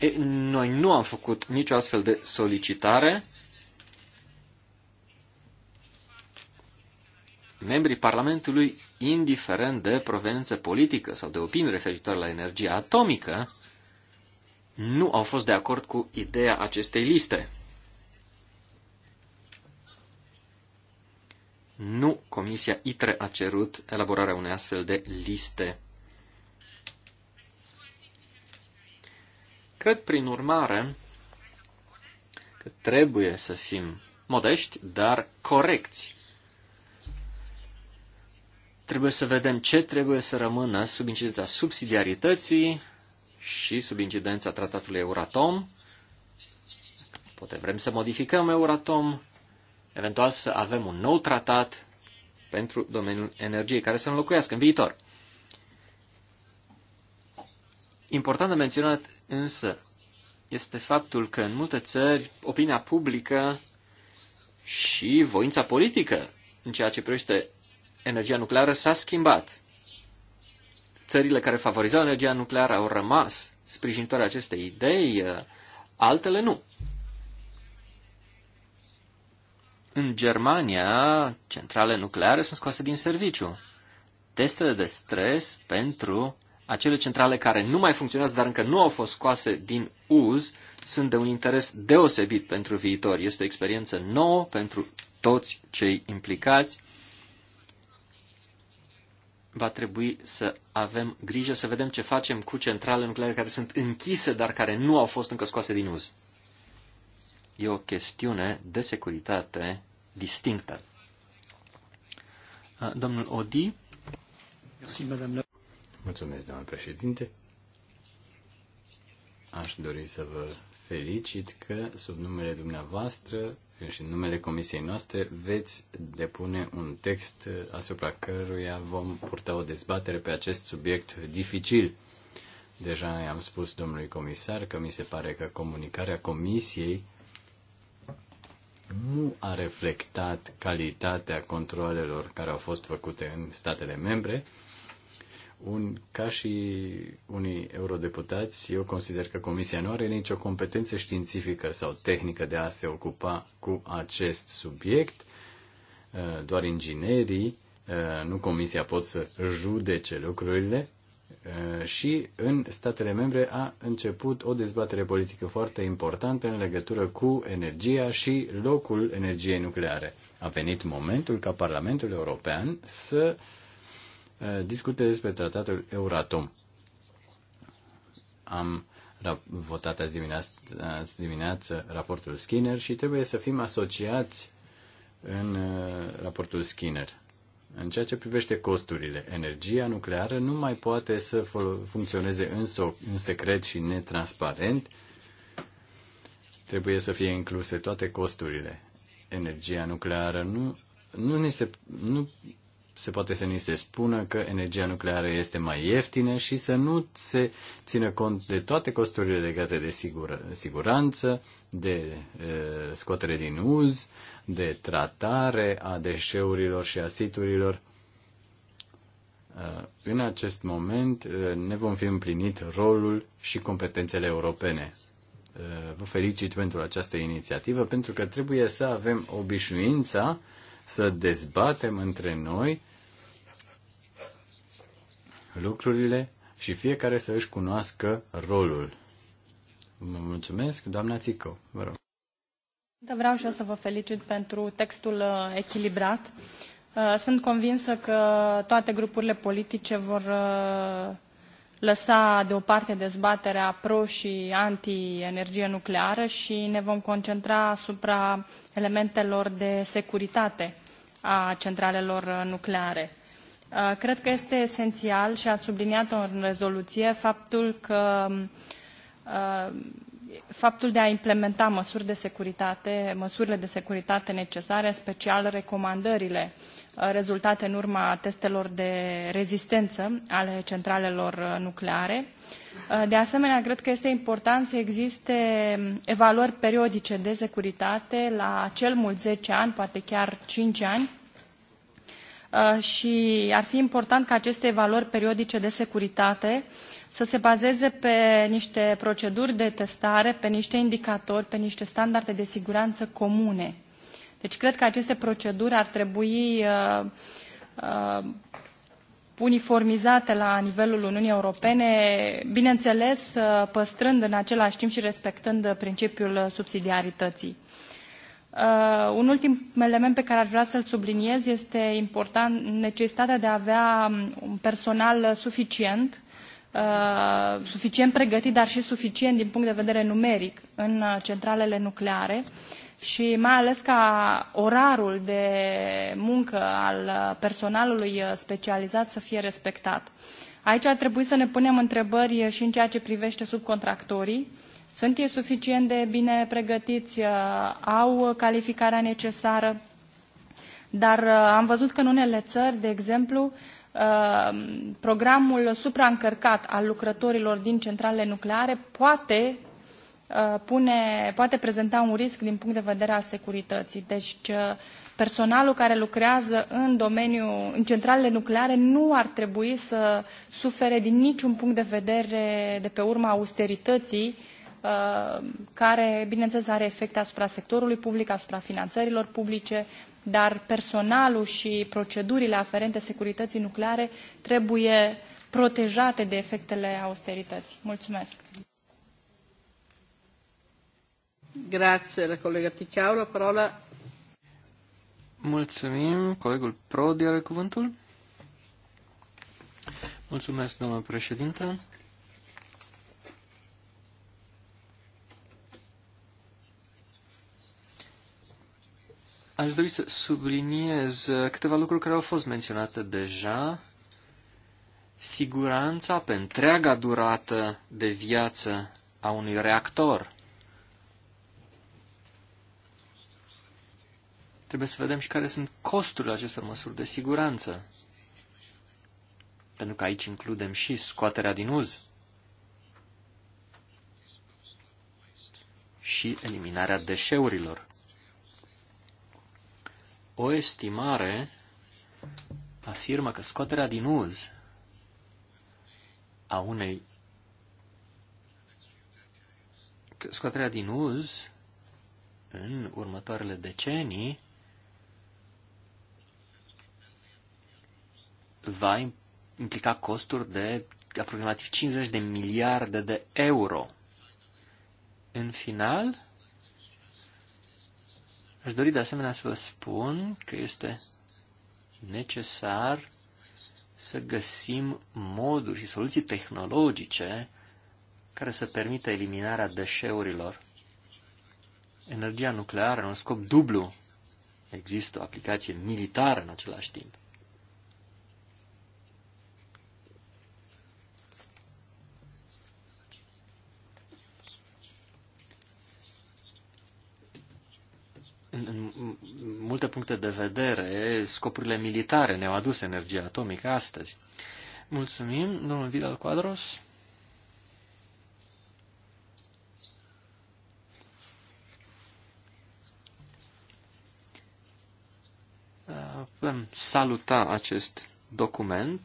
E, noi nu am făcut nicio astfel de solicitare. Membrii Parlamentului, indiferent de proveniență politică sau de opinii referitoare la energia atomică, nu au fost de acord cu ideea acestei liste. Nu Comisia ITRE a cerut elaborarea unei astfel de liste Cred, prin urmare, că trebuie să fim modești, dar corecți. Trebuie să vedem ce trebuie să rămână sub incidența subsidiarității și sub incidența tratatului Euratom. Poate vrem să modificăm Euratom, eventual să avem un nou tratat pentru domeniul energiei care să înlocuiască în viitor. Important de menționat Însă, este faptul că în multe țări opinia publică și voința politică în ceea ce privește energia nucleară s-a schimbat. Țările care favorizau energia nucleară au rămas sprijinitoare acestei idei, altele nu. În Germania, centrale nucleare sunt scoase din serviciu. Testele de stres pentru acele centrale care nu mai funcționează, dar încă nu au fost scoase din uz, sunt de un interes deosebit pentru viitor. Este o experiență nouă pentru toți cei implicați. Va trebui să avem grijă să vedem ce facem cu centrale nucleare care sunt închise, dar care nu au fost încă scoase din uz. E o chestiune de securitate distinctă. Domnul Odi. Merci, madame Mulțumesc, doamnă președinte. Aș dori să vă felicit că, sub numele dumneavoastră și în numele comisiei noastre, veți depune un text asupra căruia vom purta o dezbatere pe acest subiect dificil. Deja i-am spus domnului comisar că mi se pare că comunicarea comisiei nu a reflectat calitatea controalelor care au fost făcute în statele membre un, ca și unii eurodeputați, eu consider că Comisia nu are nicio competență științifică sau tehnică de a se ocupa cu acest subiect. Uh, doar inginerii, uh, nu Comisia, pot să judece lucrurile. Uh, și în statele membre a început o dezbatere politică foarte importantă în legătură cu energia și locul energiei nucleare. A venit momentul ca Parlamentul European să uh, Eh, discute despre tratatul Euratom. Am votat azi dimineață, azi dimineață raportul Skinner și trebuie să fim asociați în eh, raportul Skinner. În ceea ce privește costurile, energia nucleară nu mai poate să funcționeze în, în secret și netransparent. Trebuie să fie incluse toate costurile. Energia nucleară nu, nu, ni se, nu se poate să ni se spună că energia nucleară este mai ieftină și să nu se țină cont de toate costurile legate de sigur, siguranță, de e, scotere din uz, de tratare a deșeurilor și a siturilor. în acest moment ne vom fi împlinit rolul și competențele europene. vă felicit pentru această inițiativă, pentru că trebuie să avem obișnuința să dezbatem între noi lucrurile și fiecare să își cunoască rolul. Vă mulțumesc, doamna Țică, vă rog. Da, vreau și eu să vă felicit pentru textul uh, echilibrat. Uh, sunt convinsă că toate grupurile politice vor uh, lăsa deoparte dezbaterea pro și anti-energie nucleară și ne vom concentra asupra elementelor de securitate a centralelor nucleare. Uh, cred că este esențial și ați subliniat-o în rezoluție faptul că uh, faptul de a implementa măsuri de securitate, măsurile de securitate necesare, în special recomandările uh, rezultate în urma testelor de rezistență ale centralelor nucleare. De asemenea, cred că este important să existe evaluări periodice de securitate la cel mult zece ani, poate chiar cinci ani, Uh, și ar fi important ca aceste evaluări periodice de securitate să se bazeze pe niște proceduri de testare, pe niște indicatori, pe niște standarde de siguranță comune. Deci cred că aceste proceduri ar trebui uh, uh, uniformizate la nivelul Uniunii Europene, bineînțeles uh, păstrând în același timp și respectând principiul subsidiarității. Uh, un ultim element pe care ar vrea să-l subliniez este important necesitatea de a avea um, un personal suficient, uh, suficient pregătit, dar și suficient din punct de vedere numeric în uh, centralele nucleare și mai ales ca orarul de muncă al uh, personalului uh, specializat să fie respectat. Aici ar trebui să ne punem întrebări și în ceea ce privește subcontractorii, sunt ei suficient de bine pregătiți? Uh, au calificarea necesară? Dar uh, am văzut că în unele țări, de exemplu, uh, programul supraîncărcat al lucrătorilor din centralele nucleare poate pune, poate prezenta un risc din punct de vedere al securității. Deci personalul care lucrează în domeniul, în centralele nucleare nu ar trebui să sufere din niciun punct de vedere de pe urma austerității Uh, care, bineînțeles, are efecte asupra sectorului public, asupra finanțărilor publice, dar personalul și procedurile aferente securității nucleare trebuie protejate de efectele austerității. Mulțumesc! Grazie, la colega Ticau. parola... Mulțumim. Colegul Prodi are cuvântul. Mulțumesc, domnule președinte. Aș dori să subliniez câteva lucruri care au fost menționate deja. Siguranța pe întreaga durată de viață a unui reactor. Trebuie să vedem și care sunt costurile acestor măsuri de siguranță. Pentru că aici includem și scoaterea din uz și eliminarea deșeurilor o estimare afirmă că scoaterea din uz a unei scoaterea din uz în următoarele decenii va implica costuri de aproximativ 50 de miliarde de euro. În final, Aș dori de asemenea să vă spun că este necesar să găsim moduri și soluții tehnologice care să permită eliminarea deșeurilor. Energia nucleară, în un scop dublu, există o aplicație militară în același timp. în, în multe puncte de vedere, scopurile militare ne-au adus energia atomică astăzi. Mulțumim, domnul Vidal Quadros. Putem saluta acest document.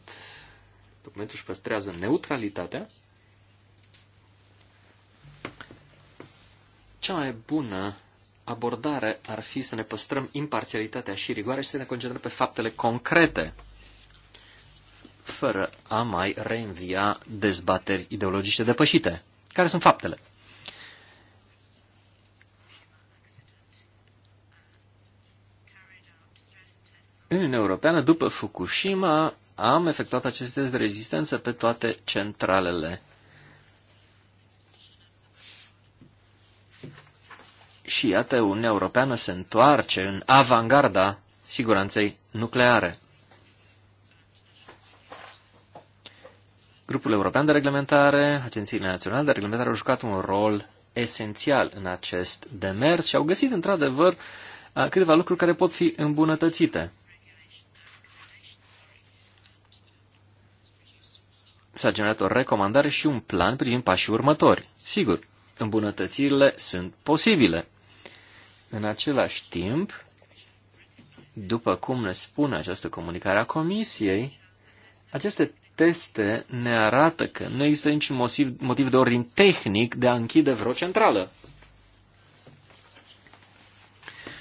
Documentul își păstrează neutralitatea. Cea mai bună abordare ar fi să ne păstrăm imparțialitatea și rigoare și să ne concentrăm pe faptele concrete, fără a mai reînvia dezbateri ideologice depășite. Care sunt faptele? În Uniunea Europeană, după Fukushima, am efectuat acest test de rezistență pe toate centralele Și iată, Uniunea Europeană se întoarce în avangarda siguranței nucleare. Grupul European de Reglementare, Agențiile Naționale de Reglementare au jucat un rol esențial în acest demers și au găsit, într-adevăr, câteva lucruri care pot fi îmbunătățite. S-a generat o recomandare și un plan privind pașii următori. Sigur, îmbunătățirile sunt posibile. În același timp, după cum ne spune această comunicare a Comisiei, aceste teste ne arată că nu există niciun motiv, motiv de ordin tehnic de a închide vreo centrală.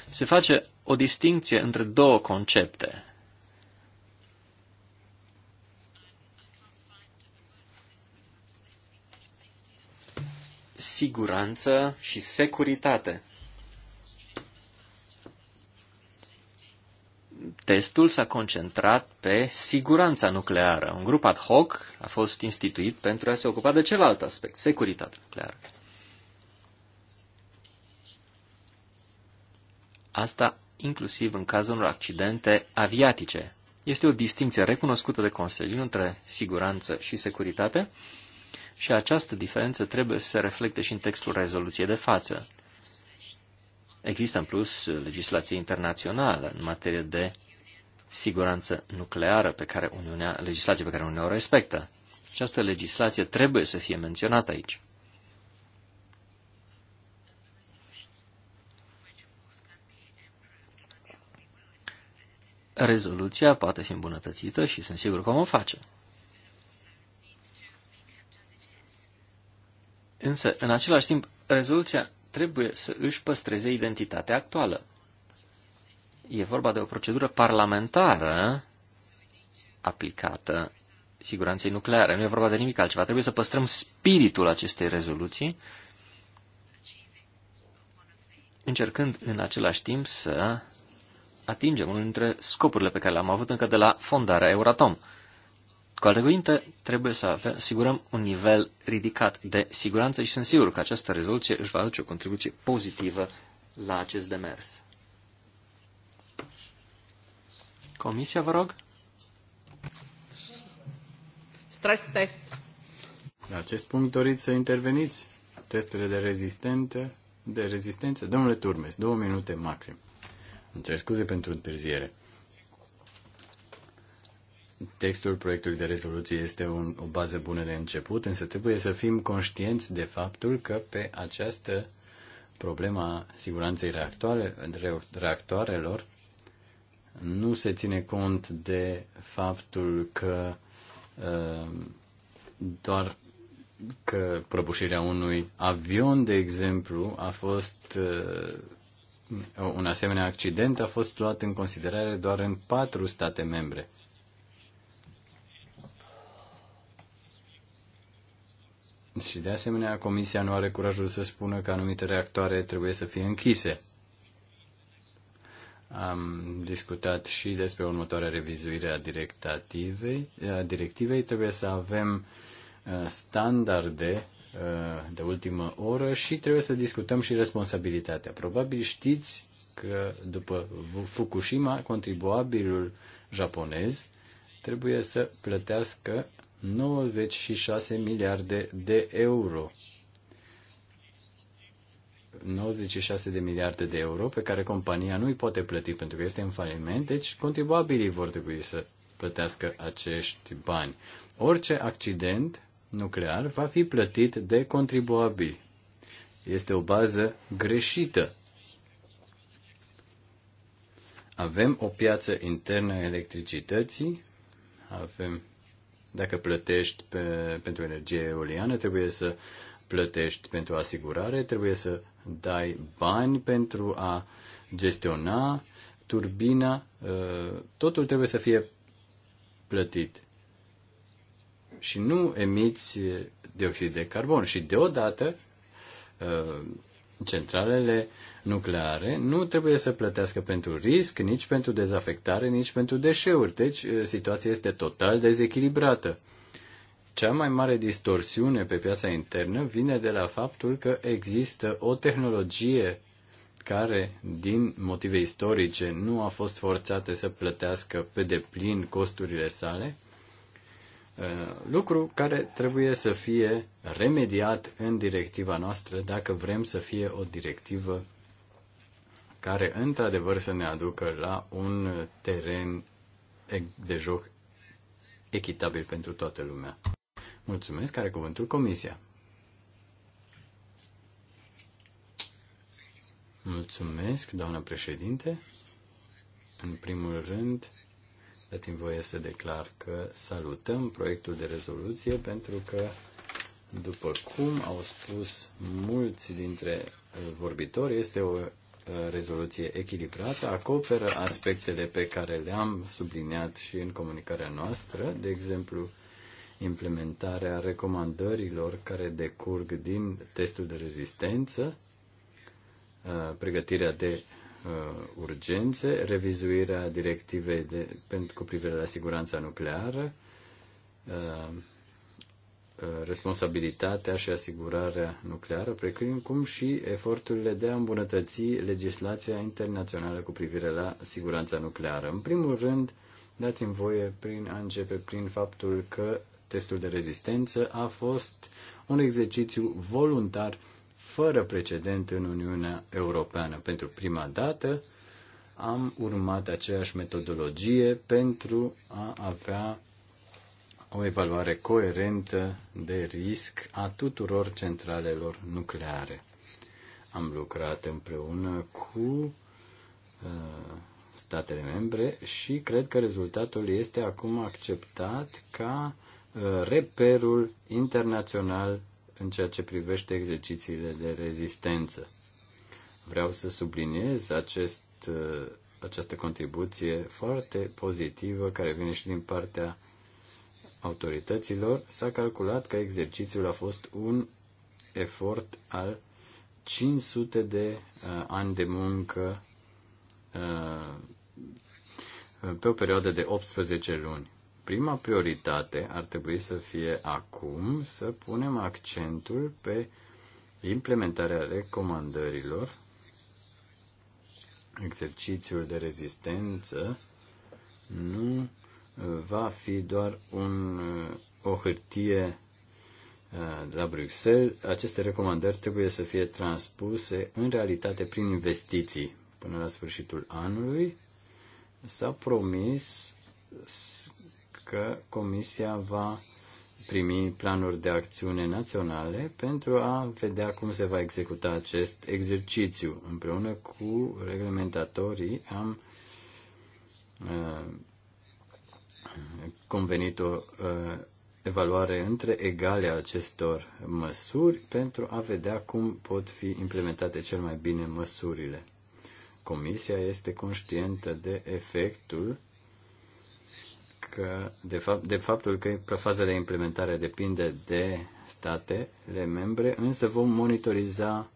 Se face o distinție între două concepte. Siguranță și securitate. testul s-a concentrat pe siguranța nucleară. Un grup ad hoc a fost instituit pentru a se ocupa de celălalt aspect, securitatea nucleară. Asta inclusiv în cazul unor accidente aviatice. Este o distinție recunoscută de Consiliu între siguranță și securitate și această diferență trebuie să se reflecte și în textul rezoluției de față. Există în plus legislație internațională în materie de siguranță nucleară pe care Uniunea, legislație pe care Uniunea o respectă. Această legislație trebuie să fie menționată aici. Rezoluția poate fi îmbunătățită și sunt sigur că o face. Însă, în același timp, rezoluția trebuie să își păstreze identitatea actuală. E vorba de o procedură parlamentară aplicată siguranței nucleare. Nu e vorba de nimic altceva. Trebuie să păstrăm spiritul acestei rezoluții, încercând în același timp să atingem unul dintre scopurile pe care le-am avut încă de la fondarea Euratom. Cu alte cuvinte, trebuie să asigurăm un nivel ridicat de siguranță și sunt sigur că această rezoluție își va aduce o contribuție pozitivă la acest demers. Comisia, vă rog. Stress test. La acest punct doriți să interveniți? Testele de rezistență, de rezistență. Domnule Turmes, două minute maxim. Îmi cer scuze pentru întârziere. Textul proiectului de rezoluție este un, o bază bună de început, însă trebuie să fim conștienți de faptul că pe această problema siguranței reactoare, reactoarelor nu se ține cont de faptul că uh, doar că prăbușirea unui avion, de exemplu, a fost uh, un asemenea accident a fost luat în considerare doar în patru state membre. Și de asemenea, Comisia nu are curajul să spună că anumite reactoare trebuie să fie închise. Am discutat și despre următoarea revizuire a directivei. A directivei trebuie să avem uh, standarde uh, de ultimă oră și trebuie să discutăm și responsabilitatea. Probabil știți că după Fukushima, contribuabilul japonez trebuie să plătească 96 miliarde de euro 96 de miliarde de euro pe care compania nu îi poate plăti pentru că este în faliment, deci contribuabilii vor trebui să plătească acești bani. Orice accident nuclear va fi plătit de contribuabili. Este o bază greșită. Avem o piață internă a electricității, avem, dacă plătești pe, pentru energie eoliană, trebuie să plătești pentru asigurare, trebuie să dai bani pentru a gestiona turbina, uh, totul trebuie să fie plătit. Și nu emiți dioxid de carbon. Și deodată uh, centralele nucleare nu trebuie să plătească pentru risc, nici pentru dezafectare, nici pentru deșeuri. Deci uh, situația este total dezechilibrată. Cea mai mare distorsiune pe piața internă vine de la faptul că există o tehnologie care, din motive istorice, nu a fost forțată să plătească pe deplin costurile sale, uh, lucru care trebuie să fie remediat în directiva noastră dacă vrem să fie o directivă care într-adevăr să ne aducă la un teren de joc echitabil pentru toată lumea. Mulțumesc, are cuvântul Comisia. Mulțumesc, doamnă președinte. În primul rând, dați-mi voie să declar că salutăm proiectul de rezoluție pentru că, după cum au spus mulți dintre vorbitori, este o uh, rezoluție echilibrată, acoperă aspectele pe care le-am subliniat și în comunicarea noastră, de exemplu, implementarea recomandărilor care decurg din testul de rezistență, uh, pregătirea de uh, urgențe, revizuirea directivei de, pentru, cu privire la siguranța nucleară, uh, responsabilitatea și asigurarea nucleară, precum cum și eforturile de a îmbunătăți legislația internațională cu privire la siguranța nucleară. În primul rând, dați-mi voie prin a începe prin faptul că testul de rezistență a fost un exercițiu voluntar fără precedent în Uniunea Europeană. Pentru prima dată am urmat aceeași metodologie pentru a avea o evaluare coerentă de risc a tuturor centralelor nucleare. Am lucrat împreună cu uh, statele membre și cred că rezultatul este acum acceptat ca uh, reperul internațional în ceea ce privește exercițiile de rezistență. Vreau să subliniez acest, uh, această contribuție foarte pozitivă care vine și din partea autorităților. S-a calculat că exercițiul a fost un efort al 500 de uh, ani de muncă uh, pe o perioadă de 18 luni prima prioritate ar trebui să fie acum să punem accentul pe implementarea recomandărilor, exercițiul de rezistență nu uh, va fi doar un, uh, o hârtie uh, la Bruxelles, aceste recomandări trebuie să fie transpuse în realitate prin investiții. Până la sfârșitul anului s-a promis că Comisia va primi planuri de acțiune naționale pentru a vedea cum se va executa acest exercițiu. Împreună cu reglementatorii am uh, convenit o uh, evaluare între egale a acestor măsuri pentru a vedea cum pot fi implementate cel mai bine măsurile. Comisia este conștientă de efectul că de, fapt, de faptul că faza de implementare depinde de statele membre, însă vom monitoriza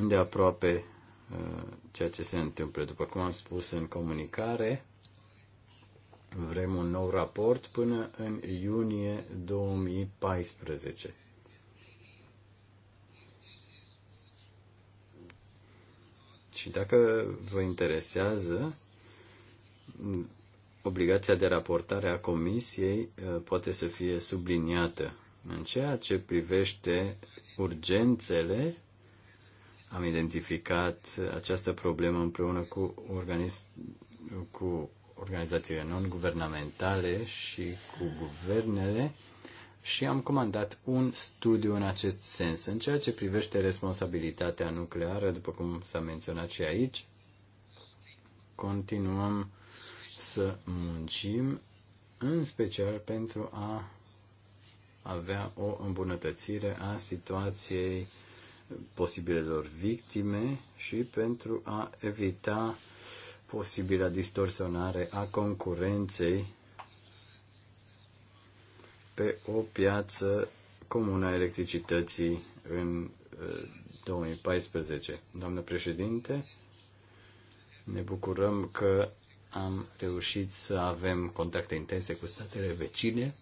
îndeaproape uh, ceea ce se întâmplă. După cum am spus în comunicare, vrem un nou raport până în iunie 2014. Și dacă vă interesează, obligația de raportare a comisiei uh, poate să fie subliniată. În ceea ce privește urgențele, am identificat această problemă împreună cu, organiz- cu organizațiile non-guvernamentale și cu guvernele și am comandat un studiu în acest sens. În ceea ce privește responsabilitatea nucleară, după cum s-a menționat și aici, continuăm să muncim, în special pentru a avea o îmbunătățire a situației posibilelor victime și pentru a evita posibilă distorsionare a concurenței pe o piață comună a electricității în 2014. Uh, Doamnă președinte, ne bucurăm că am reușit să avem contacte intense cu statele vecine,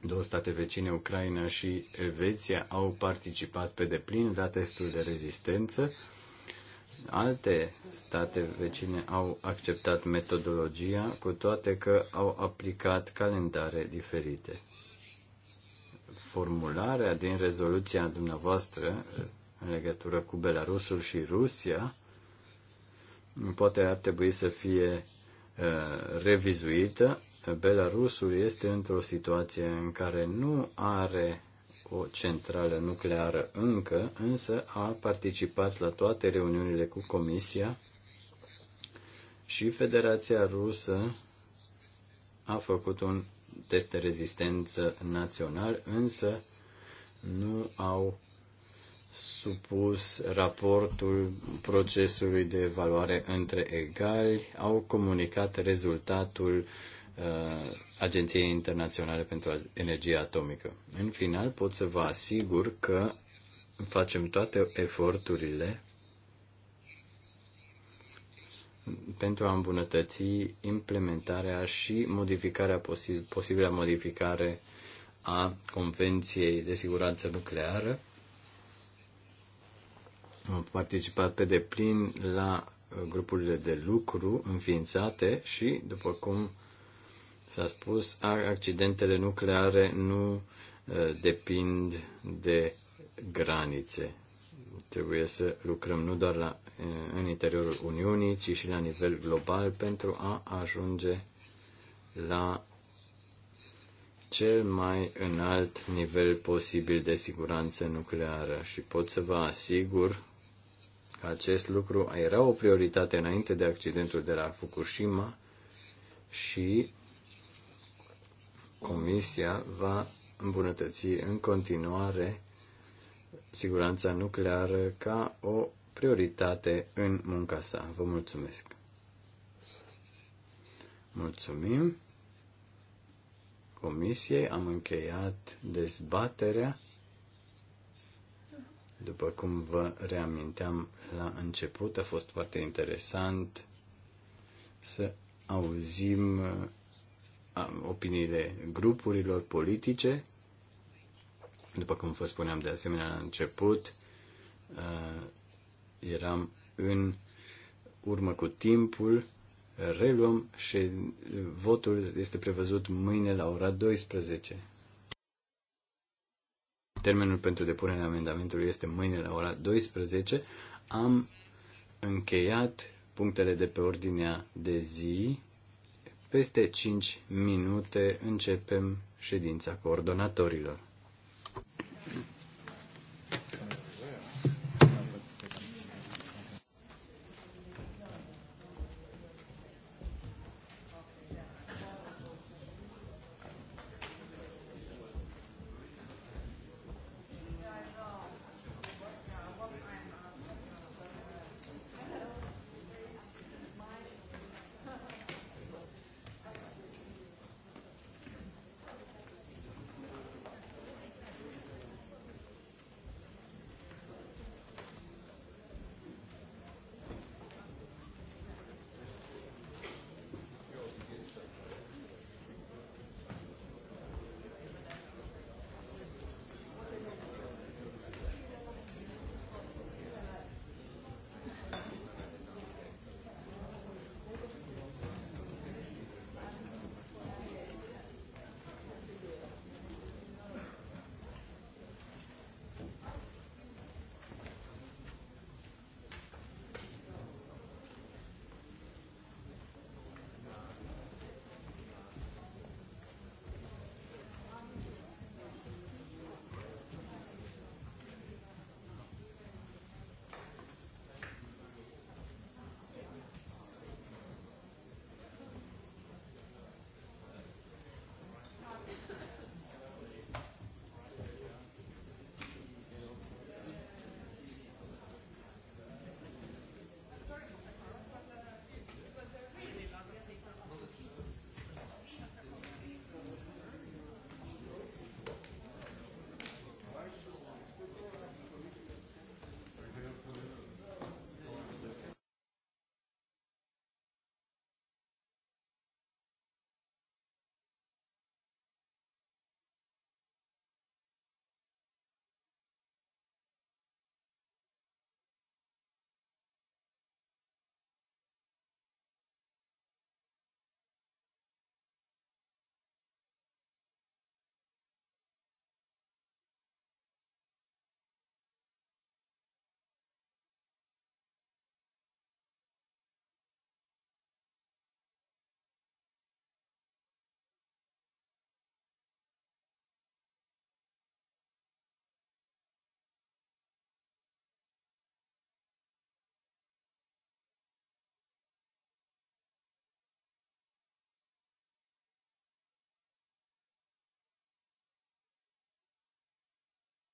două state vecine, Ucraina și Elveția, au participat pe deplin la testul de rezistență. Alte state vecine au acceptat metodologia, cu toate că au aplicat calendare diferite. Formularea din rezoluția dumneavoastră în legătură cu Belarusul și Rusia poate ar trebui să fie uh, revizuită. Belarusul este într-o situație în care nu are o centrală nucleară încă, însă a participat la toate reuniunile cu Comisia și Federația Rusă a făcut un test de rezistență național, însă nu au supus raportul procesului de evaluare între egali, au comunicat rezultatul uh, Agenției Internaționale pentru Energie Atomică. În final, pot să vă asigur că facem toate eforturile pentru a îmbunătăți implementarea și modificarea posibil, posibilă modificare a Convenției de Siguranță Nucleară am participat pe deplin la uh, grupurile de lucru înființate și, după cum s-a spus, accidentele nucleare nu uh, depind de granițe. Trebuie să lucrăm nu doar la, uh, în interiorul Uniunii, ci și la nivel global pentru a ajunge la cel mai înalt nivel posibil de siguranță nucleară și pot să vă asigur acest lucru era o prioritate înainte de accidentul de la Fukushima și Comisia va îmbunătăți în continuare siguranța nucleară ca o prioritate în munca sa. Vă mulțumesc! Mulțumim! Comisiei am încheiat dezbaterea. După cum vă reaminteam la început, a fost foarte interesant să auzim uh, opiniile grupurilor politice. După cum vă spuneam de asemenea la început, uh, eram în urmă cu timpul, reluăm și votul este prevăzut mâine la ora 12. Termenul pentru depunerea amendamentului este mâine la ora 12. Am încheiat punctele de pe ordinea de zi. Peste 5 minute începem ședința coordonatorilor.